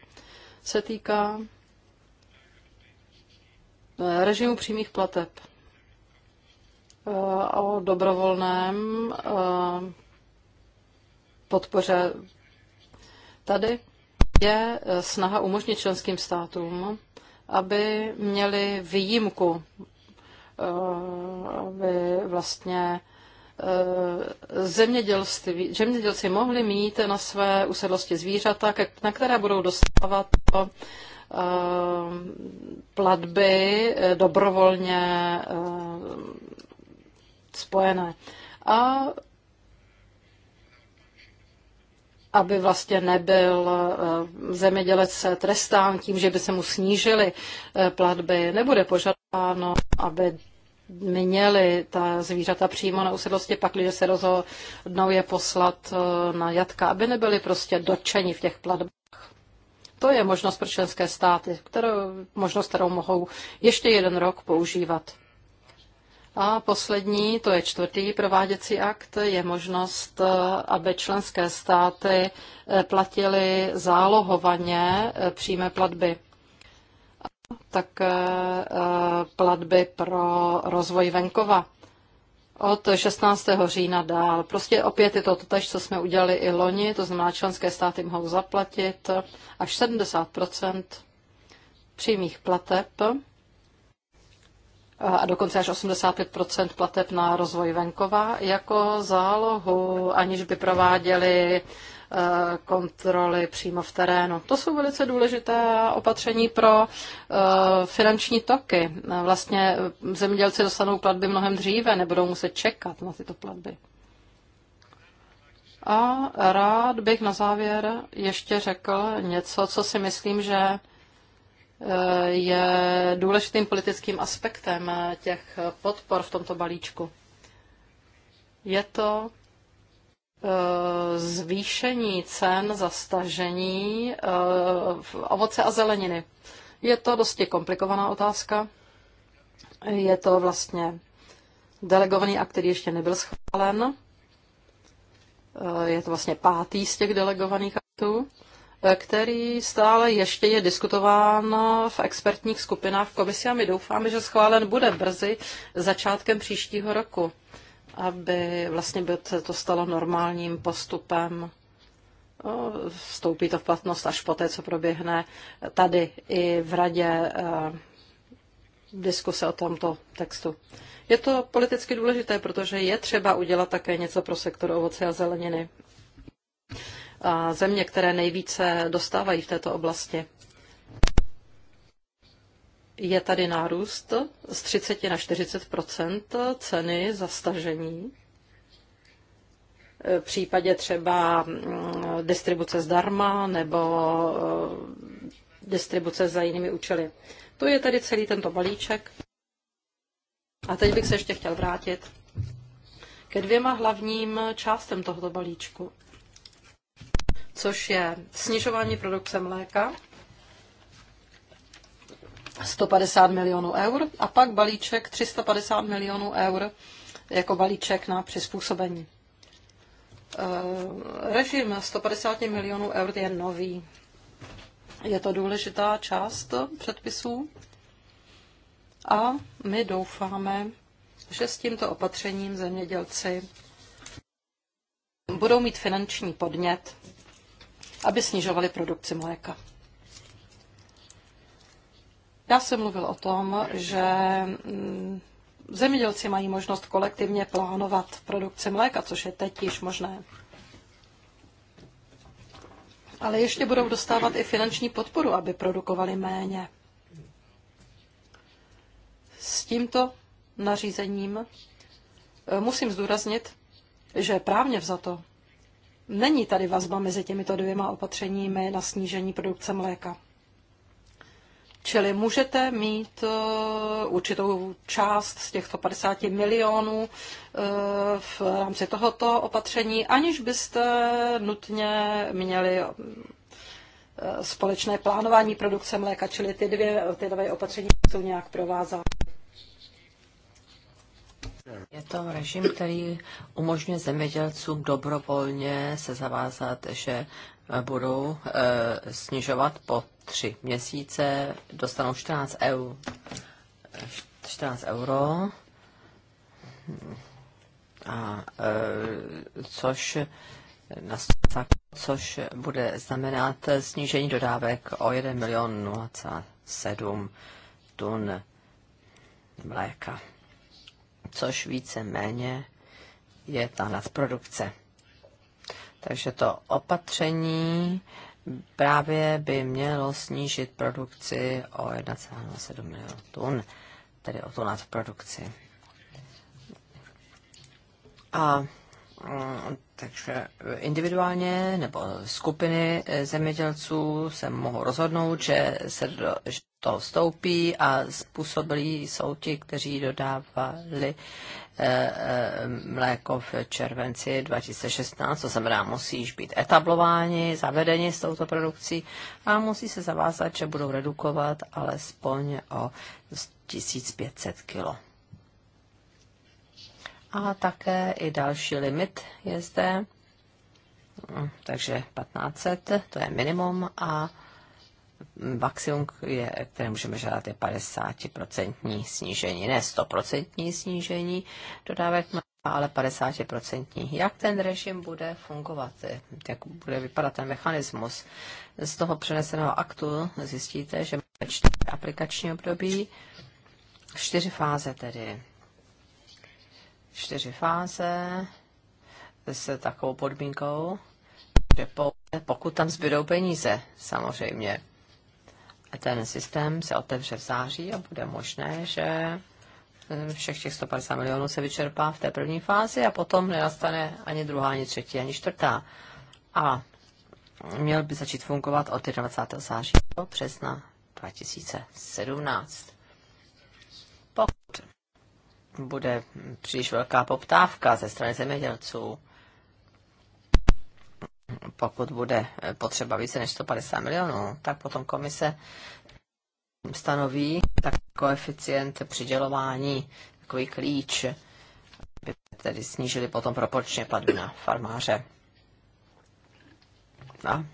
se týká eh, režimu přímých plateb eh, o dobrovolném eh, podpoře. Tady je snaha umožnit členským státům, aby měli výjimku Eh, aby vlastně eh, zemědělství, zemědělci mohli mít na své usedlosti zvířata, na které budou dostávat eh, platby dobrovolně spojené. A aby vlastně nebyl zemědělec trestán tím, že by se mu snížily platby. Nebude požadováno, aby měli ta zvířata přímo na usedlosti, když se rozhodnou je poslat eh, na jatka, aby nebyli prostě dotčeni v těch platbách. To je možnost pro členské státy, kterou, možnost, kterou mohou ještě jeden rok používat. A poslední, to je čtvrtý prováděcí akt, je možnost, eh, aby členské státy eh, platily zálohovaně přímé platby. Tak eh, eh, platby pro rozvoj venkova od 16. října dál. Prostě opět je to totež, co jsme udělali i loni, to znamená, členské státy mohou zaplatit až 70 přímých plateb eh, a dokonce až 85 plateb na rozvoj venkova jako zálohu, aniž by prováděli Eh, kontroly přímo v terénu. To jsou velice důležité opatření pro eh, finanční toky. Vlastně zemědělci dostanou platby mnohem dříve, nebudou muset čekat na tyto platby. A rád bych na závěr ještě řekl něco, co si myslím, že eh, je důležitým politickým aspektem těch podpor v tomto balíčku. Je to Eh, zvýšení cen za stažení eh, ovoce a zeleniny. Je to dosti komplikovaná otázka. Je to vlastně delegovaný akt, který ještě nebyl schválen. Eh, je to vlastně pátý z těch delegovaných aktů, který stále ještě je diskutován v expertních skupinách v komisi a my doufáme, že schválen bude brzy začátkem příštího roku aby vlastně by se to stalo normálním postupem. Vstoupí to v platnost až poté, co proběhne tady i v radě e, diskuse o tomto textu. Je to politicky důležité, protože je třeba udělat také něco pro sektor ovoce a zeleniny. A země, které nejvíce dostávají v této oblasti je tady nárůst z 30 na 40 ceny za stažení. V případě třeba mm, distribuce zdarma nebo e, distribuce za jinými účely. To je tady celý tento balíček. A teď bych se ještě chtěl vrátit ke dvěma hlavním částem tohoto balíčku, což je snižování produkce mléka 150 milionů eur a pak balíček 350 milionů eur jako balíček na přizpůsobení. Eh, režim 150 milionů eur je nový. Je to důležitá část předpisů a my doufáme, že s tímto opatřením zemědělci budou mít finanční podnět, aby snižovali produkci mléka. Já jsem mluvil o tom, že mm, zemědělci mají možnost kolektivně plánovat produkci mléka, což je teď již možné. Ale ještě budou dostávat i finanční podporu, aby produkovali méně. S tímto nařízením e, musím zdůraznit, že právně vzato není tady vazba mezi těmito dvěma opatřeními na snížení produkce mléka. Čili můžete mít eh, určitou část z těchto 50 milionů eh, v rámci tohoto opatření, aniž byste nutně měli eh, společné plánování produkce mléka, čili ty dvě, ty dvě opatření jsou nějak provázány. Je to režim, který umožňuje zemědělcům dobrovolně se zavázat, že budou eh, snižovat po tři měsíce, dostanou 14 eur. 14 euro, a, eh, což na což bude znamenat snížení dodávek o 1 milion 0,7 tun mléka, což více méně je ta nadprodukce. Takže to opatření právě by mělo snížit produkci o 1,7 milionů tun, tedy o tu nadprodukci. A mm, takže individuálně nebo skupiny eh, zemědělců se mohou rozhodnout, že, se do, že to vstoupí a způsobili jsou ti, kteří dodávali eh, eh, mléko v červenci 2016, to znamená, musíš být etablováni, zavedeni s touto produkcí a musí se zavázat, že budou redukovat alespoň o 1500 kg. A také i další limit je zde, takže 1500, to je minimum a maximum, je, které můžeme žádat, je 50% snížení, ne 100% snížení dodávek ale 50%. Jak ten režim bude fungovat? Jak bude vypadat ten mechanismus? Z toho přeneseného aktu zjistíte, že máme čtyři aplikační období, čtyři fáze tedy. Čtyři fáze s takovou podmínkou, že pokud tam zbydou peníze, samozřejmě ten systém se otevře v září a bude možné, že eh, všech těch 150 milionů se vyčerpá v té první fázi a potom nenastane ani druhá, ani třetí, ani čtvrtá. A měl by začít fungovat od 21. září do března 2017. Pokud bude příliš velká poptávka ze strany zemědělců, pokud bude eh, potřeba více než 150 milionů, tak potom komise stanoví tak koeficient přidělování, takový klíč, aby tedy snížili potom proporčně platby na farmáře. A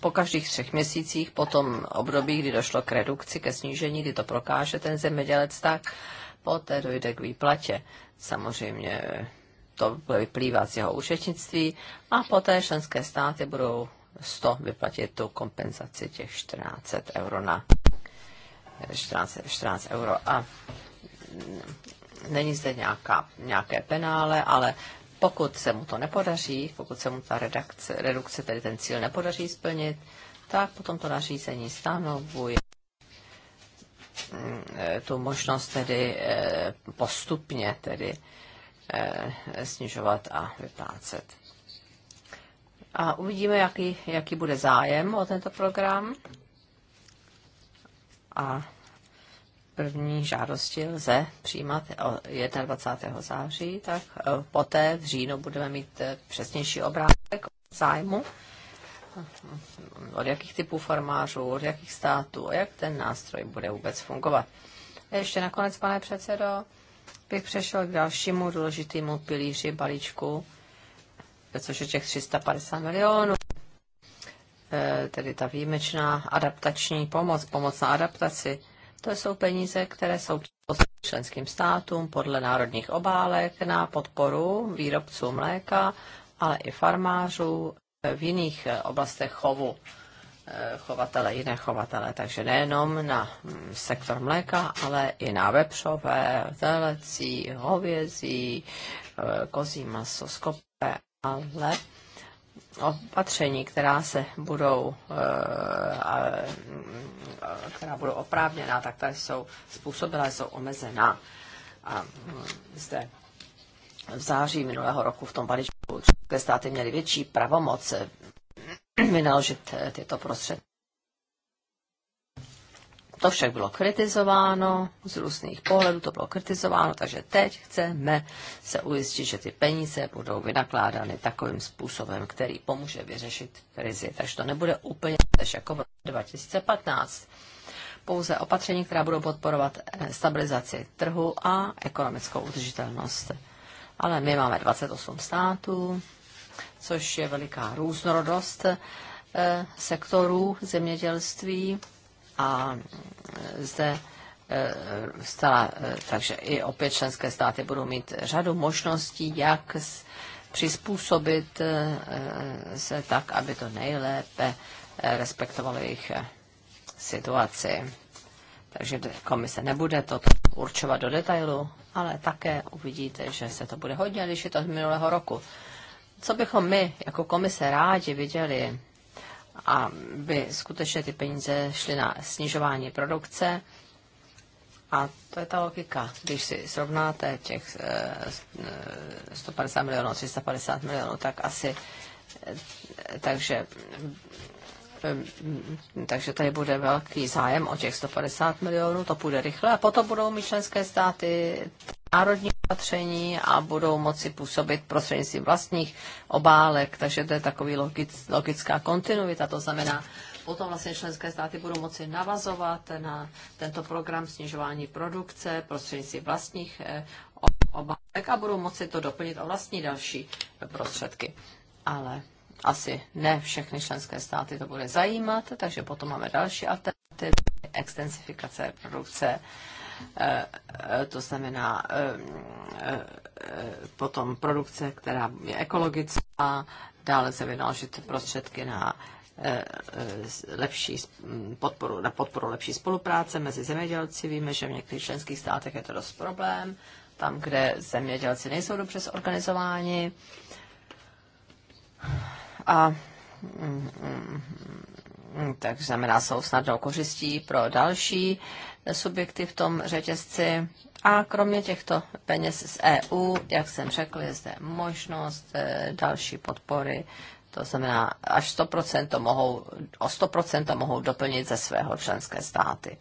po každých třech měsících, po tom období, kdy došlo k redukci, ke snížení, kdy to prokáže ten zemědělec, tak poté dojde k výplatě. Samozřejmě to bude vyplývat z jeho účetnictví a poté členské státy budou 100 vyplatit tu kompenzaci těch 14 euro na 14, 14 euro a není zde nějaká, nějaké penále, ale pokud se mu to nepodaří, pokud se mu ta redakce, redukce, tedy ten cíl nepodaří splnit, tak potom to nařízení stanovuje mm, e, tu možnost tedy e, postupně tedy Eh, snižovat a vyplácet. A uvidíme, jaký, jaký bude zájem o tento program. A první žádosti lze přijímat 21. září, tak eh, poté v říjnu budeme mít eh, přesnější obrázek zájmu, od jakých typů formářů, od jakých států, jak ten nástroj bude vůbec fungovat. Ještě nakonec, pane předsedo, bych přešel k dalšímu důležitému pilíři balíčku, což je těch 350 milionů, eh, tedy ta výjimečná adaptační pomoc, pomoc na adaptaci. To jsou peníze, které jsou členským státům podle národních obálek na podporu výrobců mléka, ale i farmářů v jiných eh, oblastech chovu chovatele, jiné chovatele, takže nejenom na mm, sektor mléka, ale i na vepřové, telecí, hovězí, e, kozí maso, skope, ale opatření, která se budou, e, mm, která budou oprávněná, tak ta jsou způsobila, jsou omezená. A mm, zde v září minulého roku v tom balíčku členské státy měly větší pravomoce vynaložit eh, tyto prostředky. To však bylo kritizováno z různých pohledů, to bylo kritizováno, takže teď chceme se ujistit, že ty peníze budou vynakládány takovým způsobem, který pomůže vyřešit krizi. Takže to nebude úplně tež jako v 2015. Pouze opatření, která budou podporovat eh, stabilizaci trhu a ekonomickou udržitelnost. Ale my máme 28 států, což je veliká různorodost eh, sektorů zemědělství a eh, zde stále, eh, takže i opět členské státy budou mít řadu možností, jak přizpůsobit se tak, aby to nejlépe respektovalo jejich situaci. Takže komise nebude to určovat do detailu, ale také uvidíte, že se to bude hodně lišit od minulého roku co bychom my jako komise rádi viděli, aby skutečně ty peníze šly na snižování produkce, a to je ta logika. Když si srovnáte těch 150 eh, milionů, 350 milionů, tak asi eh, takže Ehm, takže tady bude velký zájem o těch 150 milionů, to půjde rychle a potom budou mít členské státy národní opatření a budou moci působit prostřednictvím vlastních obálek, takže to je takový logic, logická kontinuita, to znamená, potom vlastně členské státy budou moci navazovat na tento program snižování produkce prostřednictvím vlastních eh, obálek a budou moci to doplnit o vlastní další prostředky. Ale asi ne všechny členské státy to bude zajímat, takže potom máme další alternativy, extensifikace produkce, eh, eh, to znamená eh, potom produkce, která je ekologická, dále se vynaložit prostředky na lepší mm, podporu, na podporu lepší spolupráce mezi zemědělci. Víme, že v některých členských státech je to dost problém, tam, kde zemědělci nejsou dobře zorganizováni a mm, tak znamená, jsou snadnou kořistí pro další subjekty v tom řetězci. A kromě těchto peněz z EU, jak jsem řekl, je zde možnost eh, další podpory. To znamená, až 100% to mohou, o 100% to mohou doplnit ze svého členské státy.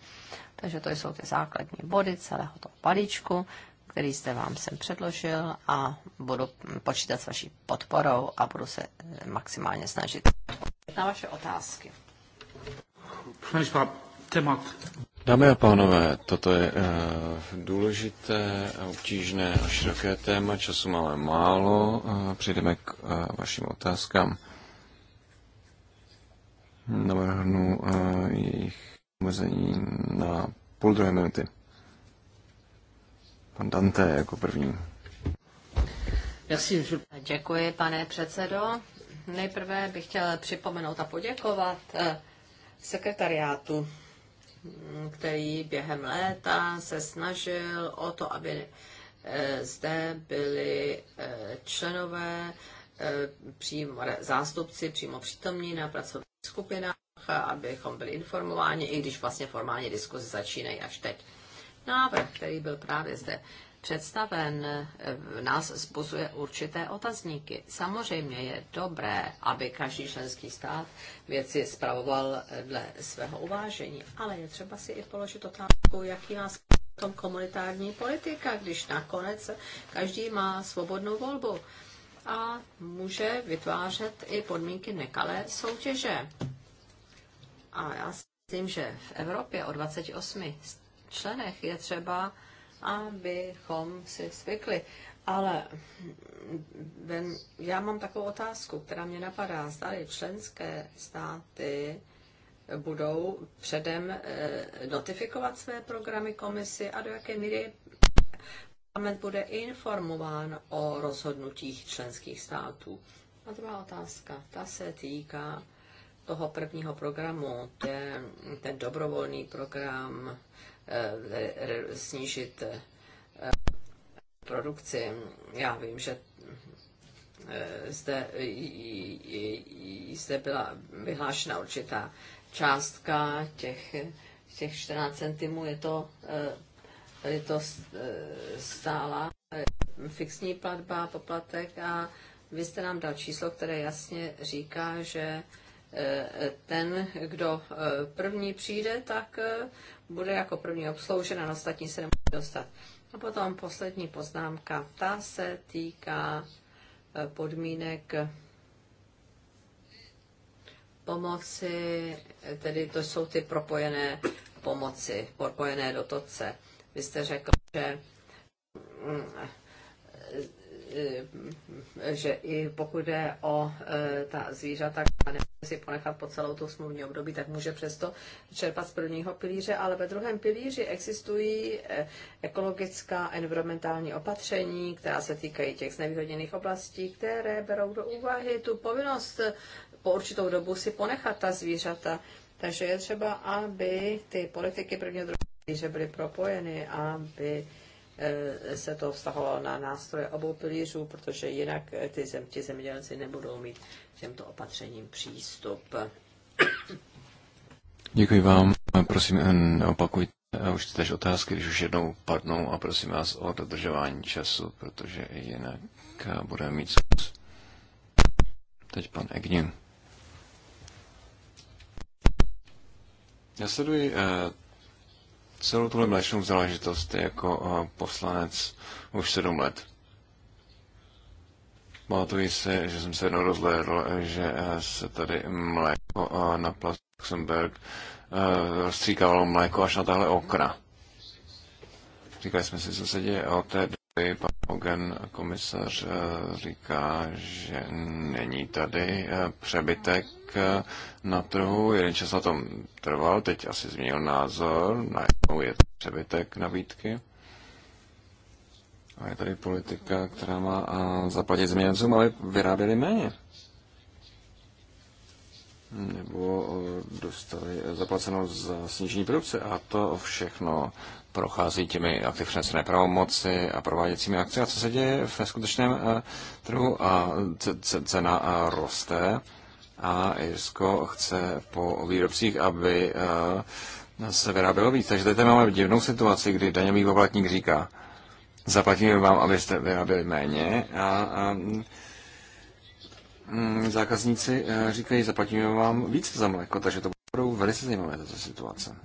Takže to jsou ty základní body celého toho balíčku který jste vám sem předložil a budu počítat s vaší podporou a budu se maximálně snažit na vaše otázky. Dámy a pánové, toto je uh, důležité a obtížné a široké téma, času máme málo, uh, přejdeme k uh, vašim otázkám. Navrhnu uh, jejich omezení na půl druhé minuty. Pan Dante jako první. Děkuji, pane předsedo. Nejprve bych chtěl připomenout a poděkovat eh, sekretariátu, který během léta se snažil o to, aby eh, zde byli eh, členové, přímo, zástupci přímo přítomní na pracovních skupinách, abychom byli informováni, i když vlastně formálně diskuze začínají až teď návrh, který byl právě zde představen, nás zbuzuje určité otazníky. Samozřejmě je dobré, aby každý členský stát věci spravoval dle svého uvážení, ale je třeba si i položit otázku, jaký nás tom komunitární politika, když nakonec každý má svobodnou volbu a může vytvářet i podmínky nekalé soutěže. A já si myslím, že v Evropě o 28 členech. Je třeba, abychom si zvykli. Ale ven, hm, já mám takovou otázku, která mě napadá. Zdali členské státy budou předem eh, notifikovat své programy komisi a do jaké míry parlament bude informován o rozhodnutích členských států. A druhá otázka, ta se týká toho prvního programu, ten, ten dobrovolný program Eh, snížit eh, produkci. Já vím, že eh, zde, zde byla vyhlášena určitá částka těch, těch 14 centimů, je to, je to stála fixní platba, poplatek a vy jste nám dal číslo, které jasně říká, že ten, kdo první přijde, tak bude jako první obsloužena, ostatní se nemůže dostat. A potom poslední poznámka, ta se týká e, podmínek pomoci, e, tedy to jsou ty propojené pomoci, propojené dotace. Vy jste řekl, že mm, Eh, že i pokud jde o eh, ta zvířata, která nemůže si ponechat po celou tu smluvní období, tak může přesto čerpat z prvního pilíře, ale ve druhém pilíři existují eh, ekologická environmentální opatření, která se týkají těch znevýhodněných oblastí, které berou do úvahy tu povinnost po určitou dobu si ponechat ta zvířata. Takže je třeba, aby ty politiky prvního druhého pilíře byly propojeny, aby Eh, se to vztahovalo na nástroje obou pilířů, protože jinak eh, ty zem, ti zemědělci nebudou mít těmto opatřením přístup. Děkuji vám. Prosím, eh, neopakujte už tež otázky, když už jednou padnou a prosím vás o dodržování času, protože jinak budeme mít zkus. Teď pan Egnin. Já sleduji celou tuhle mléčnou záležitost jako eh, poslanec už sedm let. Pamatuji se, že jsem se jednou rozhlédl, že eh, se tady mléko eh, na plast Luxemburg rozstříkávalo mléko až na tahle okna. Říkali jsme si, co se děje a od té Děkuji, pan Hogan. Komisař eh, říká, že není tady eh, přebytek eh, na trhu. Jeden čas na tom trval, teď asi změnil názor. Najednou je přebytek nabídky. A je tady politika, která má zaplatit změncům, ale vyráběli méně. Nebo dostali zaplacenou za snížení produkce. A to všechno prochází těmi akty přenesené pravomoci a prováděcími akci. A co se děje ve skutečném eh, trhu? A cena eh, roste a Irsko chce po výrobcích, aby eh, se vyrábělo víc. Takže tady máme divnou situaci, kdy daňový poplatník říká, zaplatíme vám, abyste vyráběli méně a, a mm, mm, zákazníci říkají, zaplatíme vám víc za mléko, takže to budou velice zajímavé tato situace.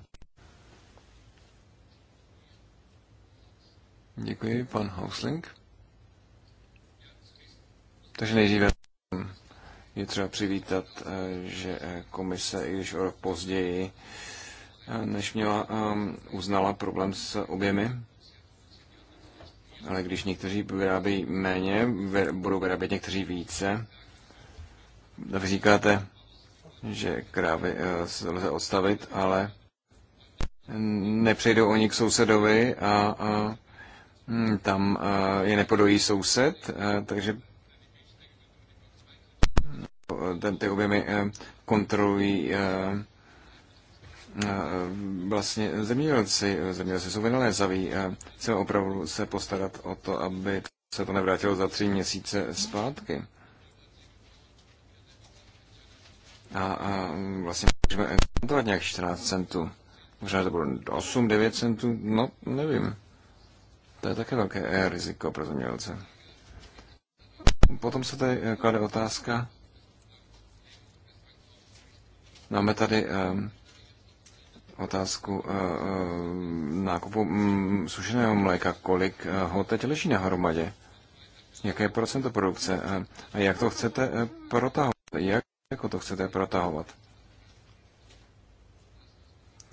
Děkuji, pan Hausling. Takže nejdříve je třeba přivítat, eh, že eh, komise, i když o rok později, eh, než měla, ehm, uznala problém s objemy. Ale když někteří vyrábějí méně, budou vyrábět někteří více. Vy říkáte, že krávy se lze odstavit, ale nepřejdou oni k sousedovi a, a Hmm, tam uh, je nepodojí soused, uh, takže eh, ten, ty objemy uh, kontrolují uh, uh, vlastně zemědělci. Zemědělci jsou vynalézaví. Uh, Chceme opravdu se postarat o to, aby se to nevrátilo za tři měsíce zpátky. A, uh, vlastně můžeme kontrolovat nějak 14 centů. Možná to bylo 8-9 centů, no nevím. To je také velké e riziko pro zemědělce. Potom se tady eh, klade otázka. Máme tady ehm, otázku eh, eh, nákupu mm, sušeného mléka. Kolik ho teď leží na hromadě? Jaké procento produkce? A jak to chcete protahovat? Jak jako to chcete protahovat?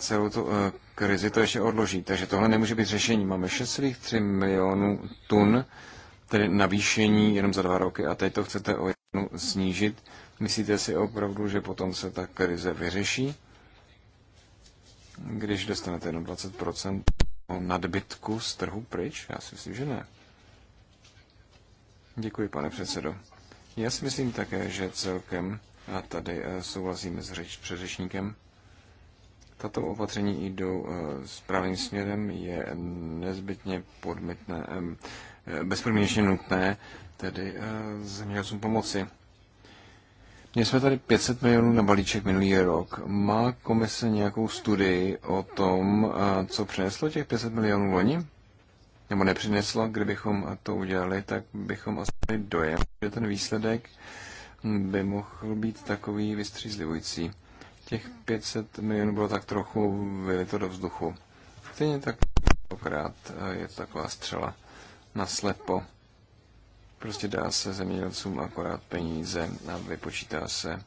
celou tu eh, krizi to ještě odloží. Takže tohle nemůže být řešení. Máme 6,3 milionů tun, tedy navýšení jenom za dva roky a teď to chcete o jednu snížit. Myslíte si opravdu, že potom se ta krize vyřeší? Když dostanete jenom 20% nadbytku z trhu pryč? Já si myslím, že ne. Děkuji, pane předsedo. Já si myslím také, že celkem, a tady eh, souhlasíme s řeč, předřečníkem, tato opatření jdou eh, správným směrem, je nezbytně podmitné, eh, bezpodmínečně nutné tedy eh, zemědělcům pomoci. Měli jsme tady 500 milionů na balíček minulý rok. Má komise nějakou studii o tom, co přineslo těch 500 milionů loni? Nebo nepřineslo? Kdybychom to udělali, tak bychom asi měli dojem, že ten výsledek hm, by mohl být takový vystřízlivující těch 500 milionů bylo tak trochu vylito do vzduchu. Stejně tak pokrát eh, je to taková střela na slepo. Prostě dá se zemědělcům akorát peníze a vypočítá se,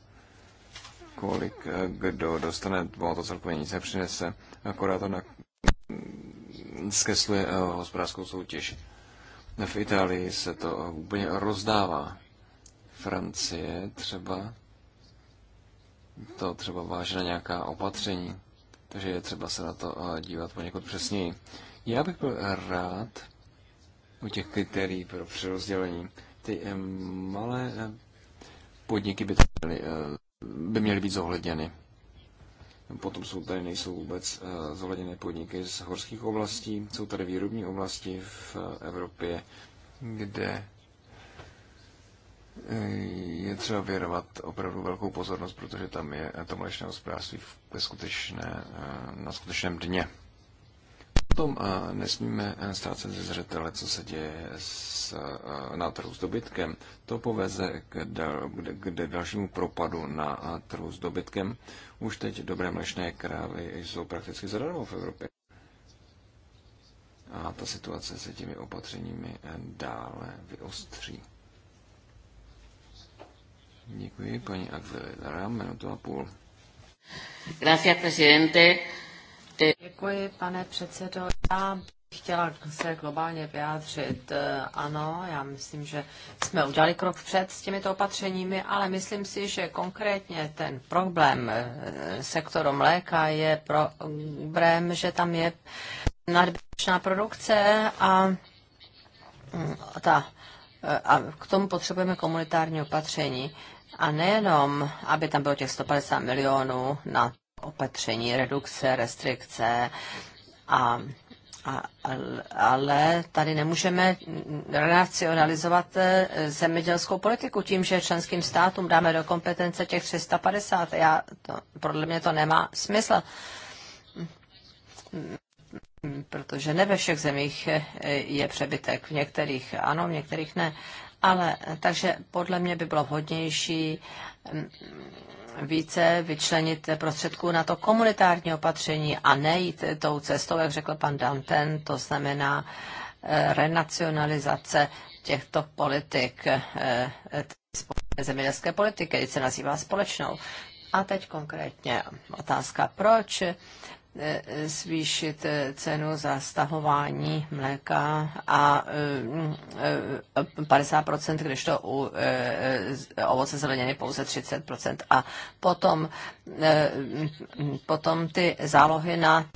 kolik eh, kdo dostane, bo to celkově nic nepřinese, akorát to na... zkresluje eh, hospodářskou soutěž. V Itálii se to úplně rozdává. Francie třeba to třeba váže na nějaká opatření. Takže je třeba se na to eh, dívat poněkud přesněji. Já bych byl rád u těch kritérií pro přerozdělení. Ty eh, malé eh, podniky by, měly, by měly být zohledněny. Potom jsou tady nejsou vůbec zohledněné podniky z horských oblastí. Jsou tady výrobní oblasti v Evropě, kde je třeba věnovat opravdu velkou pozornost, protože tam je to mléčné hospodářství ve skutečné, na skutečném dně. Potom eh, nesmíme eh, ztrácet ze zřetele, co se děje s, eh, na trhu s dobytkem. To poveze k, dal, k, k dalšímu propadu na trhu s dobytkem. Už teď dobré mlečné krávy jsou prakticky zadarmo v Evropě. A ta situace se těmi opatřeními dále vyostří. Děkuji, paní Aguilera, minutu a půl. Gracias, presidente. Děkuji, pane předsedo. Já bych chtěla se globálně vyjádřit. Eh, ano, já myslím, že jsme udělali krok vpřed s těmito opatřeními, ale myslím si, že konkrétně ten problém eh, sektoru mléka je problém, že tam je nadbytečná produkce a mm, ta eh, a k tomu potřebujeme komunitární opatření. A nejenom, aby tam bylo těch 150 milionů na opatření, redukce, restrikce, a, a, ale tady nemůžeme racionalizovat eh, zemědělskou politiku tím, že členským státům dáme do kompetence těch 350. Já, to, podle mě to nemá smysl protože ne ve všech zemích eh, je přebytek, v některých ano, v některých ne. Ale eh, takže podle mě by bylo vhodnější mm, více vyčlenit prostředků na to komunitární opatření a nejít tou cestou, jak řekl pan Danten, to znamená eh, renacionalizace těchto politik, eh, zemědělské politiky, když se nazývá společnou. A teď konkrétně otázka, proč E, e, zvýšit e, cenu za stahování mléka a 50%, když to u ovoce zeleniny pouze 30%. A potom, potom ty zálohy na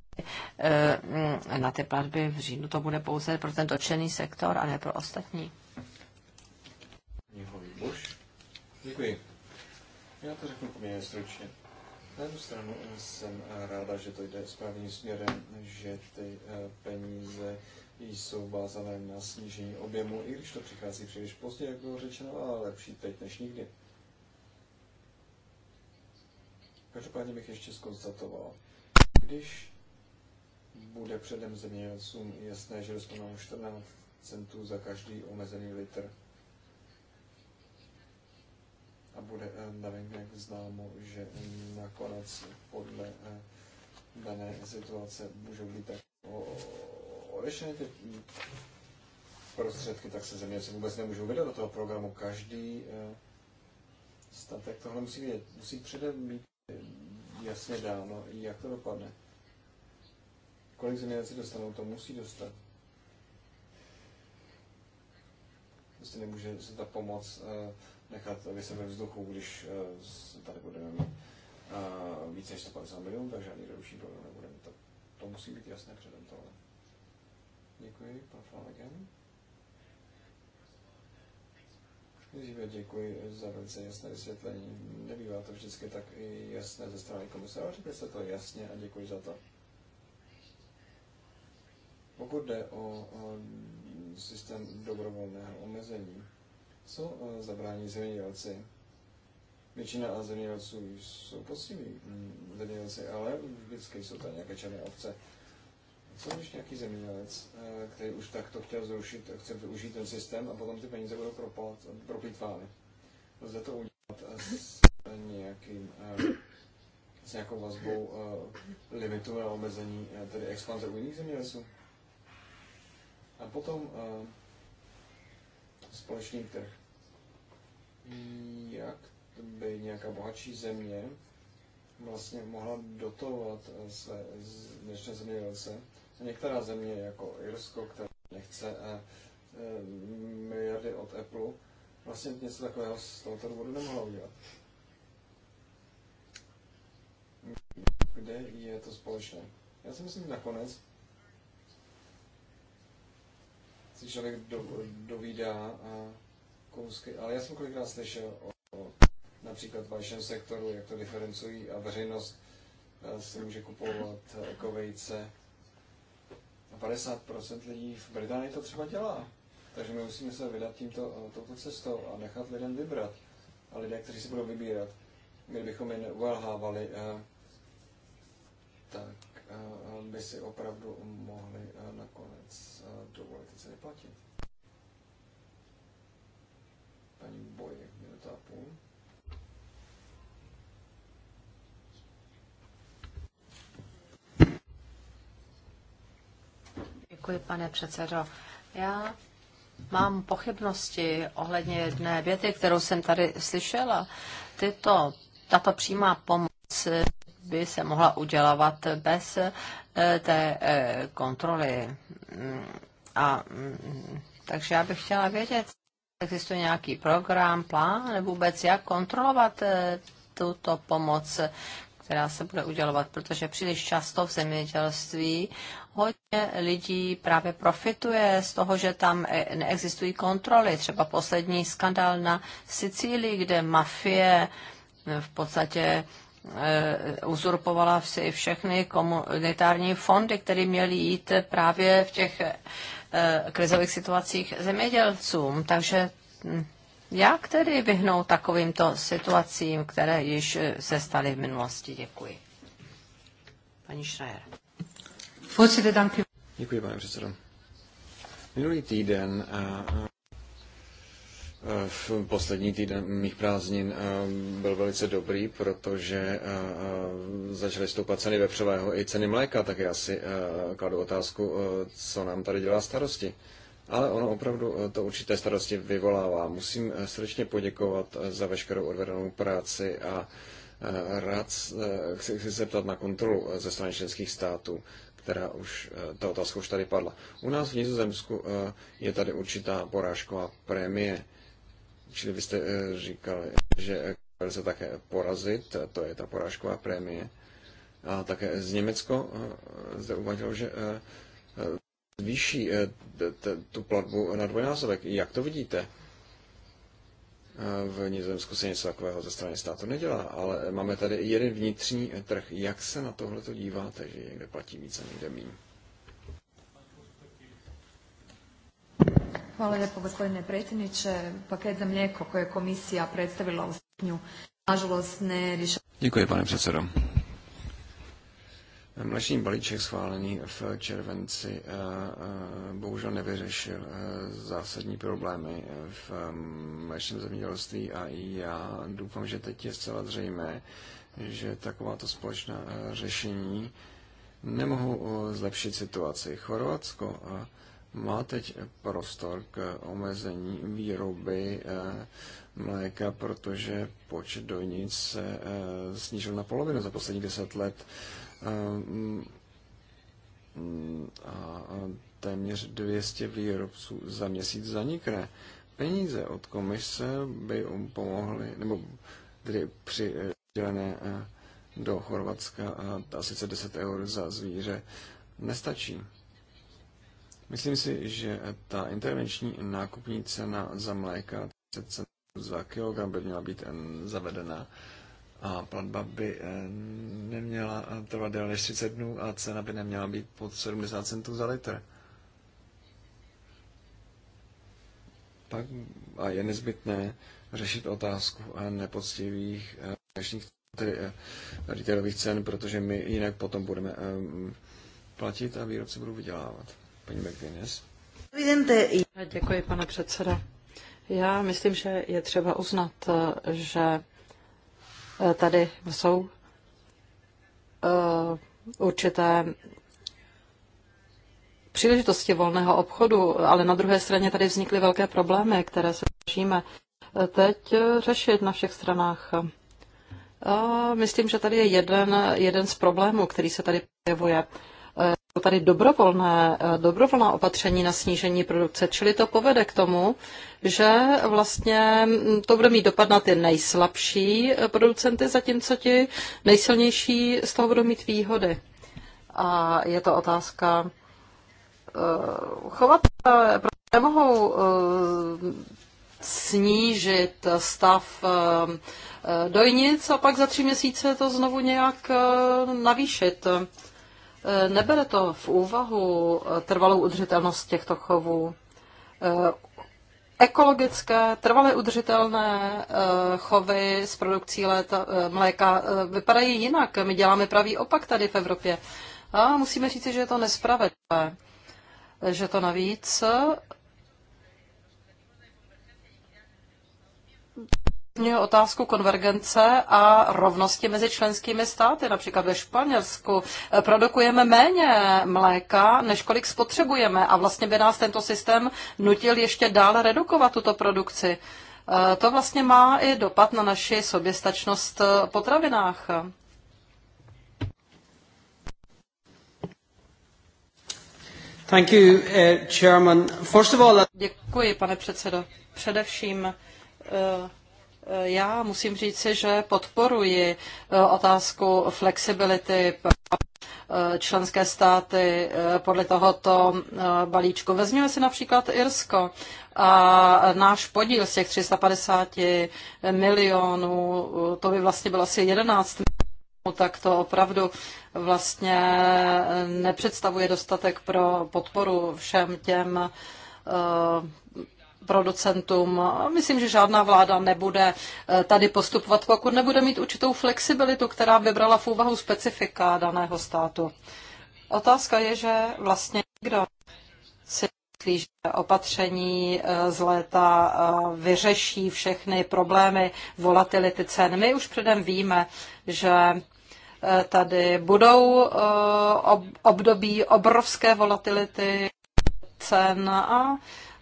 na ty platby v říjnu to bude pouze pro ten dotčený sektor a ne pro ostatní. Děkuji. Já to řeknu poměrně stručně. Na jednu stranu eh, jsem eh, ráda, že to jde správným směrem, že ty eh, peníze jsou vázané na snížení objemu, i když to přichází příliš pozdě, jak bylo řečeno, ale lepší teď než nikdy. Každopádně bych ještě skonstatoval, když bude předem zemědělcům jasné, že dostanou 14 centů za každý omezený litr a bude eh, dané nějak známo, že nakonec podle eh, dané situace můžou být tak odešeny ty prostředky, tak se země se vůbec nemůžou vydat do toho programu. Každý eh, statek tohle musí vědět, musí předem mít jasně dáno, jak to dopadne. Kolik zemědělci dostanou, to musí dostat. Prostě nemůže se ta pomoc nechat vysel ve vzduchu, když eh, tady budeme mít eh, více než 150 milionů, takže ani další program nebude. To, to musí být jasné předem tohle. Děkuji, pan Flanagan. Nejdříve děkuji za velice jasné vysvětlení. Nebývá to vždycky tak jasné ze strany komise, ale řekli jste to jasně a děkuji za to. Pokud jde o, o systém dobrovolného omezení, co eh, zabrání zemědělci. Většina zemědělců jsou poctiví mm, zemědělci, ale vždycky jsou tam nějaké černé ovce. Co když nějaký zemědělec, eh, který už takto chtěl zrušit, chce využít ten systém a potom ty peníze budou vámi? Lze to udělat eh, s nějakým s nějakou vazbou limitu a omezení, tedy expanze u jiných zemědělců. A potom společný trh jak by nějaká bohatší země vlastně mohla dotovat své dnešní zemědělce. Některá země, jako Irsko, která nechce eh, eh, miliardy od Apple, vlastně něco takového z tohoto důvodu nemohla udělat. Kde je to společné? Já si myslím, že nakonec si člověk do, dovídá a kousky, ale já jsem kolikrát slyšel o například v vašem sektoru, jak to diferencují a veřejnost eh, si může kupovat ekovejce. Eh, a 50% lidí v Británii to třeba dělá. Takže my musíme se vydat tímto, eh, touto cestou a nechat lidem vybrat. A lidé, kteří si budou vybírat, bychom je neuelhávali, tak by si opravdu mohli nakonec dovolit se vyplatit boj, jak minuta a půl. Děkuji, pane předsedo. Já mám pochybnosti ohledně jedné věty, kterou jsem tady slyšela. Tyto, tato přímá pomoc by se mohla udělovat bez eh, té eh, kontroly. Mm, a, mm, takže já bych chtěla vědět, Existuje nějaký program, plán nebo vůbec, jak kontrolovat eh, tuto pomoc, která se bude udělovat, protože příliš často v zemědělství hodně lidí právě profituje z toho, že tam eh, neexistují kontroly. Třeba poslední skandal na Sicílii, kde mafie eh, v podstatě uzurpovala si všechny komunitární fondy, které měly jít právě v těch Eh, krizových situacích zemědělcům. Takže hm, jak tedy vyhnout takovýmto situacím, které již eh, se staly v minulosti? Děkuji. Paní Schreier. Děkuji, pane předsedo. Minulý týden eh, v poslední týden mých prázdnin eh, byl velice dobrý, protože eh, eh, začaly stoupat ceny vepřového i ceny mléka, tak já si kladu otázku, co nám tady dělá starosti. Ale ono opravdu to určité starosti vyvolává. Musím srdečně poděkovat za veškerou odvedenou práci a rád chci, chci se ptat na kontrolu ze strany členských států která už, ta otázka už tady padla. U nás v Nizozemsku je tady určitá porážková prémie Čili vy jste eh, říkal, že se eh, také porazit, to je ta porážková prémie. A také z Německo eh, zde uvádělo, že zvýší tu platbu na dvojnásobek. Jak to vidíte? V Nizozemsku se něco takového ze strany státu nedělá, ale máme tady jeden vnitřní trh. Jak se na tohle to díváte, že někde platí více, někde méně? Hvala lijepo gospodine predsjedniče. Paket za mlijeko koje je komisija predstavila u srpnju nažalost ne rješava. Děkuji pane předsedo. Mlečný balíček schválený v červenci eh, eh, bohužel nevyřešil eh, zásadní problémy v mlečném zemědělství a já doufám, že teď je zcela zřejmé, že takováto společná řešení nemohou zlepšit situaci. Chorvatsko má teď prostor k omezení výroby eh, mléka, protože počet dojnic se eh, snížil na polovinu za poslední deset let eh, mm, a téměř 200 výrobců za měsíc zanikne. Peníze od komise by um pomohly, nebo tedy přidělené do Chorvatska, a sice 10 eur za zvíře, nestačí. Myslím si, že ta intervenční nákupní cena za mléka 30 centů za kilogram by měla být eh, zavedena a platba by eh, neměla trvat déle než 30 dnů a cena by neměla být pod 70 centů za litr. Pak a je nezbytné řešit otázku eh, nepoctivých retailových cen, protože my jinak potom budeme platit a výrobci budou vydělávat. Paní McGuinness. Děkuji, pane předseda, Já myslím, že je třeba uznat, eh, že eh, tady jsou eh, určité příležitosti volného obchodu, ale na druhé straně tady vznikly velké problémy, které se snažíme teď řešit na všech stranách. myslím, že tady je jeden, jeden z problémů, který se tady projevuje. Jsou eh, tady dobrovolné, eh, dobrovolná opatření na snížení produkce, čili to povede k tomu, že vlastně mm, to bude mít dopad na ty nejslabší eh, producenty, zatímco ti nejsilnější z toho budou mít výhody. A je to otázka chovat, nemohou snížit stav dojnic a pak za tři měsíce to znovu nějak navýšit. Eh, nebere to v úvahu eh, trvalou udržitelnost těchto chovů. Eh, ekologické, trvalé udržitelné chovy s produkcí léta, mléka vypadají jinak. My děláme pravý opak tady v Evropě. A musíme říci, že je to nespravedlivé. Že to navíc otázku konvergence a rovnosti mezi členskými státy. Například ve Španělsku eh, produkujeme méně mléka, než kolik spotřebujeme a vlastně by nás tento systém nutil ještě dále redukovat tuto produkci. Eh, to vlastně má i dopad na naši soběstačnost v eh, potravinách. Thank you, Chairman. First of all, uh, Děkuji, pane předsedo. Především Eh, já musím říci, že podporuji eh, otázku flexibility eh, členské státy podle tohoto balíčku. Vezměme si například Irsko a náš podíl z těch 350 milionů, to by vlastně bylo asi 11 milionů, tak to opravdu vlastně nepředstavuje dostatek pro podporu všem těm producentům. Myslím, že žádná vláda nebude eh, tady postupovat, pokud nebude mít určitou flexibilitu, která by brala v úvahu specifika daného státu. Otázka je, že vlastně nikdo si myslí, že opatření eh, z léta eh, vyřeší všechny problémy volatility cen. My už předem víme, že tady budou období obrovské volatility cen a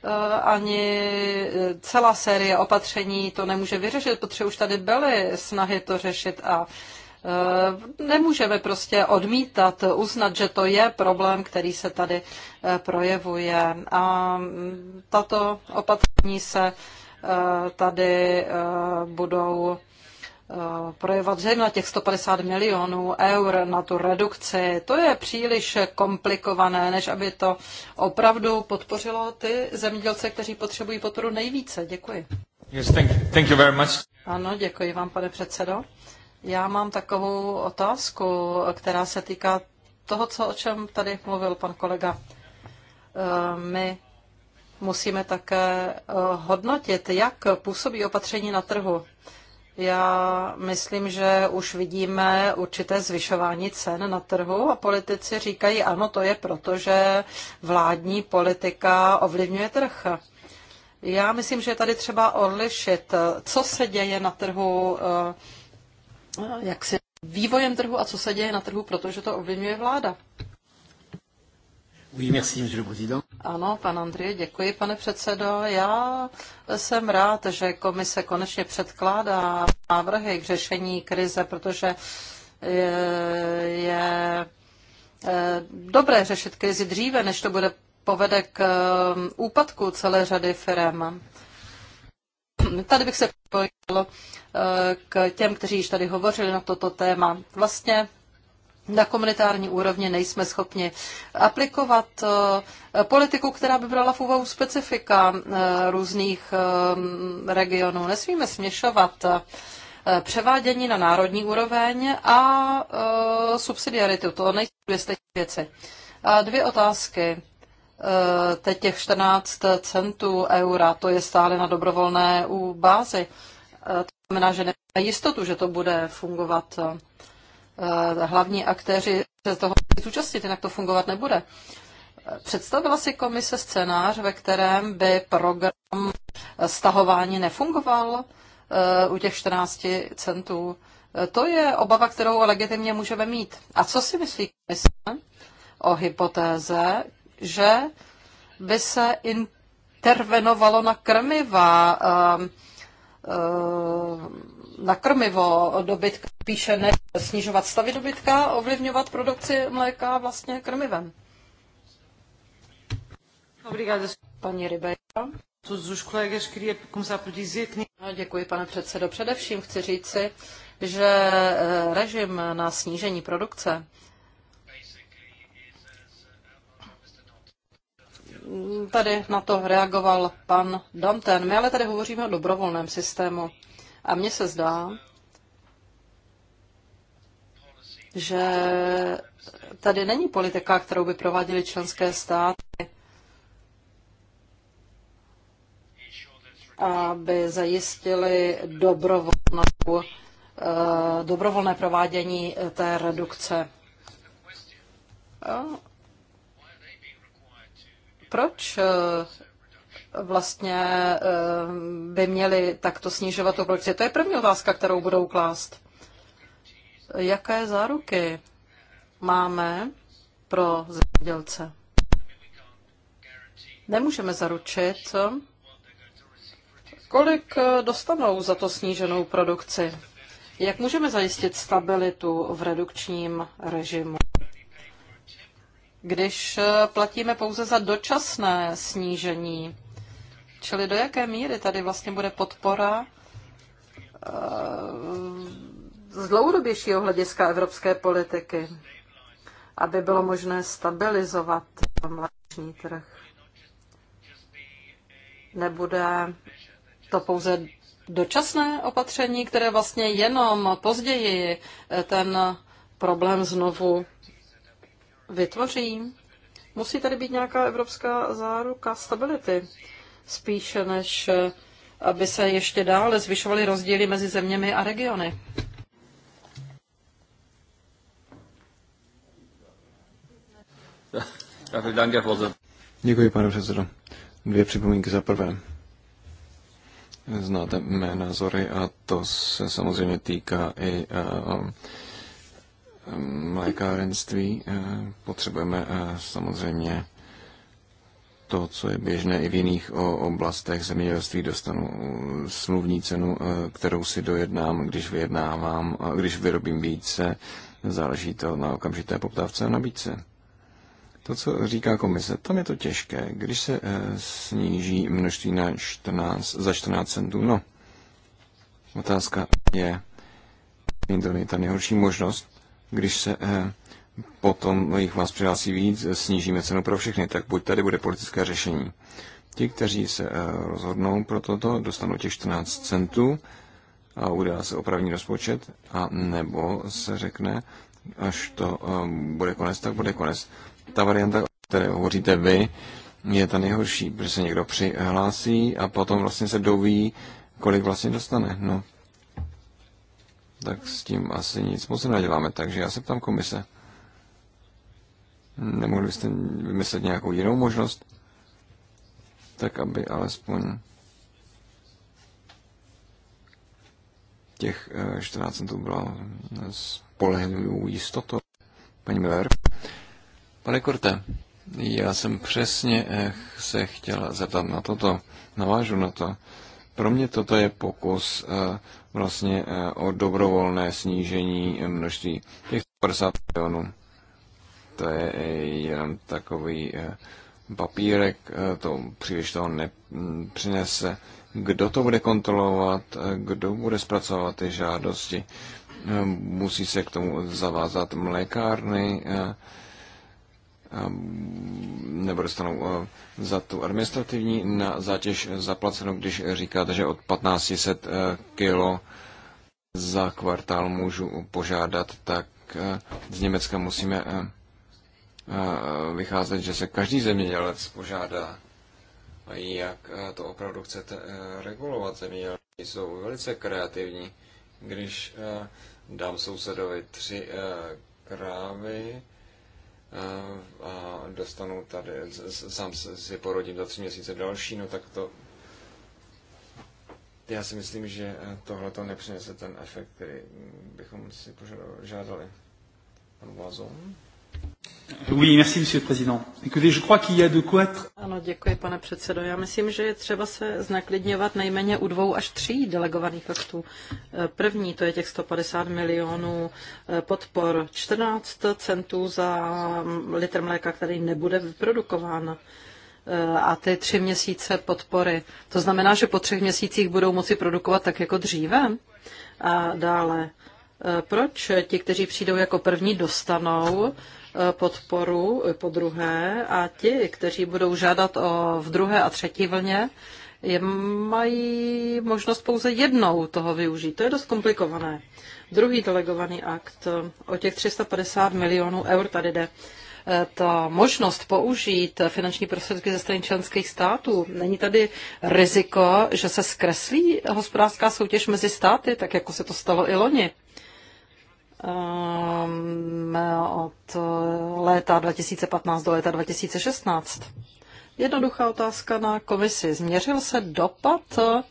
Eh, ani eh, celá série opatření to nemůže vyřešit, protože už tady byly snahy to řešit a eh, nemůžeme prostě odmítat, uznat, že to je problém, který se tady projevuje. A mm, tato opatření se tady budou Eh, projevat, že na těch 150 milionů eur na tu redukci, to je příliš komplikované, než aby to opravdu podpořilo ty zemědělce, kteří potřebují podporu nejvíce. Děkuji. Yes, thank, you. thank you very much. Ano, děkuji vám, pane předsedo. Já mám takovou otázku, která se týká toho, co, o čem tady mluvil pan kolega. Eh, my musíme také eh, hodnotit, jak působí opatření na trhu já myslím, že už vidíme určité zvyšování cen na trhu a politici říkají, ano, to je proto, že vládní politika ovlivňuje trh. Já myslím, že je tady třeba odlišit, co se děje na trhu, eh, jak se vývojem trhu a co se děje na trhu, protože to ovlivňuje vláda. Oui, merci, monsieur le président. Ano, pan Andrie, děkuji, pane předsedo. Já jsem rád, že komise konečně předkládá návrhy k řešení krize, protože je, je eh, dobré řešit krizi dříve, než to bude povede k eh, úpadku celé řady firm. Tady bych se pojil eh, k těm, kteří již tady hovořili na toto téma. Vlastně na komunitární úrovni nejsme schopni aplikovat eh, politiku, která by brala v úvahu specifika eh, různých eh, regionů. Nesmíme směšovat převádění na národní úroveň a subsidiaritu. To nejsou dvě stejné věci. A dvě otázky teď těch 14 centů eura, to je stále na dobrovolné u bázi. To znamená, že nemáme jistotu, že to bude fungovat. Eh, hlavní aktéři se toho zúčastnit, jinak to fungovat nebude. Eh, představila si komise scénář, ve kterém by program stahování nefungoval eh, u těch 14 centů? To je obava, kterou legitimně můžeme mít. A co si myslí komise o hypotéze, že by se intervenovalo na krmiva? Uh, uh, na krmivo dobytka, píše ne snižovat stavy dobytka, ovlivňovat produkci mléka vlastně krmivem. Obrigada. Paní no, Děkuji, pane předsedo. Především chci říci, že eh, režim na snížení produkce tady na to reagoval pan Danten. My ale tady hovoříme o dobrovolném systému. A mně se zdá, že tady není politika, kterou by prováděly členské státy, aby zajistili dobrovolnou, eh, dobrovolné provádění eh, té redukce. Proč eh, vlastně eh, by měli takto snižovat tu produkci? To je první otázka, kterou budou klást. Jaké záruky máme pro zemědělce? Nemůžeme zaručit, kolik eh, dostanou za to sníženou produkci. Jak můžeme zajistit stabilitu v redukčním režimu? Když eh, platíme pouze za dočasné snížení Čili do jaké míry tady vlastně bude podpora eh, z dlouhodobějšího hlediska evropské politiky, aby bylo možné stabilizovat mladší trh. Nebude to pouze dočasné opatření, které vlastně jenom později eh, ten problém znovu vytvoří. Musí tady být nějaká evropská záruka stability spíše než eh, aby se ještě dále zvyšovaly rozdíly mezi zeměmi a regiony. Děkuji, pane předsedo. Dvě připomínky za prvé. Znáte mé názory a to se samozřejmě týká i uh, mlékárenství. Potřebujeme samozřejmě to, co je běžné i v jiných oblastech zemědělství, dostanu uh, smluvní cenu, uh, kterou si dojednám, když vyjednávám, uh, když vyrobím více, záleží to na okamžité poptávce a nabídce. To, co říká komise, tam je to těžké. Když se sníží množství na 14, za 14 centů, no, otázka je, není to ta nejhorší možnost, když se potom jich vás přihlásí víc, snížíme cenu pro všechny, tak buď tady bude politické řešení. Ti, kteří se eh, rozhodnou pro toto, dostanou těch 14 centů a udá se opravní rozpočet, a nebo se řekne, až to eh, bude konec, tak bude konec. Ta varianta, o které hovoříte vy, je ta nejhorší, protože se někdo přihlásí a potom vlastně se doví, kolik vlastně dostane. No, tak s tím asi nic moc neděláme, takže já se ptám komise. Nemohli byste vymyslet nějakou jinou možnost? Tak, aby alespoň těch 14 eh, centů bylo spolehlivou jistotou. Paní Miller. Pane Korte, já jsem přesně eh, se chtěl zeptat na toto. Navážu na to. Pro mě toto je pokus eh, vlastně o dobrovolné snížení množství těch 50 milionů to je eh, jenom takový eh, papírek, eh, to příliš toho nepřinese. Mm, kdo to bude kontrolovat, kdo bude zpracovat ty žádosti, musí se k tomu zavázat mlékárny, nebo dostanou za tu administrativní na zátěž zaplacenou, když říkáte, že od 1500 kilo za kvartál můžu požádat, tak z Německa musíme vycházet, že se každý zemědělec požádá, jak to opravdu chcete e, regulovat. Zemědělci jsou velice kreativní. Když e, dám sousedovi tři e, krávy, a dostanu tady, sám si porodím za tři měsíce další, no tak to já si myslím, že tohle to nepřinese ten efekt, který bychom si požádali, Pan Vazon? Oui, merci, monsieur le président. Écoutez, je crois qu'il y a de quoi être... Ano, děkuji, pane předsedo. Já myslím, že je třeba se znaklidňovat nejméně u dvou až tří delegovaných aktů. Eh, první, to je těch 150 milionů eh, podpor, 14 centů za mm, litr mléka, který nebude vyprodukován eh, a ty tři měsíce podpory. To znamená, že po třech měsících budou moci produkovat tak jako dříve a dále. Proč ti, kteří přijdou jako první, dostanou podporu po druhé a ti, kteří budou žádat o v druhé a třetí vlně, je, mají možnost pouze jednou toho využít. To je dost komplikované. Druhý delegovaný akt o těch 350 milionů eur tady jde. E, ta možnost použít finanční prostředky ze strany členských států, není tady riziko, že se zkreslí hospodářská soutěž mezi státy, tak jako se to stalo i loni? Ehm, od léta 2015 do léta 2016. Jednoduchá otázka na komisi. Změřil se dopad eh,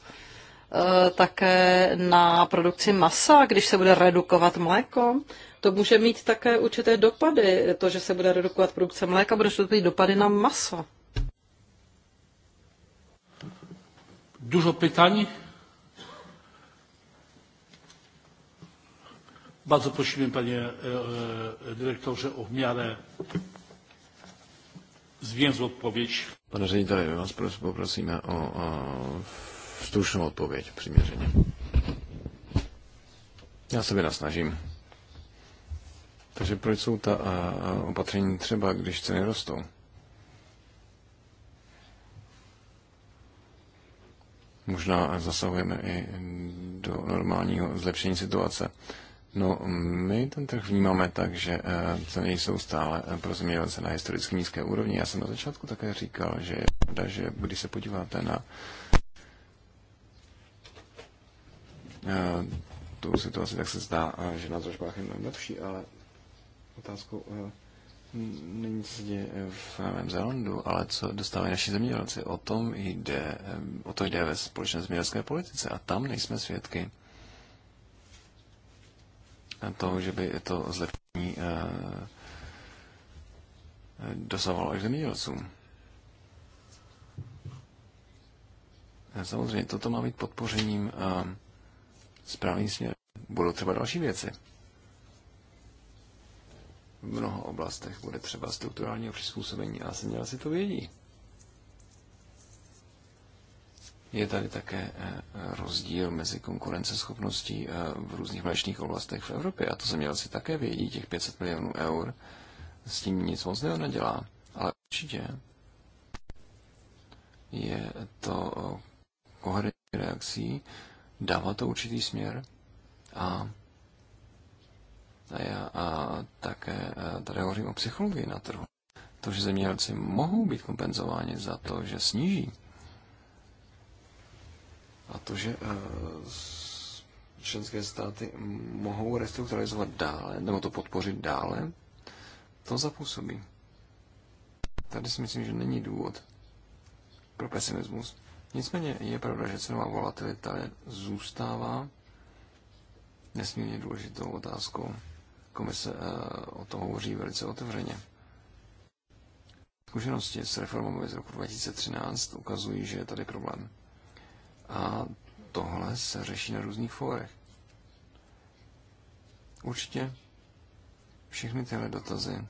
také na produkci masa, když se bude redukovat mléko? To může mít také určité dopady. To, že se bude redukovat produkce mléka, bude to mít dopady na maso. Dużo pytań. Bardzo prosimy, panie e, e, dyrektorze, o w miarę zwięzłą odpowiedź. Pane řediteli, vás poprosimy o, o odpowiedź, odpověď přiměřeně. Já se na Takže proč proszę, ta opatrzenie trzeba, opatření třeba, když ceny rostou? Možná zasobujemy i do normálního zlepszenia situace. No, my ten trh vnímáme tak, že eh, ceny jsou stále eh, pro zemědělce na historicky nízké úrovni. Já jsem na začátku také říkal, že je pravda, že když se podíváte na eh, tu situaci, tak se zdá, že na dražbách je mnohem lepší, ale otázkou není, co se děje v Novém Zélandu, ale co dostávají naši zemědělci. O tom jde, o to jde ve společné zemědělské politice a tam nejsme svědky toho, že by to zlepšení eh, eh, dosahovalo až zemědělcům. Eh, samozřejmě toto má být podpořením správným směrem. Budou třeba další věci. V mnoha oblastech bude třeba strukturálního přizpůsobení a zemědělci to vědí. Je tady také eh, rozdíl mezi konkurenceschopností eh, v různých mléčných oblastech v Evropě. A to si také vědí, těch 500 milionů eur. S tím nic moc nedělá. Ale určitě je to eh, koherentní reakcí, dává to určitý směr a, a já a také tady hovořím o psychologii na trhu. To, že zemědělci mohou být kompenzováni za to, že sníží a to, že eh, členské státy mohou restrukturalizovat dále, nebo to podpořit dále, to zapůsobí. Tady si myslím, že není důvod pro pesimismus. Nicméně je pravda, že cenová volatilita zůstává nesmírně důležitou otázkou. Komise eh, o tom hovoří velice otevřeně. Zkušenosti s reformami z roku 2013 ukazují, že je tady problém. A tohle se řeší na různých fórech. Určitě všechny tyhle dotazy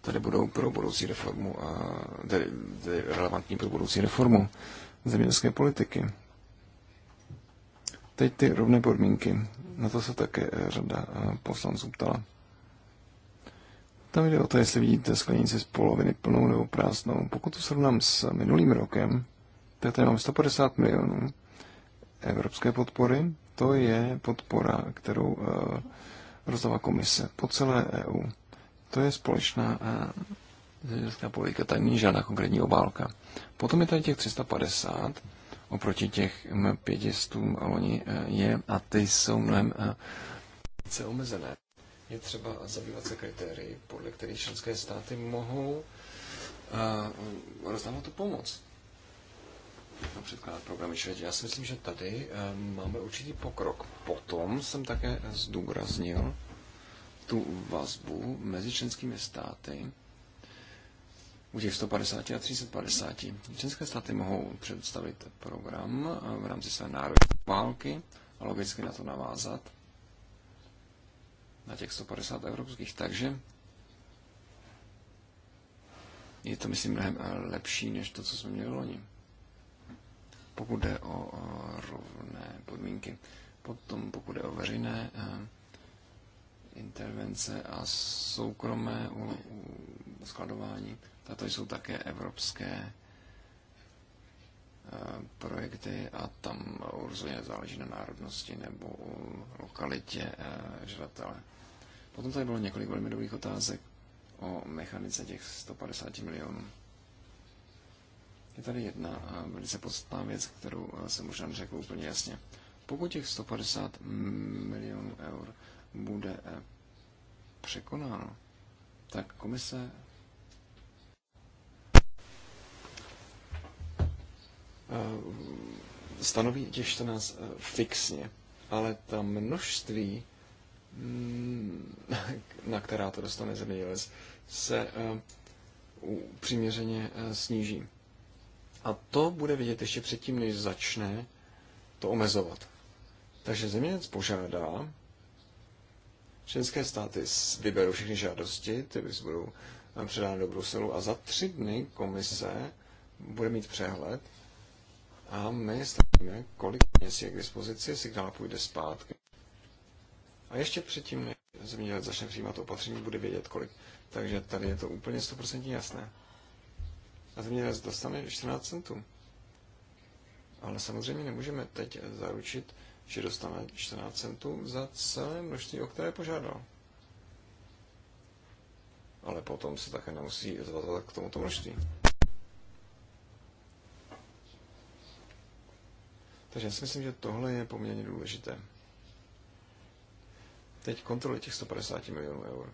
tady budou pro budoucí reformu, a, tedy, tedy relevantní pro budoucí reformu zemědělské politiky. Teď ty rovné podmínky, na to se také řada eh, poslanců ptala. Tam jde o to, jestli vidíte sklenici z poloviny plnou nebo prázdnou. Pokud to srovnám s minulým rokem, tak tady mám 150 milionů evropské podpory. To je podpora, kterou uh, eh, rozdává komise po celé EU. To je společná uh, zemědělská politika, tady není žádná konkrétní obálka. Potom je tady těch 350, oproti těch 500 hm, loni eh, je, a ty jsou mnohem uh, více omezené je třeba zabývat se kritérii, podle kterých členské státy mohou eh, rozdávat tu pomoc například programy Švědě. Já si myslím, že tady eh, máme určitý pokrok. Potom jsem také zdůraznil tu vazbu mezi členskými státy u těch 150 a 350. Členské státy mohou představit program eh, v rámci své národní války a logicky na to navázat na těch 150 evropských, takže je to, myslím, mnohem lepší než to, co jsme měli loni. Pokud jde o rovné podmínky. Potom, pokud jde o veřejné eh, intervence a soukromé skladování, tato jsou také evropské Eh, projekty a tam rozhodně záleží na národnosti nebo lokalitě eh, žadatele. Potom tady bylo několik velmi dobrých otázek o mechanice těch 150 milionů. Je tady jedna eh, velice podstatná věc, kterou jsem možná řekl úplně jasně. Pokud těch 150 milionů eur bude překonáno, tak komise Eh, stanoví těch 14 eh, fixně, ale ta množství, mm, na která to dostane zemědělec, se eh, přiměřeně sníží. A to bude vidět ještě předtím, než začne to omezovat. Takže zemědělec požádá, členské státy vyberou všechny žádosti, ty budou předány do Bruselu a za tři dny komise bude mít přehled a my stavíme, kolik peněz je k dispozici, dál půjde zpátky. A ještě předtím, než zemědělec začne přijímat opatření, bude vědět kolik. Takže tady je to úplně 100% jasné. A zemědělec dostane 14 centů. Ale samozřejmě nemůžeme teď zaručit, že dostane 14 centů za celé množství, o které požádal. Ale potom se také nemusí zvazovat k tomuto množství. Takže já si myslím, že tohle je poměrně důležité. Teď kontroly těch 150 milionů eur.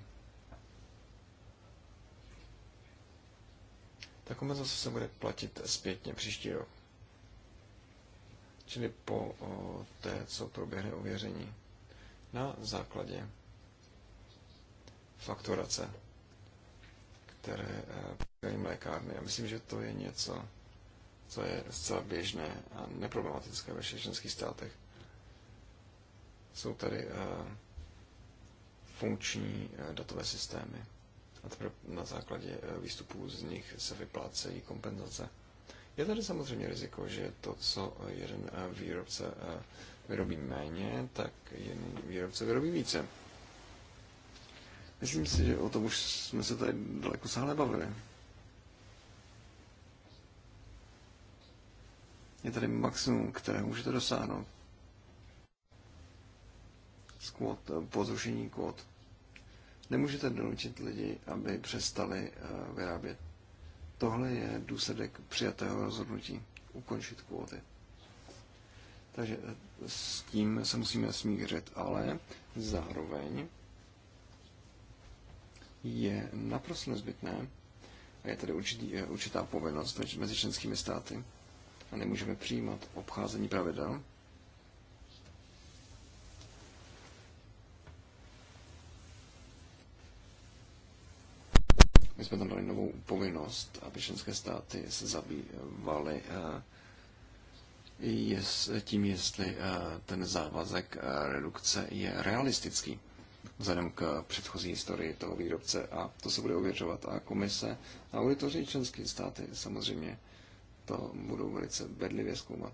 Ta kompenzace se bude platit zpětně příští rok. Čili po o, té, co proběhne ověření na základě fakturace, které e, mlékárny. Já myslím, že to je něco, co je zcela běžné a neproblematické ve všech členských státech. Jsou tady eh, funkční eh, datové systémy a teprve na základě eh, výstupů z nich se vyplácejí kompenzace. Je tady samozřejmě riziko, že to, co jeden výrobce vyrobí méně, tak jiný výrobce vyrobí více. Myslím si, že o tom už jsme se tady daleko sáhle bavili. je tady maximum, které můžete dosáhnout Squat, eh, po zrušení kvot. Nemůžete donutit lidi, aby přestali eh, vyrábět. Tohle je důsledek přijatého rozhodnutí ukončit kvóty. Takže eh, s tím se musíme smířit, ale zároveň je naprosto nezbytné, a je tady určitý, určitá povinnost mezi členskými státy, a nemůžeme přijímat obcházení pravidel. My jsme tam dali novou povinnost, aby členské státy se zabývaly eh, jest, tím, jestli eh, ten závazek eh, redukce je realistický vzhledem k předchozí historii toho výrobce a to se bude ověřovat a komise a auditoři členské státy samozřejmě to budou velice bedlivě zkoumat.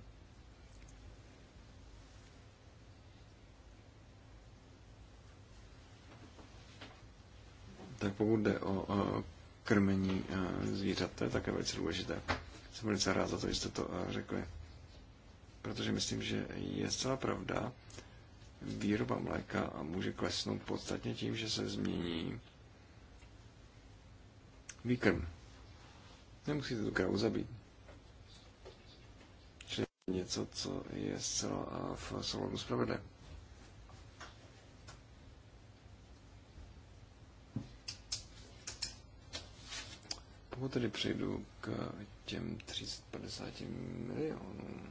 Tak pokud jde o krmení e, zvířat, to je také velice důležité. Jsem velice rád za to, že jste to e, řekli. Protože myslím, že je zcela pravda, výroba mléka může klesnout podstatně tím, že se změní výkrm. Nemusíte tu kravu zabít něco, co je zcela v souladu s pravidlem. Pokud tedy přejdu k těm 350 milionům,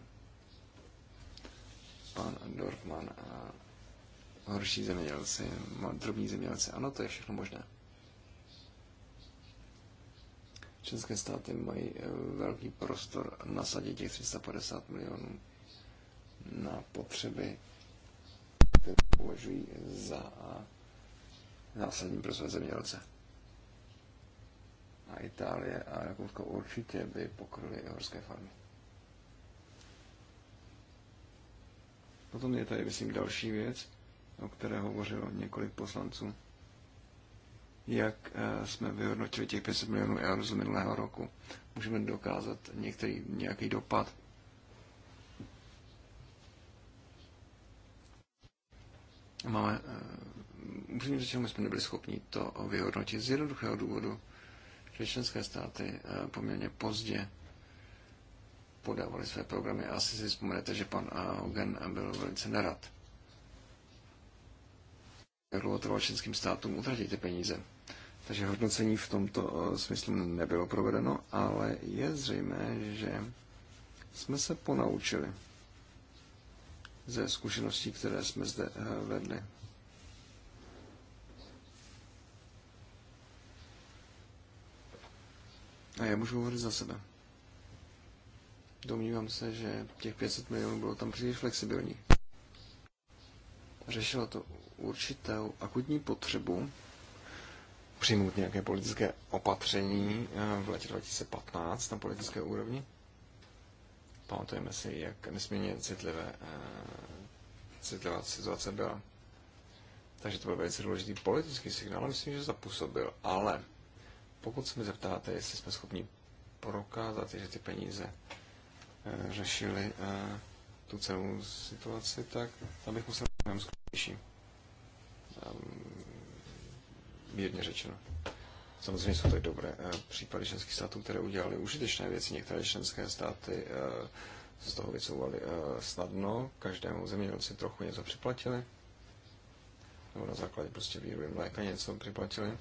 pan Dorfman a horší zemědělci, drobní zemědělci, ano, to je všechno možné. České státy mají eh, velký prostor nasadit těch 350 milionů na potřeby, které považují za eh, zásadní pro své zemědělce. A Itálie a Rakousko určitě by pokryly i horské farmy. Potom je tady, myslím, další věc, o které hovořilo několik poslanců jak eh, jsme vyhodnotili těch 500 milionů eur z minulého roku. Můžeme dokázat některý, nějaký dopad. Máme, eh, upřímně řečeno, my jsme nebyli schopni to vyhodnotit z jednoduchého důvodu, že členské státy eh, poměrně pozdě podávali své programy. Asi si vzpomenete, že pan Hogan byl velice nerad. Jak dlouho trvalo členským státům utratit ty peníze. Takže hodnocení v tomto eh, smyslu nebylo provedeno, ale je zřejmé, že jsme se ponaučili ze zkušeností, které jsme zde eh, vedli. A já můžu hovořit za sebe. Domnívám se, že těch 500 milionů bylo tam příliš flexibilní. Řešilo to určitou akutní potřebu přijmout nějaké politické opatření eh, v letě 2015 na politické úrovni. Pamatujeme si, jak nesmírně citlivé, eh, citlivá situace byla. Takže to byl velice důležitý politický signál, myslím, že zapůsobil. Ale pokud se mi zeptáte, jestli jsme schopni prokázat, že ty peníze eh, řešily tu celou situaci, tak tam bych musel být mnohem skutečnější ehm, mírně řečeno. Samozřejmě jsou to dobré eh, případy členských států, které udělali užitečné věci. Některé členské státy eh, z toho vycouvali eh, snadno, každému zemědělci trochu něco připlatili, nebo na základě prostě výroby mléka něco připlatili.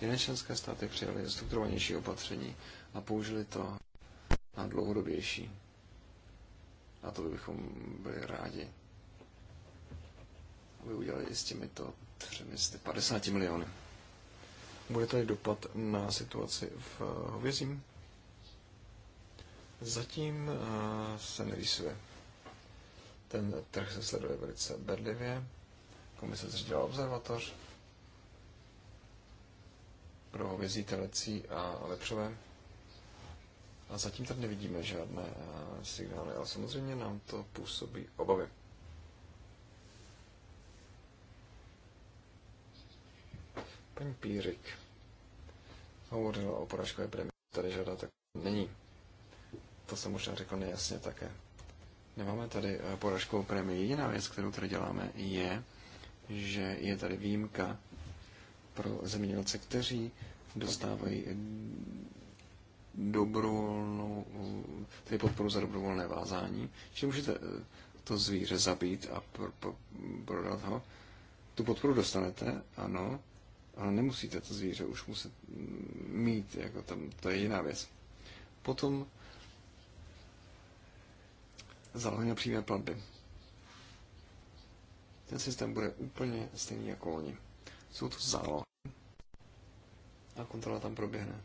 Jiné členské státy přijali strukturovanější opatření a použili to na dlouhodobější. A to bychom byli rádi, aby udělali s těmito 350 miliony. Bude tady dopad na situaci v eh, hovězím? Zatím eh, se nerýsuje. Ten trh se sleduje velice bedlivě. Komise zřídila observatoř pro hovězí, telecí a lepřové. A zatím tady nevidíme žádné eh, signály, ale samozřejmě nám to působí obavy. Paní Pířik hovořila o porážkové premii. tady žádá tak není. To jsem možná řekl nejasně také. Nemáme tady eh, porážkovou premii. Jediná věc, kterou tady děláme, je, že je tady výjimka pro zemědělce, kteří dostávají dobrovolnou, tedy podporu za dobrovolné vázání, čili můžete eh, to zvíře zabít a pro, pro, prodat ho. Tu podporu dostanete, ano, ale nemusíte to zvíře už muset mít, jako tam, to je jiná věc. Potom zálohy na přímé platby. Ten systém bude úplně stejný jako oni. Jsou to zálohy a kontrola tam proběhne.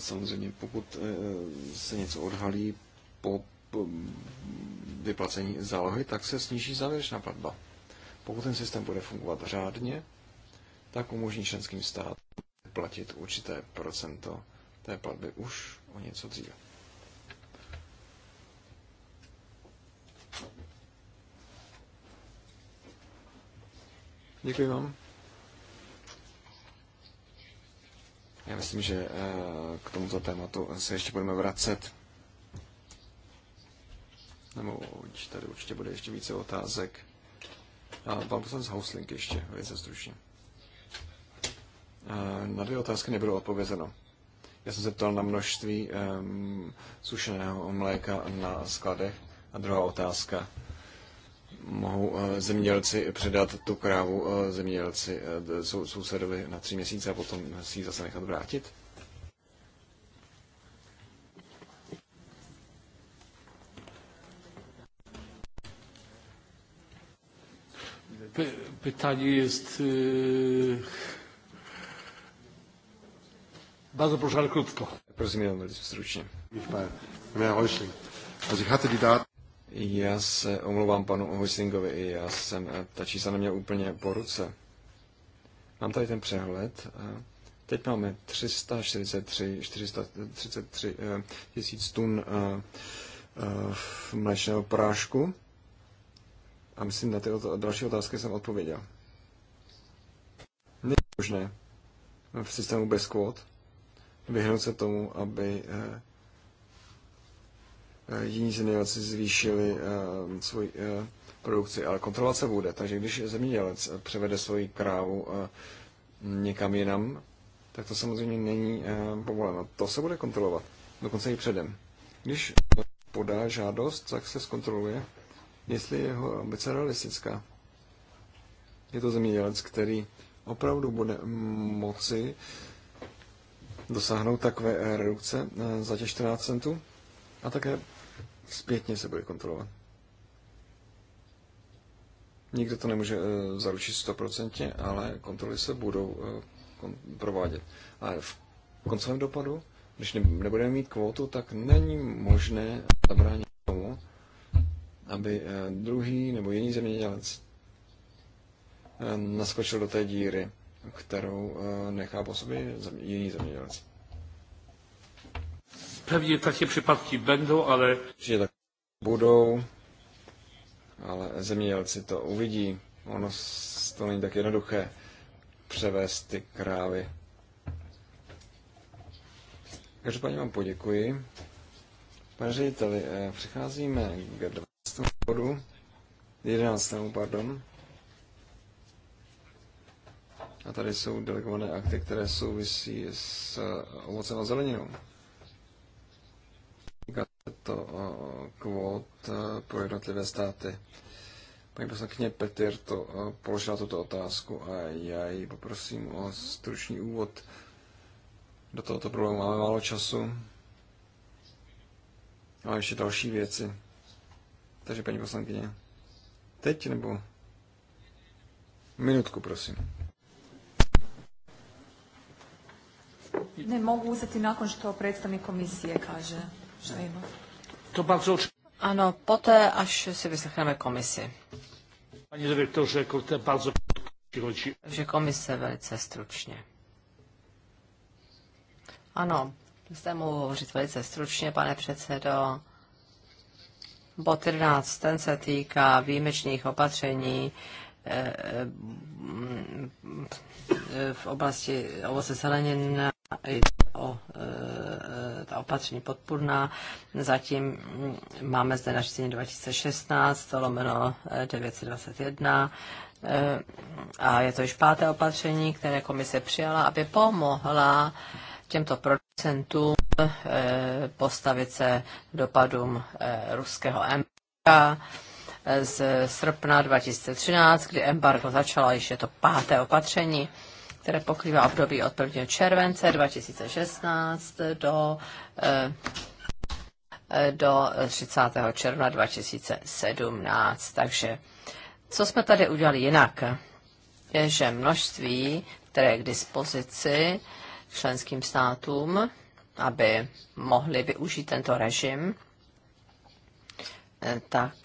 samozřejmě pokud eh, se něco odhalí po vyplacení zálohy, tak se sníží závěrečná platba. Pokud ten systém bude fungovat řádně, tak umožní členským státům platit určité procento té platby už o něco dříve. Děkuji vám. Já myslím, že eh, k tomuto tématu se ještě budeme vracet. Nebo tady určitě bude ještě více otázek. A pan poslanec Hausling ještě, velice stručně. Eh, na dvě otázky nebylo odpovězeno. Já jsem se ptal na množství um, sušeného mléka na skladech. A druhá otázka mohou eh, zemědělci předat tu krávu eh, zemědělci eh, sou, sousedovi na tři měsíce a potom si ji zase nechat vrátit? pytanie jest bardzo proszę, ale krótko. Prosím, jenom velice stručně. Also ich hatte die Daten. Já se omlouvám panu Hoisingovi, já jsem eh, ta čísla neměl úplně po ruce. Mám tady ten přehled. Eh, teď máme 343, 433 eh, tisíc tun mléčného prášku. A myslím, na ty další otázky jsem odpověděl. Není možné v systému bez kvót vyhnout se tomu, aby Eh, jiní zemědělci zvýšili eh, svoji eh, produkci, ale kontrola se bude. Takže když zemědělec převede svoji krávu někam jinam, tak to samozřejmě není povoleno. To se bude kontrolovat, dokonce i předem. Když podá žádost, tak se zkontroluje, jestli jeho ambice realistická. Je to zemědělec, který opravdu bude moci dosáhnout takové redukce za těch 14 centů a také Zpětně se bude kontrolovat. Nikdo to nemůže e, zaručit stoprocentně, ale kontroly se budou e, kon, provádět. A v koncovém dopadu, když ne, nebudeme mít kvótu, tak není možné zabránit tomu, aby e, druhý nebo jiný zemědělec e, naskočil do té díry, kterou e, nechá po sobě zem, jiný zemědělec. Pewnie takie przypadki będą, ale... Že tak budou, ale zemědělci to uvidí. Ono to není tak jednoduché převést ty krávy. Každopádně vám poděkuji. Pane řediteli, eh, přicházíme k 12. bodu, 11. pardon. A tady jsou delegované akty, které souvisí s eh, ovocem a zeleninou to eh, kvót eh, pro jednotlivé státy. Paní poslankyně Petir to eh, položila tuto otázku a já ji poprosím o stručný úvod. Do tohoto problému máme málo času. A ještě další věci. Takže paní poslankyně, teď nebo minutku, prosím. Ne mogu uzeti nakon što predstavnik komisije kaže. To bardzo... Ano, poté, až si vyslechneme komisi. Pani dyrektorze, jako to bardzo chodzi. Že komise velice stručně. Ano, zde mohu hovořit velice stručně, pane předsedo. Bod 13, ten se týká výjimečných opatření eh, eh, eh, v oblasti ovoce zelenin o e, e, ta opatření podpůrná. Zatím máme zde nařízení 2016, lomeno 921, e, e, a je to již páté opatření, které komise přijala, aby pomohla těmto producentům e, postavit se dopadům e, ruského embarga z srpna 2013, kdy embargo začalo, již je to páté opatření které pokrývá období od 1. července 2016 do, eh, eh, do 30. června 2017. Takže co jsme tady udělali jinak, je, že množství, které je k dispozici členským státům, aby mohli využít tento režim, eh, tak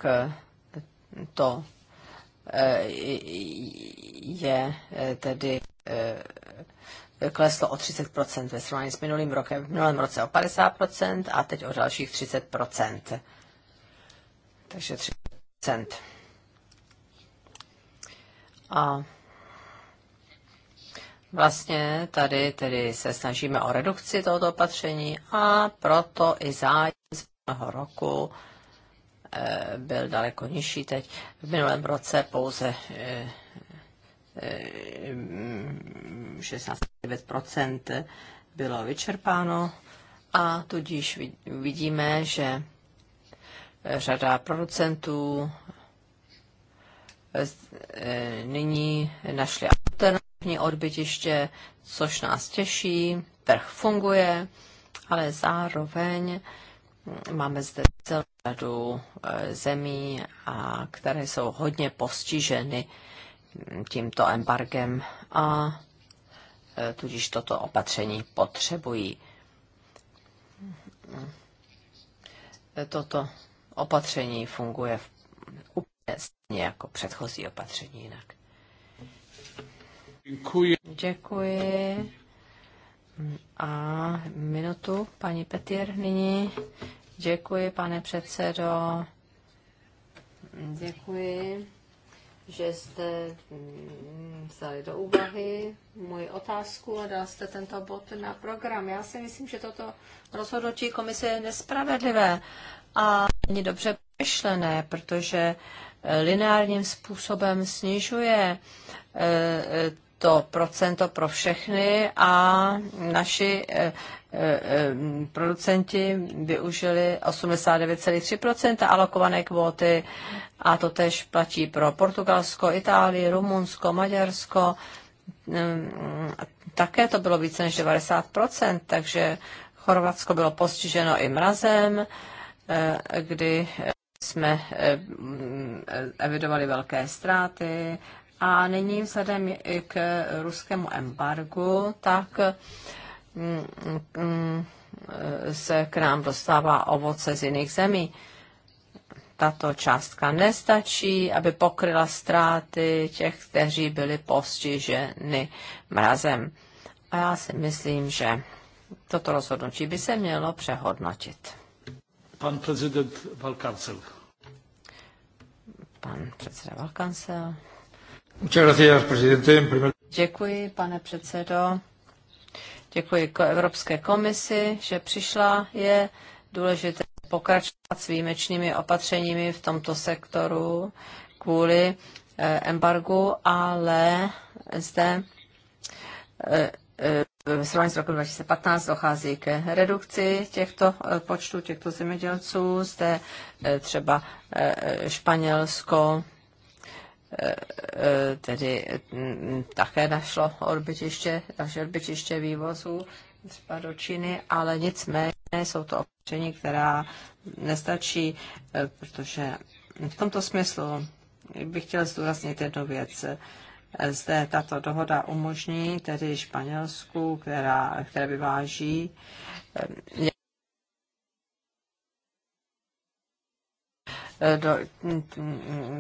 to je tedy Eh, kleslo o 30% ve srovnání s minulým rokem, v minulém roce o 50% a teď o dalších 30%. Takže 30%. A Vlastně tady tedy se snažíme o redukci tohoto opatření a proto i zájem z minulého roku eh, byl daleko nižší teď. V minulém roce pouze eh, 16,9 bylo vyčerpáno a tudíž vidíme, že řada producentů e, e, nyní našli alternativní odbytiště, což nás těší, trh funguje, ale zároveň máme zde celou řadu e, zemí, a které jsou hodně postiženy tímto embargem a e, tudíž toto opatření potřebují. E, toto opatření funguje úplně stejně jako předchozí opatření jinak. Děkuji. Děkuji. A minutu, paní Petir, nyní. Děkuji, pane předsedo. Děkuji že jste mm, vzali do úvahy moji otázku a dal jste tento bod na program. Já si myslím, že toto rozhodnutí komise je nespravedlivé a není dobře myšlené, protože eh, lineárním způsobem snižuje eh, eh, to procento pro všechny a naši Eh, eh, producenti využili 89,3 alokované kvóty a to tež platí pro Portugalsko, Itálii, Rumunsko, Maďarsko. Eh, také to bylo více než 90 takže Chorvatsko bylo postiženo i mrazem, kdy jsme evidovali velké ztráty. A nyní vzhledem k ruskému embargu, tak se k nám dostává ovoce z jiných zemí. Tato částka nestačí, aby pokryla ztráty těch, kteří byli postiženi mrazem. A já si myslím, že toto rozhodnutí by se mělo přehodnotit. Pan prezident Valkancel. Pan předseda Valkancel. Děkuji, pane předsedo. Děkuji Evropské komisi, že přišla. Je důležité pokračovat s výjimečnými opatřeními v tomto sektoru kvůli eh, embargu, ale zde eh, eh, v srovnání z roku 2015 dochází ke redukci těchto počtů, těchto zemědělců. Zde třeba Španělsko Eh, tedy mm, také našlo orbitiště, naše orbitiště vývozů do Číny, ale nicméně jsou to opatření, která nestačí, eh, protože v tomto smyslu bych chtěl zdůraznit jednu věc. Zde tato dohoda umožní tedy Španělsku, která, která vyváží eh, do,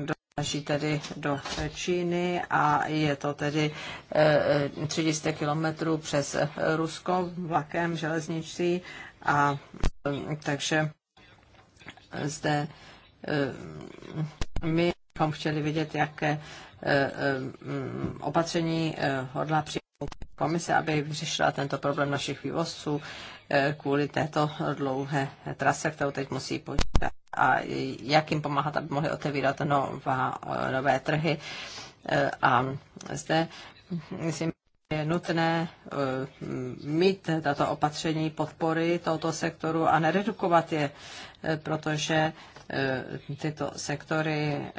do naší tedy do Číny a je to tedy 30 eh, kilometrů přes Rusko vlakem, železnicí a eh, takže eh, zde my bychom chtěli vidět, jaké opatření hodla přijmout komise, aby vyřešila tento problém našich vývozců kvůli této dlouhé trase, kterou teď musí počítat a jak jim pomáhat, aby mohli otevírat nová, eh, nové trhy. Eh, a zde myslím, je nutné eh, mít tato opatření podpory tohoto sektoru a neredukovat je, protože tyto sektory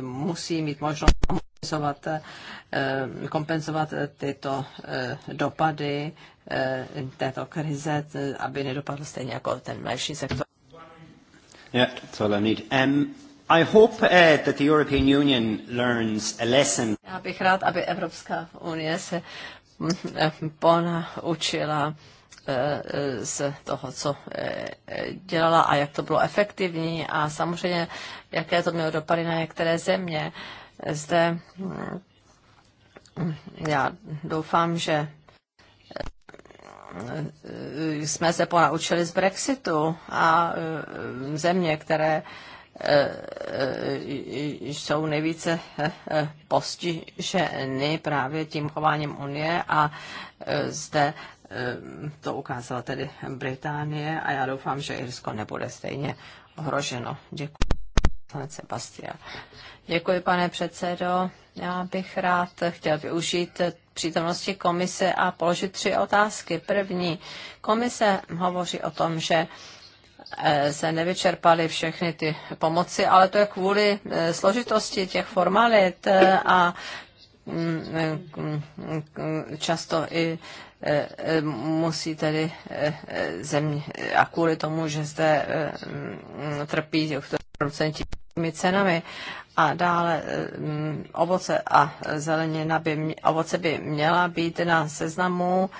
musí mít možnost kompenzovat, kompenzovat tyto dopady této krize, aby nedopadl stejně jako ten menší sektor. Yeah, that's all I need. Um, I hope uh, that the European Union learns a lesson. Já bych rád, aby Evropská unie se mm, eh, pona učila eh, eh, z toho, co dělala a jak to bylo efektivní a samozřejmě, jaké to mělo dopady na některé země. Zde mm, já doufám, že Eh, jsme se ponaučili z Brexitu a eh, země, které eh, jsou nejvíce postiženy právě tím chováním Unie a zde to ukázala tedy Británie a já doufám, že Irsko nebude stejně ohroženo. Děkuji. Sebastian. Děkuji, pane předsedo. Já bych rád chtěl využít přítomnosti komise a položit tři otázky. První, komise hovoří o tom, že e, se nevyčerpaly všechny ty pomoci, ale to je kvůli e, složitosti těch formalit e, a mm, často i musí tedy země, a kvůli tomu, že zde mm, trpí producenti cenami. A dále eh, ovoce a zelenina by, ovoce by měla být na seznamu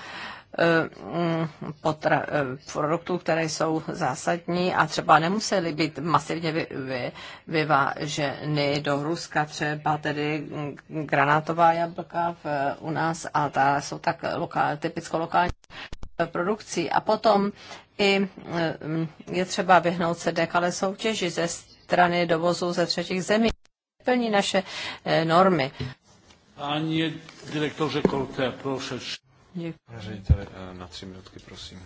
eh, mm, potra, eh, produktů, které jsou zásadní a třeba nemusely být masivně vy, vy, vyváženy do Ruska, třeba tedy granátová jablka v, u nás a ta jsou tak lokál, typicko lokální produkcí. A potom i je třeba vyhnout se dekale soutěži ze strany dovozu ze třetích zemí plní naše eh, normy. Pani direktorze Kolte, proszę. Děkuji. Ředitele, eh, na tři minutky, prosím.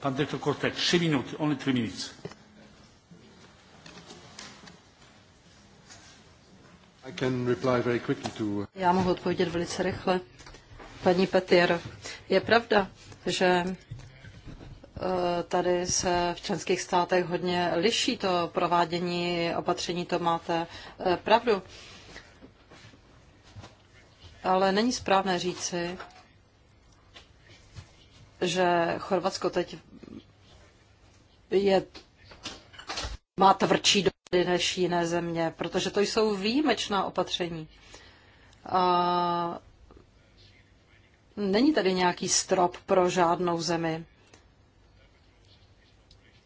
Pan direktor Kolte, tři minuty, only three minuty. I can reply very quickly to... Já mohu odpovědět velice rychle. Paní Petier, je pravda, že Eh, tady se v členských státech hodně liší to provádění opatření, to máte eh, pravdu. Ale není správné říci, že Chorvatsko teď je, má tvrdší dopady než jiné země, protože to jsou výjimečná opatření. A není tady nějaký strop pro žádnou zemi.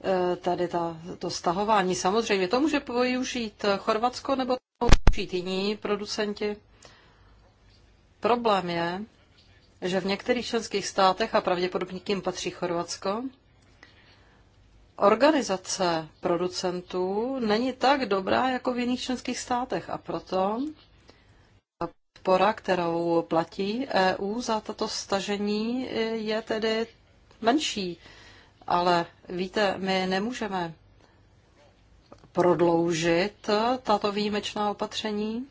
E, tady ta, to stahování. Samozřejmě to může využít Chorvatsko nebo to může využít jiní producenti. Problém je, že v některých členských státech, a pravděpodobně k patří Chorvatsko, organizace producentů není tak dobrá jako v jiných členských státech a proto podpora, kterou platí EU za tato stažení, je tedy menší. Ale víte, my nemůžeme prodloužit tato výjimečná opatření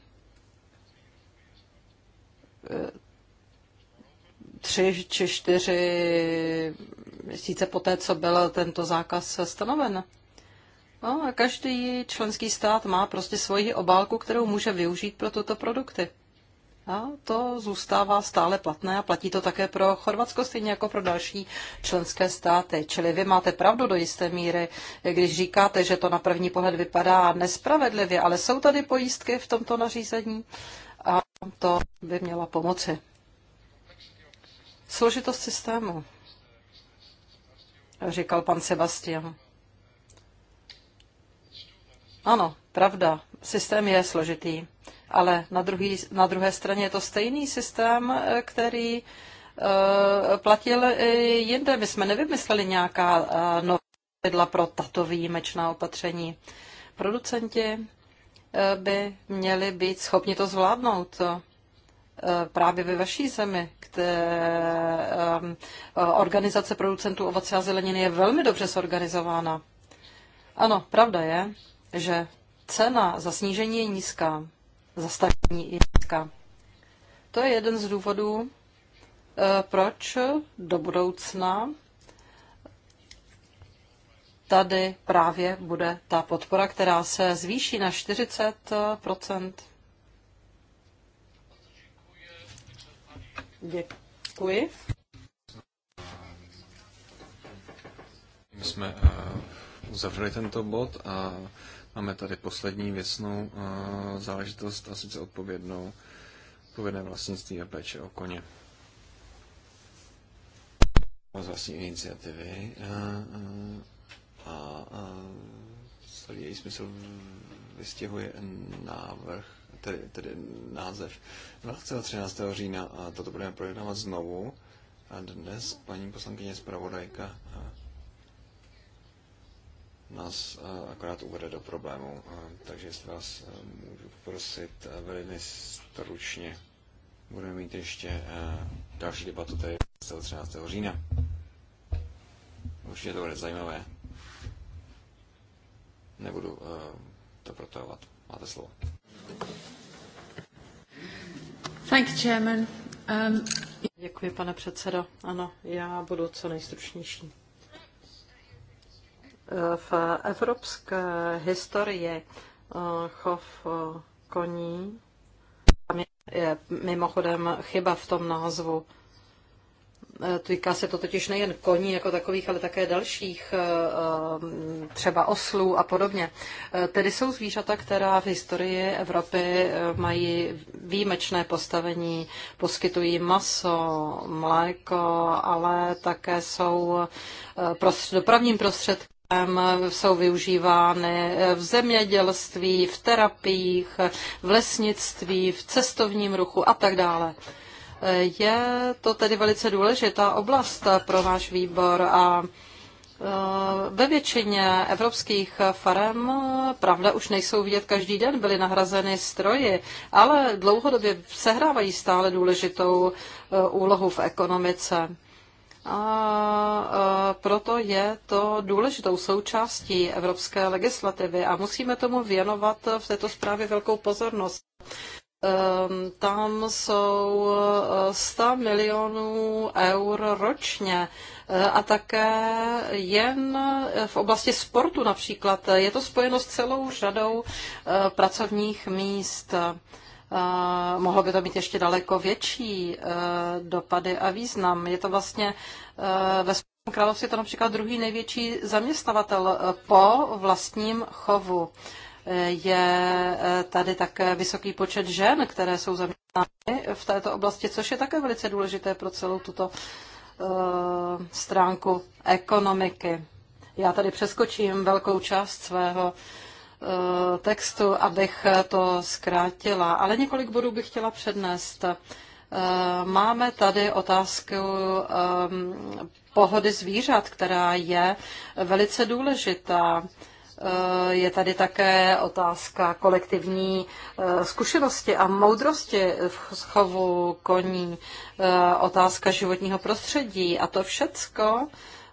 tři či čtyři měsíce poté, co byl tento zákaz stanoven. No a každý členský stát má prostě svoji obálku, kterou může využít pro tyto produkty. A to zůstává stále platné a platí to také pro Chorvatsko, stejně jako pro další členské státy. Čili vy máte pravdu do jisté míry, když říkáte, že to na první pohled vypadá nespravedlivě, ale jsou tady pojistky v tomto nařízení a to by měla pomoci. Složitost systému, říkal pan Sebastian. Ano, pravda, systém je složitý. Ale na, druhý, na druhé straně je to stejný systém, eh, který eh, platil jinde. My jsme nevymysleli nějaká eh, nová pravidla pro tato výjimečná opatření. Producenti by měli být schopni to zvládnout právě ve vaší zemi, kde organizace producentů ovoce a zeleniny je velmi dobře zorganizována. Ano, pravda je, že cena za snížení je nízká zastavení Irska. To je jeden z důvodů, eh, proč do budoucna tady právě bude ta podpora, která se zvýší na 40 Děkuji. My jsme eh, uzavřeli tento bod a Máme tady poslední věcnou eh, záležitost, a sice odpovědnou, odpovědné vlastnictví a péče o koně. Z vlastní iniciativy a, eh, eh, a, a celý její smysl vystěhuje návrh, tedy, tedy název. 12. 13. října a toto budeme projednávat znovu. A dnes paní poslankyně zpravodajka nás eh, akorát uvede do problému. Eh, takže jestli vás eh, můžu poprosit velmi stručně. Budeme mít ještě další debatu tady 13. října. Určitě to bude zajímavé. Nebudu to protahovat. Máte slovo. Thank you, Chairman. Um... Děkuji, pane předsedo. Ano, já budu co nejstručnější. V evropské historii eh, chov eh, koní, tam je mimochodem chyba v tom názvu, eh, Týká se to totiž nejen koní jako takových, ale také dalších, třeba oslů a podobně. Tedy jsou zvířata, která v historii Evropy mají výjimečné postavení, poskytují maso, mléko, ale také jsou dopravním prostředkem Eh, jsou využívány eh, v zemědělství, v terapiích, v lesnictví, v cestovním ruchu a tak dále. Eh, je to tedy velice důležitá oblast pro váš výbor a ve většině evropských farem, pravda, už nejsou vidět každý den, byly nahrazeny stroji, ale dlouhodobě sehrávají stále důležitou úlohu v ekonomice a proto je to důležitou součástí evropské legislativy a musíme tomu věnovat v této zprávě velkou pozornost. Ehm, tam jsou 100 eh, milionů eur ročně eh, a také jen v oblasti sportu například. Je to spojeno s celou řadou eh, pracovních míst. Eh, mohlo by to mít ještě daleko větší eh, dopady a význam. Je to vlastně eh, ve Spojeném království to například druhý největší zaměstnavatel po vlastním chovu. Je tady také vysoký počet žen, které jsou zaměstnány v této oblasti, což je také velice důležité pro celou tuto stránku ekonomiky. Já tady přeskočím velkou část svého Eh, textu, abych to zkrátila, ale několik bodů bych chtěla přednést. Eh, máme tady otázku eh, pohody zvířat, která je velice důležitá. Je tady také otázka kolektivní zkušenosti a moudrosti v chovu koní, otázka životního prostředí a to všecko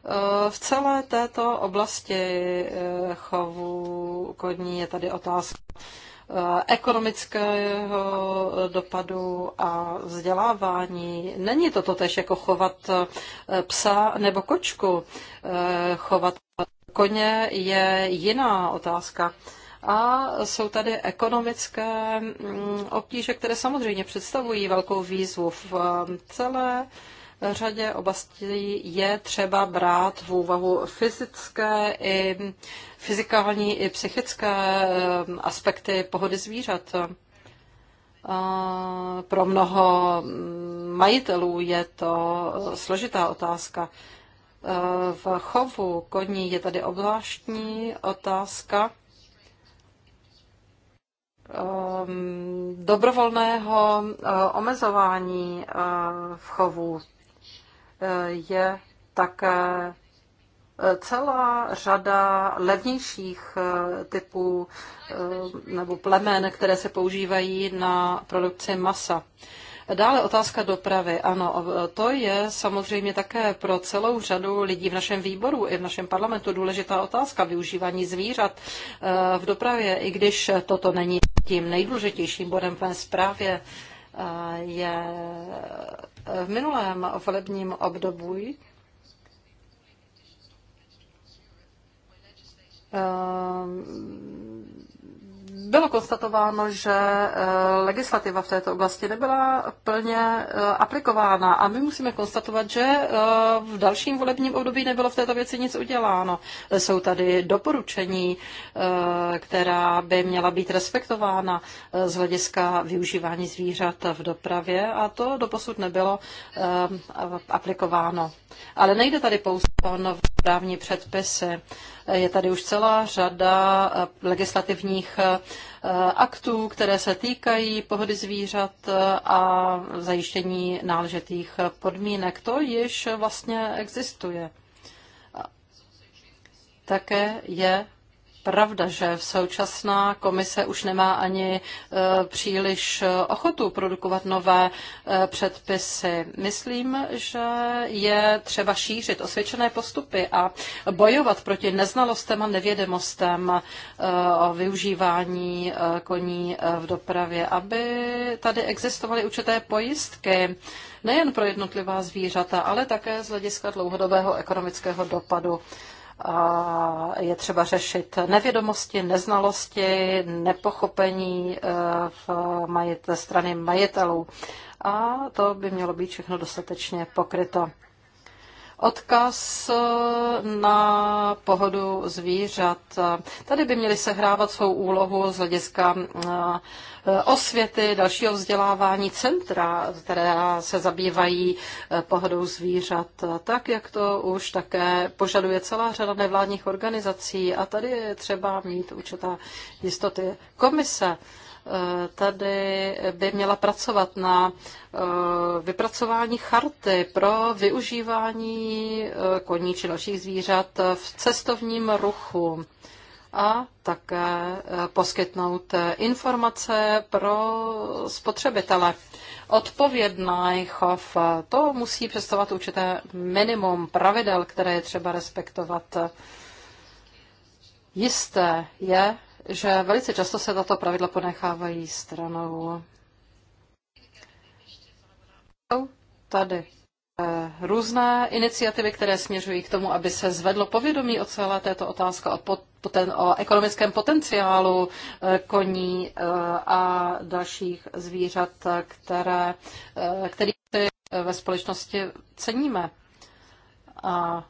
Eh, v celé této oblasti eh, chovu koní je tady otázka eh, ekonomického dopadu a vzdělávání. Není to totež jako chovat psa nebo kočku. Chovat koně je jiná otázka. A jsou tady ekonomické mm, obtíže, které samozřejmě představují velkou výzvu v celé řadě oblastí je třeba brát v úvahu fyzické i fyzikální i psychické eh, aspekty pohody zvířat. Eh, pro mnoho mm, majitelů je to eh, složitá otázka. V chovu koní je tady obzvláštní otázka ehm, dobrovolného omezování v chovu je také eh, celá řada levnějších eh, typů eh, nebo plemen, které se používají na produkci masa. Dále otázka dopravy. Ano, to je samozřejmě také pro celou řadu lidí v našem výboru i v našem parlamentu důležitá otázka využívání zvířat v dopravě, i když toto není tím nejdůležitějším bodem v mé zprávě je v minulém volebním období eh, bylo konstatováno, že eh, legislativa v této oblasti nebyla plně eh, aplikována a my musíme konstatovat, že eh, v dalším volebním období nebylo v této věci nic uděláno. Jsou tady doporučení, která by měla být respektována z hlediska využívání zvířat v dopravě a to doposud nebylo aplikováno. Ale nejde tady pouze o právní předpisy. Je tady už celá řada eh, legislativních eh, aktů, které se týkají pohody zvířat eh, a zajištění náležitých podmínek. To již vlastně existuje. Také je pravda, že v současná komise už nemá ani e, příliš ochotu produkovat nové e, předpisy. Myslím, že je třeba šířit osvědčené postupy a bojovat proti neznalostem a nevědomostem e, o využívání koní v dopravě, aby tady existovaly určité pojistky nejen pro jednotlivá zvířata, ale také z hlediska dlouhodobého ekonomického dopadu je třeba řešit nevědomosti, neznalosti, nepochopení eh, v majit, strany majitelů. A to by mělo být všechno dostatečně pokryto. Odkaz eh, na pohodu zvířat. Tady by měly sehrávat svou úlohu z hlediska eh, osvěty, dalšího vzdělávání centra, která se zabývají eh, pohodou zvířat, tak jak to už také požaduje celá řada nevládních organizací. A tady je třeba mít určitá jistoty komise tady by měla pracovat na eh, vypracování charty pro využívání eh, koní či dalších zvířat v cestovním ruchu a také eh, poskytnout informace pro spotřebitele. Odpovědný chov, to musí představovat určité minimum pravidel, které je třeba respektovat. Jisté je, že velice často se tato pravidla ponechávají stranou. Jsou tady eh, různé iniciativy, které směřují k tomu, aby se zvedlo povědomí o celé této otázce, o, poten, o ekonomickém potenciálu eh, koní eh, a dalších zvířat, které, které ve společnosti ceníme. A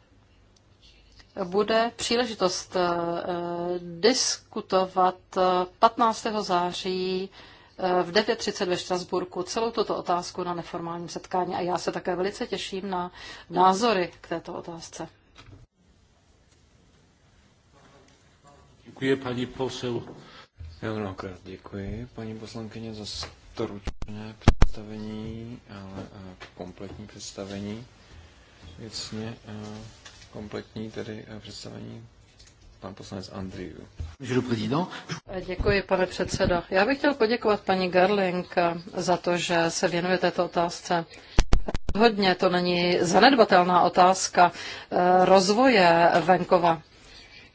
bude příležitost eh, diskutovat 15. Eh, září eh, v 9.30 ve Štrasburku celou tuto otázku na neformálním setkání a já se také velice těším na názory k této otázce. Děkuji, paní posel. Já mnohokrát děkuji, paní poslankyně, za stručné představení, ale kompletní představení věcně. A kompletní tedy eh, představení pan poslanec Andriu. Děkuji, pane předsedo. Já bych chtěl poděkovat paní Garling eh, za to, že se věnuje této otázce. Hodně to není zanedbatelná otázka eh, rozvoje venkova.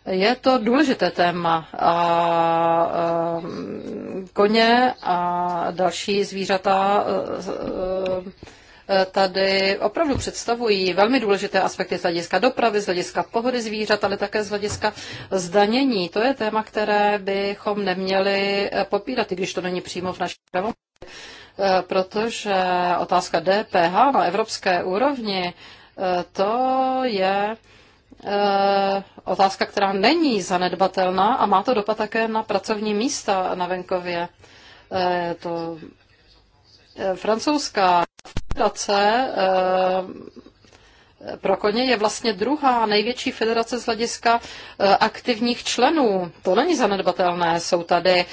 Je to důležité téma. A, koně a další zvířata E, tady opravdu představují velmi důležité aspekty z hlediska dopravy, z hlediska pohody zvířat, ale také z hlediska zdanění. To je téma, které bychom neměli e, popírat, i když to není přímo v naší pravomoci, e, protože otázka DPH na evropské úrovni, to je otázka, která není zanedbatelná a má to dopad také na pracovní místa na venkově. To Eh, francouzská federace eh, pro koně je vlastně druhá největší federace z hlediska eh, aktivních členů. To není zanedbatelné. Jsou tady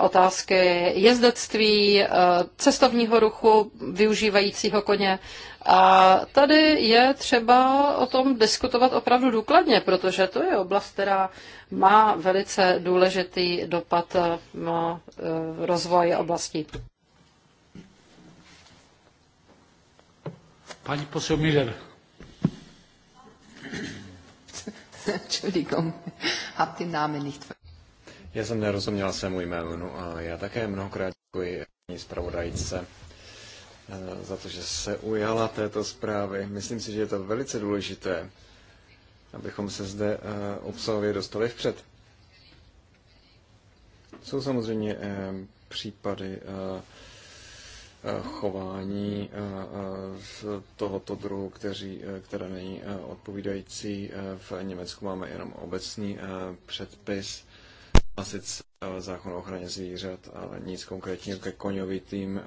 otázky jezdectví, cestovního ruchu, využívajícího koně. A tady je třeba o tom diskutovat opravdu důkladně, protože to je oblast, která má velice důležitý dopad na rozvoj oblasti. Pani poseł Miller. Já jsem nerozuměla svému jménu a já také mnohokrát děkuji paní zpravodajce eh, za to, že se ujala této zprávy. Myslím si, že je to velice důležité, abychom se zde eh, obsahově dostali vpřed. Jsou samozřejmě eh, případy chování eh, eh, z tohoto druhu, kteří, eh, které není odpovídající. V Německu máme jenom obecný předpis, a sice zákon o ochraně zvířat, ale nic konkrétního ke koňovitým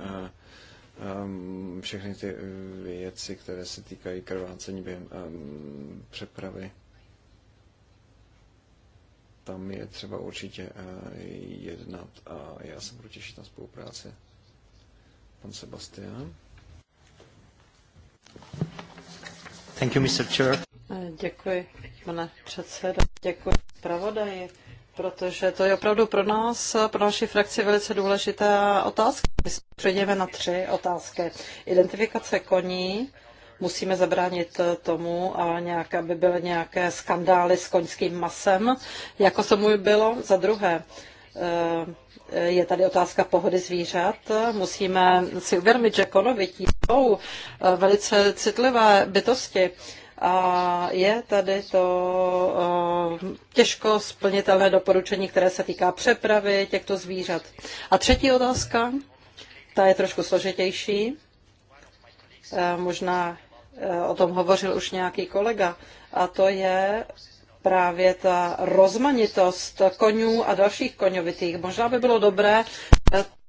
všechny ty věci, které se týkají krvácení během přepravy. Tam je třeba určitě jednat a já se budu těšit na spolupráci pan Sebastian. Thank you, Mr. Chair. Eh, děkuji, pane předsedo. Děkuji zpravodaji, protože to je opravdu pro nás, pro naši frakci velice důležitá otázka. My se přejdeme na tři otázky. Identifikace koní, musíme zabránit tomu, a nějak, aby byly nějaké skandály s koňským masem, jako se mu bylo. Za druhé, Eh, je tady otázka pohody zvířat. Musíme si uvědomit, že konovití jsou eh, velice citlivé bytosti a je tady to eh, těžko splnitelné doporučení, které se týká přepravy těchto zvířat. A třetí otázka, ta je trošku složitější. Možná o tom hovořil už nějaký kolega, a to je právě ta rozmanitost konňů a dalších koňovitých. Možná by bylo dobré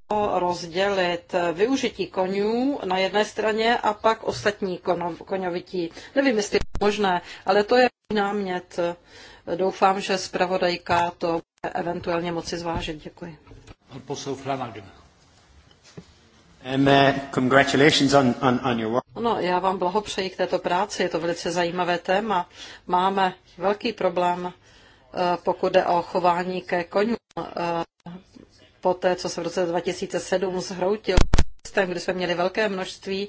to rozdělit využití konňů na jedné straně a pak ostatní koňovití. Nevím, jestli je možné, ale to je námět. Doufám, že zpravodajka to eventuálně moci zvážit. Děkuji. No, já vám blahopřeji k této práci, je to velice zajímavé téma. Máme velký problém, uh, pokud jde o chování ke koním. Uh, po té, co se v roce 2007 zhroutil systém, kdy jsme měli velké množství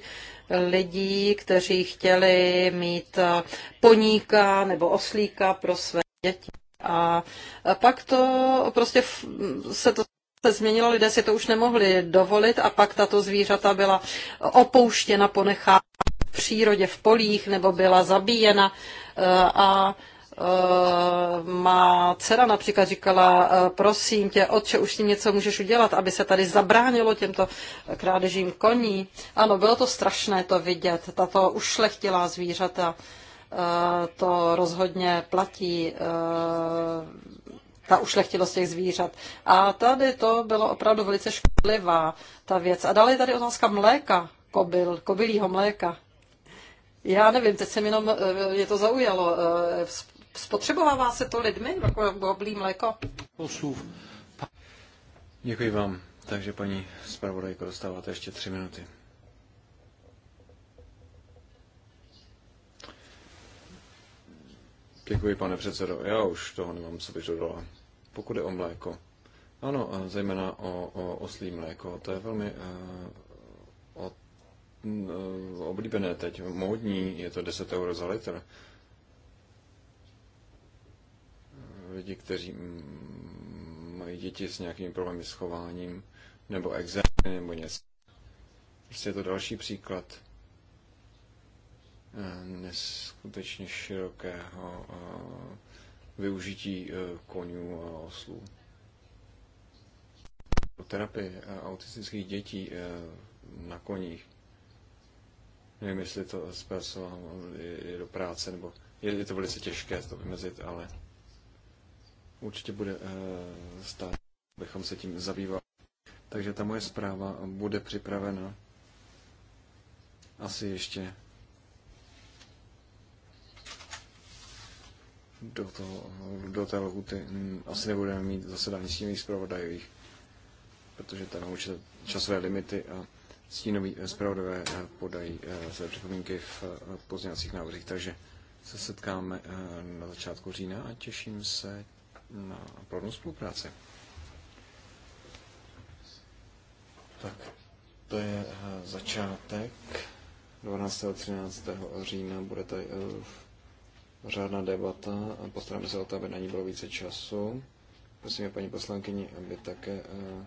lidí, kteří chtěli mít poníka nebo oslíka pro své děti. A pak to prostě se to se změnilo, lidé si to už nemohli dovolit a pak tato zvířata byla opouštěna, ponechána v přírodě, v polích nebo byla zabíjena eh, a eh, má dcera například říkala, eh, prosím tě, otče, už s tím něco můžeš udělat, aby se tady zabránilo těmto krádežím koní. Ano, bylo to strašné to vidět, tato ušlechtilá zvířata, to rozhodně platí ta ušlechtilost těch zvířat. A tady to bylo opravdu velice škodlivá ta věc. A dále je tady otázka mléka kobyl, kobylího mléka. Já nevím, teď se jenom, je eh, to zaujalo. Eh, spotřebovává se to lidmi, jako koblí mléko? Děkuji vám. Takže paní zpravodajko, dostáváte ještě tři minuty. Děkuji, pane předsedo. Já už toho nemám, co bych dodala. Pokud je o mléko. Ano, zejména o, o oslí mléko. To je velmi uh, o, uh, oblíbené teď. Módní je to 10 euro za litr. Lidi, kteří mají děti s nějakými problémy s chováním, nebo exémy, nebo něco. Prostě je to další příklad neskutečně širokého eh, využití eh, konňů a oslů. Terapie autistických dětí eh, na koních. Nevím, jestli to zpracovám je do práce, nebo je to velice těžké to vymezit, ale určitě bude stát, abychom se tím zabývali. Takže ta moje zpráva bude připravena asi ještě do, toho, do té lhuty mm, asi nebudeme mít zasedání stínových zpravodajových, protože tam jsou časové limity a stínoví zpravodajové eh, podají eh, své připomínky v eh, pozdějacích návrzích. Takže se setkáme na začátku října a těším se na plnou spolupráci. Tak to je začátek 12. a 13. října bude tady řádná debata a postaráme se o to, aby na ní bylo více času. Prosím je paní poslankyni, aby také eh,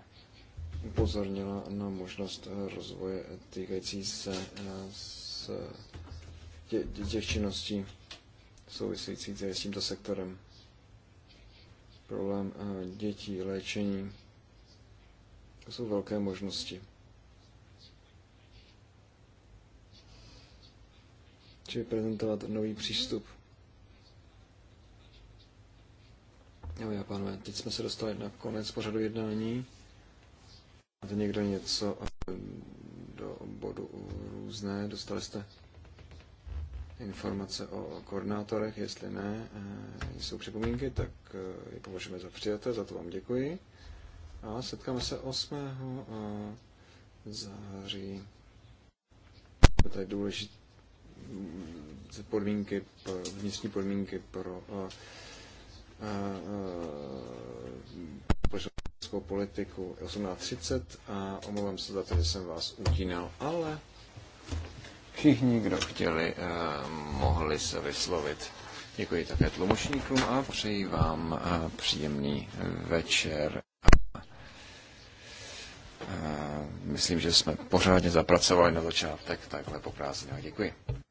upozornila na možnost eh, rozvoje týkající se eh, s tě, těch činností související s tímto sektorem. Problém dětí, léčení, to jsou velké možnosti. Čili prezentovat nový přístup. Jo, já, pánové, teď jsme se dostali na konec pořadu jednání. Máte někdo něco do bodu různé? Dostali jste informace o koordinátorech? Jestli ne, eh, jsou připomínky, tak eh, je považujeme za přijaté, za to vám děkuji. A setkáme se 8. Eh, září. Tady důležité podmínky, vnitřní podmínky pro společenskou politiku 18.30 a omlouvám se za to, že jsem vás utínal, ale všichni, kdo chtěli, eh, mohli se vyslovit. Děkuji také tlumočníkům a přeji vám eh, příjemný eh, večer. Myslím, že jsme pořádně zapracovali na začátek takhle po prázdninách. Děkuji.